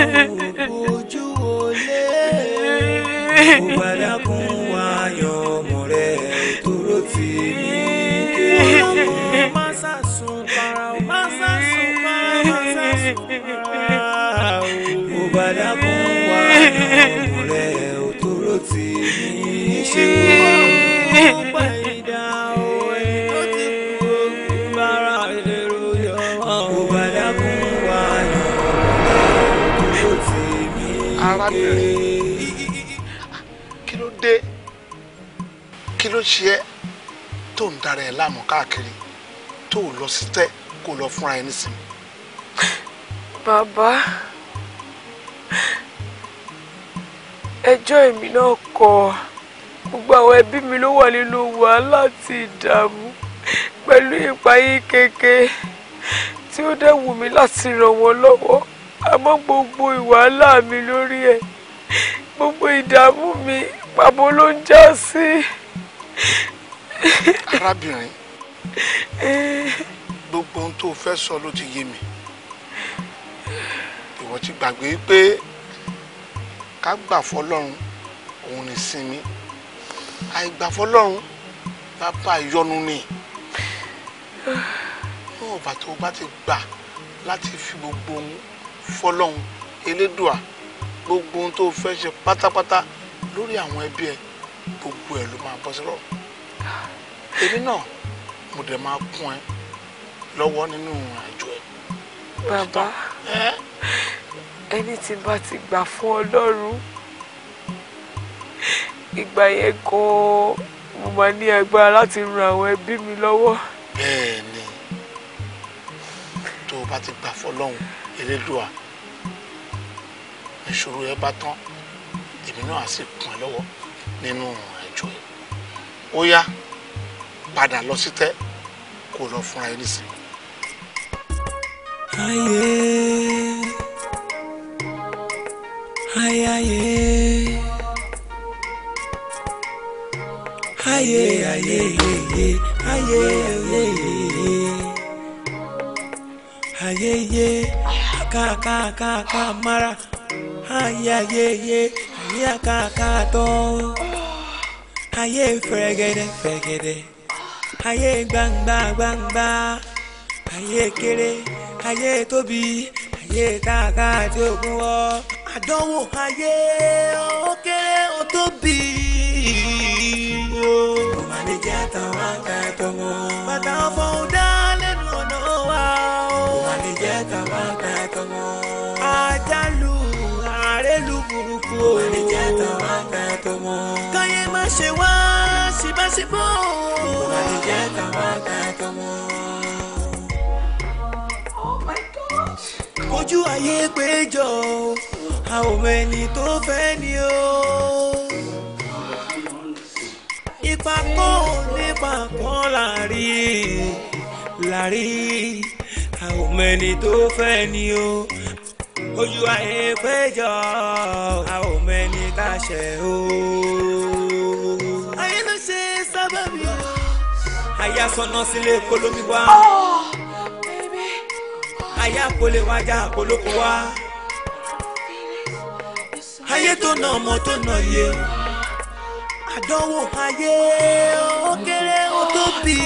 Speaker 2: ojú olè kò padà kún wá yan ọmọ
Speaker 1: para má para má para. arábìnrin
Speaker 3: kí ló dé kí ló ṣe ẹ́ tó ń darẹ̀ láàmú káàkiri tó lọ sí tẹ́ kó lọ fúnra ẹni sinmi. bàbá ẹjọ́ èmi náà kọ́ gbogbo àwọn ẹbí mi ló wà nínú wàhálà àti ìdààmú pẹ̀lú ìpayín kéke tí ó dẹ̀ wù mí láti ràn wọ́n lọ́wọ́ àmọ́ gbogbo ìwàhálà mi lórí ẹ̀ gbogbo ìdààmú mi pàbó ló ń já sí. arábìnrin gbogbo ohun tó o fẹ́ sọ ló ti yé mi ìwọ ti gbàgbé pé ká gbà fọlọ́run òun ní sinmi àìgbà fọlọ́run bàbá ìyọnu ni níwọ̀n bàtà o bá ti gbà láti fi gbogbo ohun fọlọ́hún elédùà gbogbo ohun tó fẹ́ ṣe pátápátá lórí àwọn ẹbí ẹ gbogbo ẹ ló máa bọ́ sọ́rọ̀ èmi náà mo dẹ̀ máa kún ẹ lọ́wọ́ nínú àjọ ẹ.
Speaker 1: bàbá ẹni tí bá ti gbà fún ọlọ́run ìgbà yẹn gan-an mo máa ní agbára láti
Speaker 3: ran àwọn ẹbí mi lọ́wọ́. bẹ́ẹ̀ ni tó o bá ti gbà fọlọ́hún elédùà ìṣòro ẹ bá tán èmi náà á sì kún ẹ lọ́wọ́ nínú àjọ ẹ ó yá padà lọ sí tẹ́ kó lọ fúnra ẹ nísìnyí.
Speaker 1: ayé ayé
Speaker 2: ayé ayé ayé ayé ayé
Speaker 1: ayé ayé ayé ká ká ká ká mara ayayeye ní àkàkà tán ayé fẹ̀rẹ̀gẹ̀dẹ̀ fẹ̀gẹ̀dẹ̀ ayé gbangba gbangba ayé kéré ayé tóbi ayé tààkà tí ó gún ọ. àdánwò ayé ó kéré ó tóbi o. mo máa lè jẹ́ àtàwọn àkàtọ̀ wọn. bàtà ọmọ ọ̀dà lẹ́nu ọ̀nà wa o. mo máa lè jẹ́ àtàwọn àkàtọ̀ wọn. àjálù burúkú o. wọ́n ní jẹ́ tọ̀rọ̀ fẹ́ tó mú. káyé má ṣe wá síbáṣíbó.
Speaker 2: wọ́n ní jẹ́ tọ̀rọ̀ fẹ́ tó mú.
Speaker 1: Oh ojú ayé péjọ àwọn ẹni tó fẹ́ ni o. ipa kan nípa kan láàrí láàrí àwọn ẹni tó fẹ́ ni o ojú ayé péjọ a ò mẹ́ni ká ṣe o. ayé ló ṣe sábàbí o. àyà sọnà sílé polómi wá. àyà polè wájà polóko wá. ayé tó nà ọmọ tó nà yé àdánwò ayé ó kéré ó tóbi.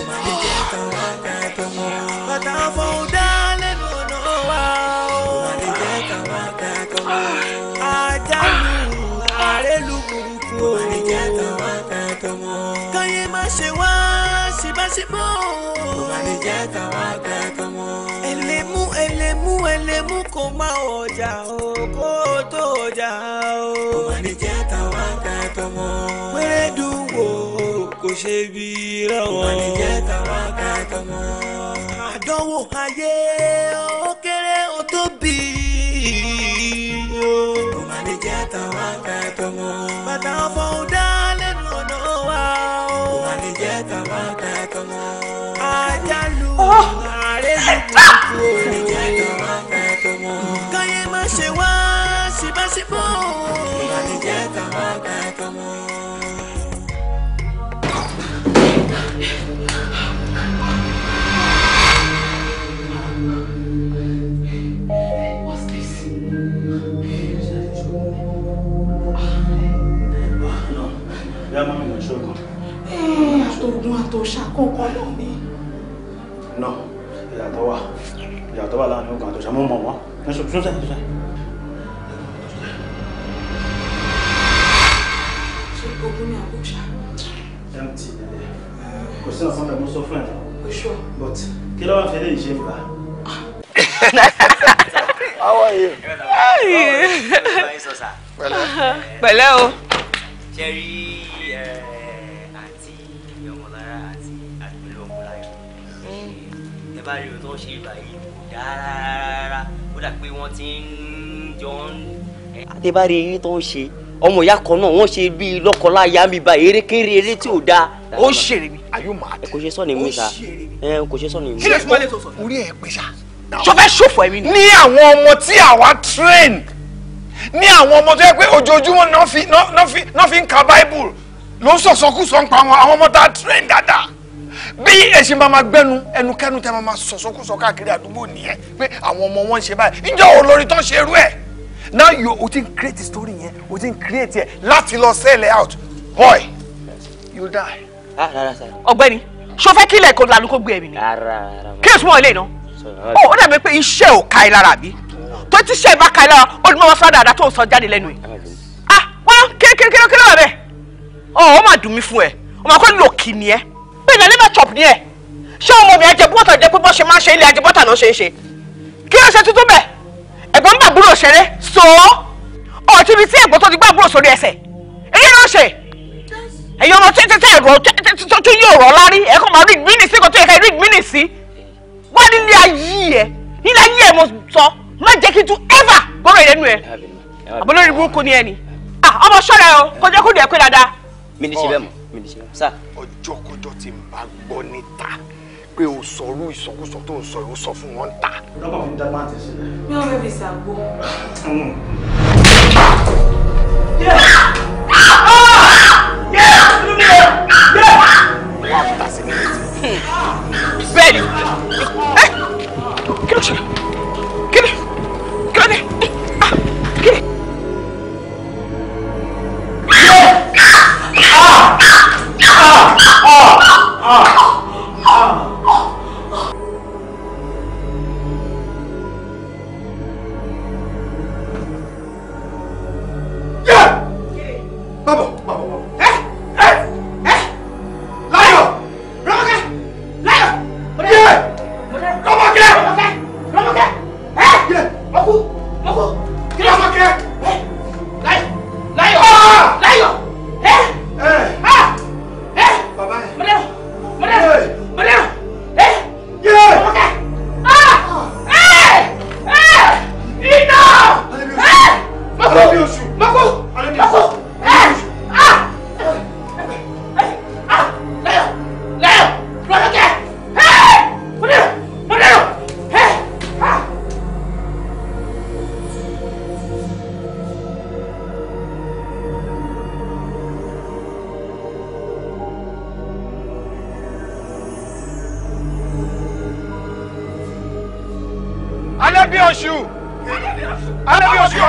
Speaker 1: ọmọ mi jẹ́ tán wá mọ́. bàtà fọ́ọ̀dù. àjálù àrélù burúkú o. ọmọ ìjà tọmọ ta tọmọ. káyé má ṣe wá síbáṣíbó. ọmọ ìjà tọmọ ta tọmọ. ẹlẹ́mú ẹlẹ́mú ẹlẹ́mú kò má ọjà o kó tó ọjà o. ọmọ ìjà tọmọ ta tọmọ. wẹ́rẹ́dù wo kò ṣe bí rẹ̀ wọ́n. ọmọ ìjà tọmọ ta tọmọ. àdánwò ayé o. bàtà ọ̀fọ̀ ń lẹ́nu ọ̀nà wa o. wà jẹ́ tàbá tàkà mọ́. àjálù ààrẹ ah! ló ah! kú kú jẹ́ tàbá tàkà káyé má ṣe wá ṣìbáṣìbò. wà jẹ́ tàbá tàkà
Speaker 3: àtòṣà kankan náà ni. nọ ìyàtọ̀ wà ìyàtọ̀ wà láàrin ogun àtòṣà mọ́ mọ́ wọn ní sọ sọ́sẹ̀ sọ́sẹ̀.
Speaker 1: ṣé ogun ni àbúṣà.
Speaker 3: mt kò sí ọ̀sán fẹ́ mo sọ fún ẹ̀ náà. but kí ló wàá
Speaker 1: fi eléyìí ṣe fà. How are you? How are you? Pẹ̀lẹ́ o. Pẹ̀lẹ́ o. Ṣé rí
Speaker 4: ẹ bá rí tó ṣe ibà kò dáa ó dà pé wọ́n ti ń jọ ń. àtẹ̀bárí eyín tó ń ṣe ọmọ ìyá kan náà wọ́n ṣe bíi lọ́kọláya mi ba erékeré eré tí ò dáa. ó ṣèrè mi àyò máa tẹ kò ṣe sọ ni mi sa kò ṣe sọ ni mi. sílẹ̀
Speaker 3: fún orí ẹ̀ pé sa. sọfẹ́ ṣòfò ẹ̀mí ni. ní àwọn ọmọ tí àwa train ní àwọn ọmọ tó yẹ pé ojoojúmọ́ náà fi ń ka bible ló ń sọ̀sọ́kù sọ̀ ń pa àwọn ọmọ tá a train dáadáa bí èsì máa máa gbẹnu ẹnukẹ́nu tẹ́ máa máa káàkiri àdúgbò nìyẹn pé àwọn ọmọ wọn ń ṣe báyìí ìjọ olórí tó ṣe irú ẹ̀ now you o ti n create story yẹn o ti n create yẹn láti lọ sell out boy you die. Ah, ọ̀gbẹ́ni ṣo fẹ́ kílẹ̀ kó lanu kó gbé ẹ̀mí ni kí
Speaker 4: èso mọ́ ilé iná ó ó dàbí pé iṣẹ́ ò ka ẹ lára bí tó ti ṣe ìbá ka ẹ lára ó ní mọ́
Speaker 3: sọ́dà àdá tó ń sọ jáde lẹ́nu ẹ̀ ah wọ́n kí ló kí ló wà bẹ́ẹ̀ ọ̀ oh, ó mà dùn mí fún ẹ ọmọ akọ́ni lò kì pé ìlànà ìbá chop ni ẹ̀ ṣé ọmọ mi ajẹbọ́tà jẹ́ pé bọ́
Speaker 4: ṣe máa ṣe ilé ajẹbọ́tà náà ṣe é ṣe kí ló ṣe tuntun bẹ̀ ẹ̀gbọ́n gbàgbúrò ṣeré so ọtí mi tí ẹ̀gbọ́n tó ti gbàgbúrò sórí ẹsẹ̀ èyí ló ṣe ẹ̀yin ọmọ tẹ́tẹ́ tẹ́ ẹ̀rọ tún yóò rọ̀ lárí ẹ̀ kọ́ máa rí gbìnì sí kò tó yẹ ká rí gbìnì sí wá nílé ayé ẹ̀ nílé ayé ẹ̀ mo sọ má jẹ́ kí tún ever gbọ́rọ̀ ìrẹ́nu ẹ̀
Speaker 3: àbọ̀lórí burúkú ni ẹ ni ah, ọmọ ṣọ́ra ẹ o kọjá kó dùn ẹ pé dáadáa.
Speaker 4: mi ní ṣe bẹ́ẹ̀ mọ́
Speaker 3: mi lè ṣe wọn. sá. ọjọ́ kọjọ́ tí n bá gbọ́ níta pé o sọ̀rọ̀ ìsọkúsọ tó ń sọ yìí o sọ fún wọn ta. lọ́kọ̀ fi dá máa tẹ̀sí
Speaker 1: rẹ̀. mi ò bẹ̀bẹ̀ sàgbó. bẹ́ẹ̀ni
Speaker 3: kí ló ṣe kí ló kí ló dé ah, kí ló.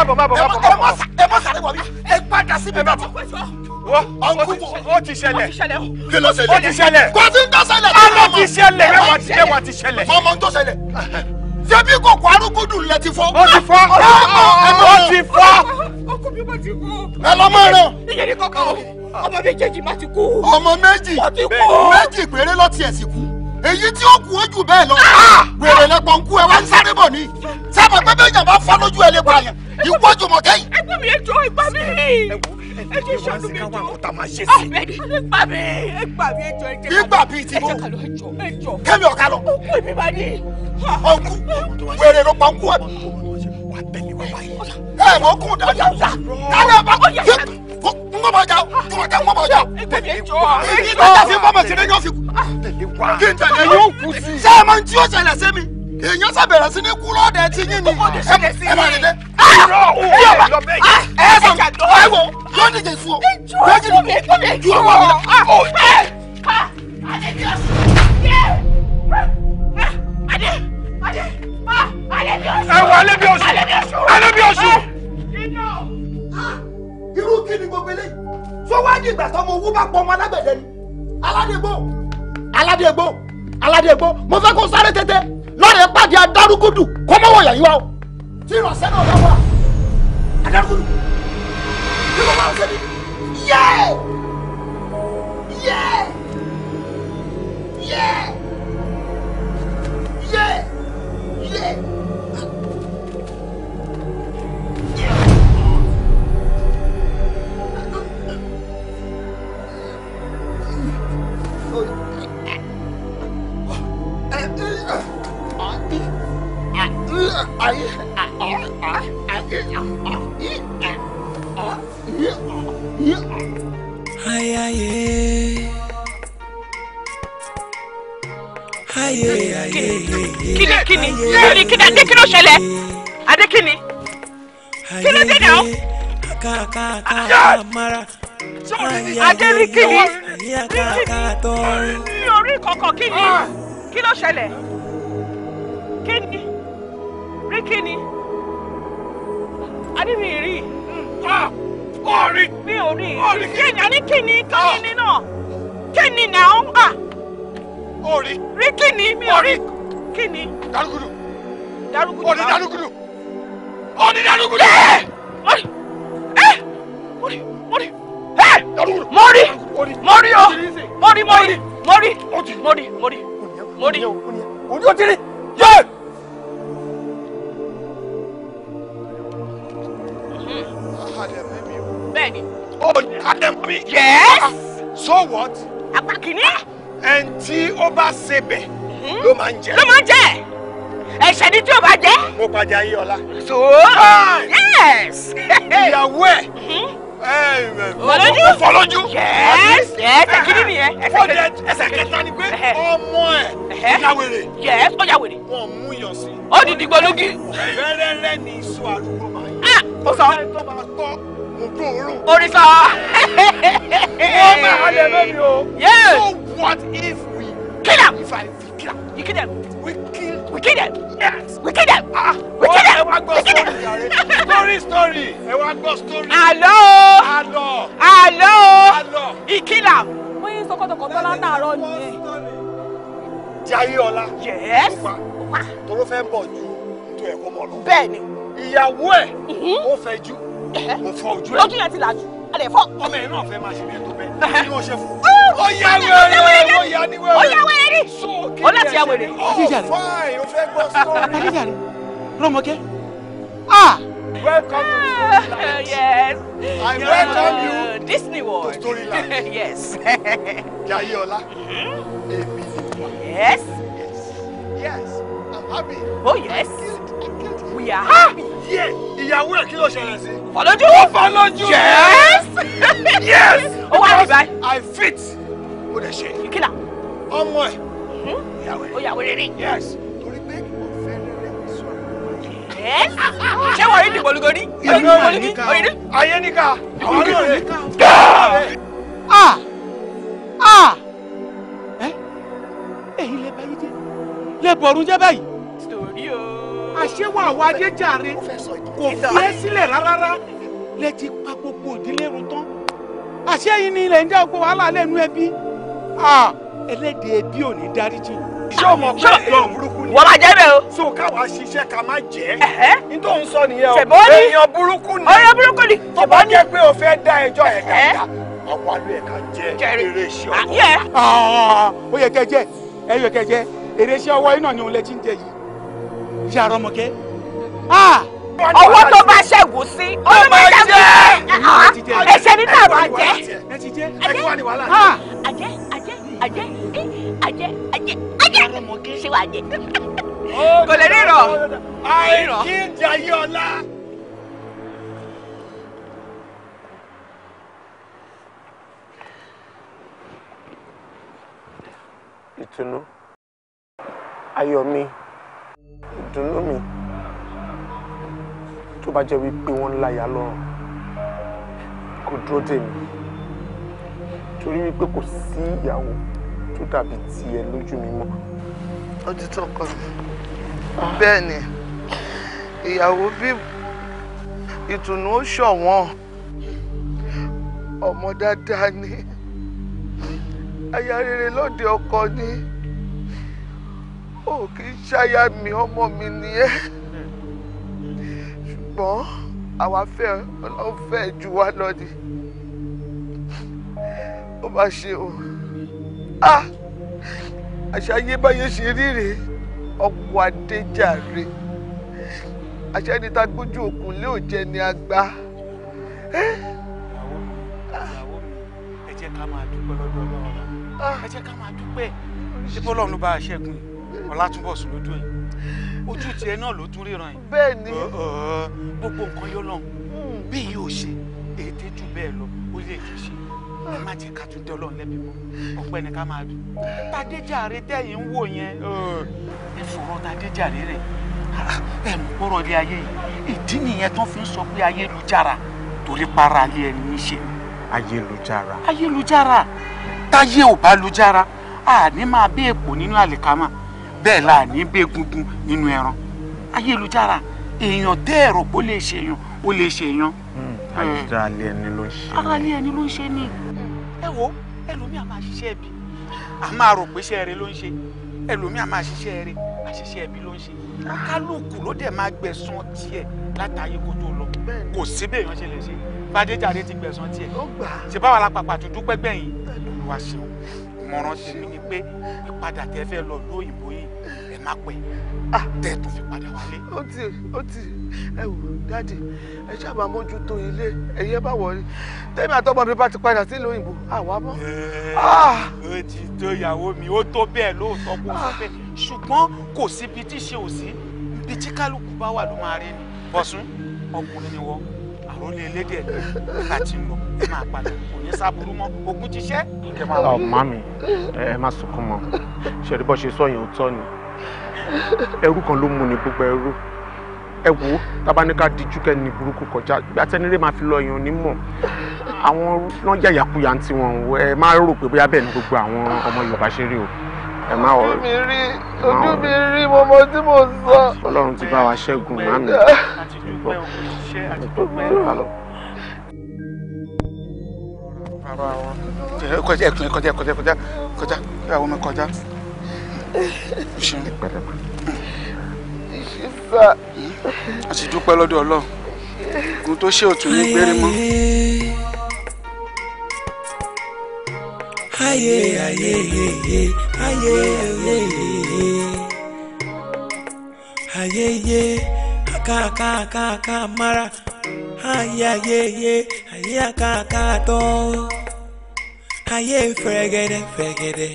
Speaker 3: má bọ̀ má bọ̀ má bọ̀. ẹ mọ sa wọ̀bí ẹ padà sí bẹ́ẹ̀ bàbá. ó ti ṣẹlẹ̀ ó ti ṣẹlẹ̀ kò tí ń tó ṣẹlẹ̀. ọmọ ti ṣẹlẹ̀ ẹwà ti ṣẹlẹ̀. mọ̀mọ́ ń tó ṣẹlẹ̀ ṣebí kòkó arúgbódù lẹ ti fọ. ó ti fọ ó ti fọ.
Speaker 2: ọkọ mi ma ti kú. ẹ lọ mọ rẹ. iye ní kankan o
Speaker 3: ọmọ méjèèjì ma ti kú. ọmọ méjì méjì péré lọ tiẹ̀ sì kú èyí tí ó kù ó bẹ́ẹ̀ lọ ah! wèrè lẹ́pọ̀ ń kú ẹ wá ń sáré bọ̀ ni sábà pé bẹ́ẹ̀ yàn bá fọ́ lójú ẹ lè pa ìwọ Jùmọ̀kẹ́ yìí. ẹ̀gbọ́n mi ẹjọ ìgbà mi ẹjọ ìṣàánú mi ẹjọ ọ̀tá máa ṣe sí. ìgbà mi ẹgbà mi ẹjọ ẹjẹ. ìgbà mi ti bọ kẹmi ọ̀ka lọ. òkú èmi máa ní. ọkú wẹrẹ ló pa ọkú àbí. wà á bẹ̀lẹ̀ wá báyìí. ẹ mọ kún dáadáa dáadáa bá n kò máa jà o Jùmọ̀kẹ́ n kò máa jà o. ẹgbẹ̀mí ẹjọ. ìgbà tí a fi bọ́ mọ̀ sí ni yóò fi kú. Ah. kí n tẹ̀lé yóò kú sí. sẹ́ẹ̀ máa ń tí ó ṣẹlẹ̀ sẹ́mi èèyàn sábẹ̀rẹ̀ sí ní kúrò dẹ̀ tí yín ni ẹ bá rí dẹ. ẹ
Speaker 2: sọ ah, ẹ wo yóò díje ah, ah! sùn o yóò díje sùn o ju ọmọ mi lọ. ẹ wọ alẹ́ bí oṣù alẹ́ bí oṣù.
Speaker 3: irú kí ni gbogbo eléyìí tó wá ní ìgbà tó mo wú bá pọ ọmọ alágbẹ̀dẹ ni aládégbò aládégbò aládégbò mo fẹ́ kó sáré tètè lọ́rẹ̀ pàdé adarúgúdù kó mọ́wọ́ yà o tí ìrọ̀sẹ́ náà bá wà adarúgúdù tí mo máa sẹ́ni yẹ
Speaker 2: yẹ yẹ yẹ yẹ.
Speaker 3: Ay,
Speaker 4: ay, ay. Kíni kíni kíni kíni Adékíni ó ṣẹlẹ̀ Adékíni kíni dé
Speaker 1: náà. Adékíni kíni orí kọ̀ọ̀kan kíni kí ló ṣẹlẹ̀ kíni kí ni a ní mi
Speaker 3: rí. ó rí. mi ò rí kí ni a ní kí ni kí ni náà kí ni náà ń bà. ó rí. rí kí ni mi ò rí kí ni. darugudu. darugudu báwo. ó ní darugudu. ó ní darugudu. mọ́rí mọ́rí mọ́rí mọ́rí mọ́rí o mọ́rí mọ́rí mọ́rí mọ́rí mọ́rí mọ́rí. òní ó ti rí. yóò. àdẹ̀mí mi o. bẹ́ẹ̀ni. o ní mi. yes. Ah, so what. apá kìíní. Ah, ẹn tí ó bá ṣe bẹ̀ mm-hmm. ló máa ń jẹ. ló máa ń jẹ ẹ̀ṣẹ̀ ni tí o bá jẹ. mo pàjá yí ọlá. so ah! yes. ìyàwó ẹ
Speaker 2: fọlójú fọlójú
Speaker 3: ẹsẹ kìíní nìyẹn eh, ẹsẹ kẹta ẹsẹ kẹta ni pé eh, eh. ọmọ ẹ yàwèrè ọjà wèrè wọn mú yàn sí. ó di dìgbò lógi. bẹ́rẹ̀ rẹ ni àdúgbò ó sọ. orí sọ. wọ́n bá a lónìí o. so what if we kill am. if I we kill am. you kill them. we kill. we kill them. yes. we kill them. ah we kill them. ẹ wá gbọ́ story yàrá story story ẹ wá gbọ́ story. àlọ́. àlọ́. àlọ́. àlọ́. ìkìlà. bóyá sọkọtọkọ tó látàárọ̀ nìyẹn jayé ọlá. yẹ́ẹ́sì. tó ló fẹ́ bọ̀ ju nítorí ẹ̀kọ́ mọ̀ lọ. bẹ́ẹ̀ ni ìyàwó ẹ̀ mhm. ó fẹ́ ju kò fọ ojú ẹ̀. ojú yẹn ti là jù
Speaker 1: a lè fọ. ọmọ ẹ̀ náà fẹ́ máa ṣe bí ẹ tó ni wọ́n ṣe fún. ó yá wẹ̀rẹ̀ ó yá ní wẹ̀rẹ̀ ó
Speaker 3: yá wẹ̀rẹ̀ rí ó láti yá wẹ̀rẹ̀. ó fáì ó fẹ́ gbọ́ sọ́ọ̀rì. adéjàre *laughs* rọmọkẹ́ ah! ah. Welcome to ah, Storyland. yes. I welcome you. Uh, Disney World. To Storyland. *laughs* yes. Jayeola. *laughs* Mm-hmm. Èmi ni wa. Yes. Yes. Yes. I'm happy. Oh yes we are happy. yes ìyàwó ẹ kí ló ṣẹlẹ̀ sí. fọlọ́jú. ó fọlọ́jú. yes. *laughs* yes. *laughs* ó wà ní báyìí. i fit. ó lè ṣe. ìkìlà. ọmọ ẹ. Mm-hmm. ìyàwó ẹ. ó yàwó rere. yes. torí pé ọ̀fẹ́ rere ń sọ àwọn ọmọ yẹn. ṣé wọ́n rí ní gbọ̀lúgọ́rí.
Speaker 2: ìyàwó níka ayé níka àwọn náà rẹ̀. gáà.
Speaker 3: ah ah ẹ ẹ̀yin lẹ bá yí jẹ lẹ bọ̀rún jẹ báyìí àṣewà àwọn adéjàre
Speaker 5: kò fi ẹ́ sílẹ̀
Speaker 3: rárá lẹ ti pa gbogbo ìdílé run tán àṣé yìí ni ilẹ̀ ń jẹ́ ọkọ̀ wàhálà lẹ́nu ẹbí ẹlẹ́dẹ̀ ẹbí ò ní dáríjì. ṣé o mọ̀ pé èèyàn burúkú ni. wọ́n máa jẹ́ bẹ́ẹ̀ o. so káwa ṣiṣẹ́ ká má jẹ́. n tó ń sọ nìyẹn o. ṣèbọ́ ni èèyàn burúkú ni. ọ̀rẹ́ burúkú ni. tó bá jẹ́ pé o fẹ́ dá ẹjọ́ ẹ̀ dáadáa ọ̀pọ̀ àlọ́ ẹ̀ ká jẹ́ eré iṣẹ́ ah, ọwọ́. Ah, ó yẹ kẹ́ jẹ́ ẹ yẹ kẹ́ jẹ́ eré iṣẹ́ ọwọ́ iná ni òun lẹ ti ṣe àrọmọkẹ. ọwọ́ ah! ah! tó bá ṣẹ̀wò sí ọmọ ìjẹ́ ẹ̀ṣẹ̀ nínú àrùn àjẹ́ àjẹ́ àjẹ́ àjẹ́
Speaker 1: àjẹ́ àjẹ́ àjẹ́
Speaker 3: àjẹ́ ṣé wàá jẹ
Speaker 2: oh, kò lè rírọ. àìrọ̀ kí n jẹ ayé ọlá.
Speaker 3: ìtùnú ayọ̀ mi àdúró mi tó bá jẹ́ wípé wọ́n ń láyà lọ́rùn kò dúró dè mí torí wípé kò sí ìyàwó tó dàbí tiẹ̀ lójú mi mọ́. ó ti tọkọ bẹ́ẹ̀ ni ìyàwó bí ìtùnú ó ṣọ̀wọ́n ọmọ dáadáa ni aya lóde ọkọ ni o kì í ṣáyà mi ọmọ mi nìyẹn ṣùgbọ́n àwa fẹ́ ọlọ́run fẹ́ ju wa lọ ni ó bá ṣe o àṣà yé báyé ṣe rí rèé ọkọ̀ adéjàre àṣà ni ta gbójú òkun lé òjẹ ni a gbá. ìyàwó ìyàwó mi ẹ jẹ́ ká máa dúpẹ́ lọ́dọ̀ ọlọ́run ẹ jẹ́ ká máa dúpẹ́ ṣé bọ́lọ́run ló bá a ṣẹ́gun yìí. Ọlátúnbọ̀sùn lójú yìí ojú tiẹ̀ náà ló tún ríran yìí. bẹ́ẹ̀ ni. gbogbo nǹkan yóò lọ bí yóò ṣe ètè jù bẹ́ẹ̀ lọ ó lè kí ṣe ẹ má jẹ́ ká tún dé Ọlọ́run lẹ́bi mọ́ ọpẹ́ ni ká máa dùn. tàdéjàre tẹ̀yìn ń wò yẹn ẹ fọ̀rọ̀ tàdéjàre rẹ̀ ẹ mú kọ́rọ̀ lé ayé yìí ìdí nìyẹn tó fi ń sọ pé ayélujára torí para ayé ẹni ń ṣe. ayélujára. ayélujára táyé ò bá lujára àní máa bí èpò nínú àlìkámà bẹ́ẹ̀ la ní bẹ́ẹ̀ gungun nínú ẹran ayélujára èèyàn tẹ́ kó lè ṣe èèyàn ó lè ṣe èèyàn. Hmm, ara lé ẹni ló ń ṣe ni. ara lé ẹni ló ń ṣe ni. ẹ wo ẹlòmíì a máa ṣiṣẹ́ ẹbí a máa rò pé iṣẹ́ rẹ ló ń ṣe ẹlòmíì a máa ṣiṣẹ́ rẹ àṣìṣe ẹbí ló ń ṣe kálukú ló dẹ̀ máa gbẹ̀san tiẹ̀ látàyè kó tó lọ kò sí bẹ́ẹ̀ yàn ṣe lè ṣe fàdéjàre ti gbẹ̀san tiẹ̀ ṣe báwa la pàpà tó dúpẹ́ gbẹ̀yìn olùwàṣẹ́ mọ̀ràn tèmi ni pé ìpadà tẹ́ fẹ́ lọ lóyìnbó yìí má pẹ́ ah. tẹ́ ẹ tó fi padà wálé. ó ti ó ti ẹ wò dáàdì ẹ sábà mójútó ilé ẹyẹ bá wọlé tẹ́mi àtọ́mọ mi bá ti padà sílùú òyìnbó àwa mọ́. Eh, ah. ó tó ìyàwó mi ó tó bẹ́ẹ̀ lóòótọ́ kó sọ pé ah. ṣùgbọ́n kò síbi tí ṣe ò sí ibi tí kálukú bá wà ló máa rí ni bọ́sùn ọkùnrin ni wọ́n àròlé elédè àti ńlọ ẹ máa padà kò ní sábúrú mọ́ ogún ti ẹ má sunkún mọ́ ṣe bọ́ ṣe sọ yẹn ó tọ́ ni ẹrú kan ló mú ni gbogbo ẹrú ẹ wò ó tábánikà díjú kẹ́ni burúkú kọjá gbígbà tẹ́niré máa fi lọ èèyàn nímọ̀ àwọn náà jẹ́ ìyàkuyà ń tiwọn o ẹ má rò pé bóyá bẹ́ẹ̀ ni gbogbo àwọn ọmọ Yorùbá ṣe rí o ẹ má wọ. ojú mi rí ojú mi rí mo mọ tí mo sọ. Ọlọ́run ti bá wa ṣẹ́gun màmí. àti dúpẹ́ òṣìṣẹ́ àti dúpẹ́ kọjá kọjá kọjá kọjá kọjá kọjá kọjá kọjá kọjá kọjá àti dúpẹ́ lọ́dọ̀ ọlọ́run kún tó ṣe
Speaker 2: òtún ní gbére mọ́. ayé ayé ayé ayé ayé
Speaker 1: ayé ayé akáàkáàkáà mara ayé ayé ayé ayé akáàkáà tọ́ ayé fẹ̀rẹ̀gẹ̀dẹ̀ fẹ̀rẹ̀gẹ̀dẹ̀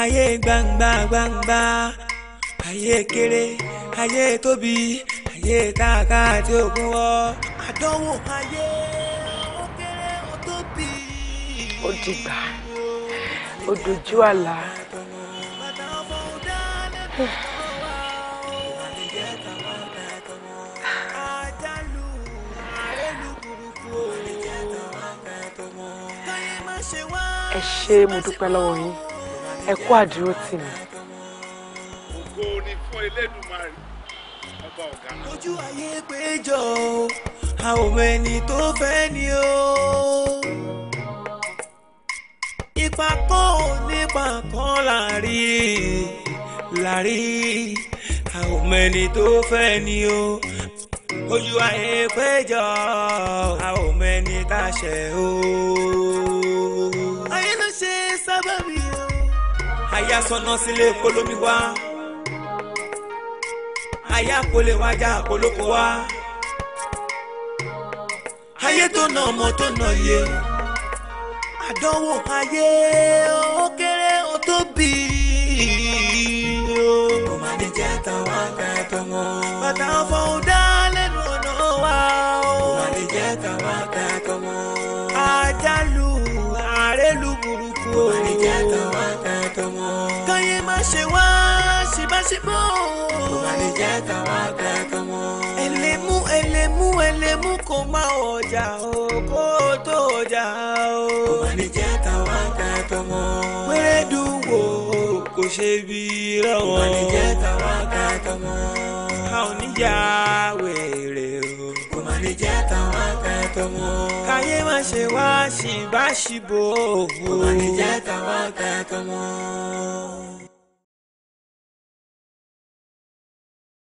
Speaker 1: ayé gbangba gbangba ayé kéré ayé tóbi ayé tààkà tí ogun wọ àdánwò ayé ó kéré ó tóbi. ó dìgbà
Speaker 3: ó dojú àlá.
Speaker 1: *sighs* ẹ ṣé mo dúpẹ́ lọ́wọ́ yín ẹ kú àdúró tì mí.
Speaker 2: ògo ni fún Elédùmarè ọba ọ̀gá
Speaker 1: ojú ayé péjọ àwọn ẹni tó fẹ́ ni o. ipa kan ò nípa kan láàrí láàrí àwọn ẹni tó fẹ́ ni o. ojú ayé péjọ àwọn ẹni tá a ṣe o. ayé ló ṣe sábàbí o àyà sọnà sílé polómi wá àyà kólé wájà polóko wá ayé tó nà ọmọ tó nà yé àdánwò ayé ó kéré ó tóbi o. kò má ní jẹ́ àtàwọn akẹ́kọ̀ọ́ wọn. bàtà ọ̀fọ̀ ò dá lẹ́nu ọ̀nà wa o. kò ní jẹ́ àtàwọn akẹ́kọ̀ọ́ wọn. àjálù àrélù burúkú o. kò ní jẹ́ àtàwọn akẹ́kọ̀ọ́ wọn ṣe wá síbáṣíbó. kò bá lè jẹ́ tàwa kankan mọ́. ẹlẹ́mú ẹlẹ́mú ẹlẹ́mú kò má ọjà o kó tó ọjà o. kò bá lè jẹ́ tàwa kankan mọ́. pẹ́ẹ́dù wo kò ṣe bí rọ̀wọ́. kò jẹ́ tàwa kankan mọ́. a ò ní yá wèrè o. kò jẹ́ tàwa kankan mọ́. káyé má ṣe wá síbáṣíbó. kò jẹ́
Speaker 2: tàwa kankan mọ́.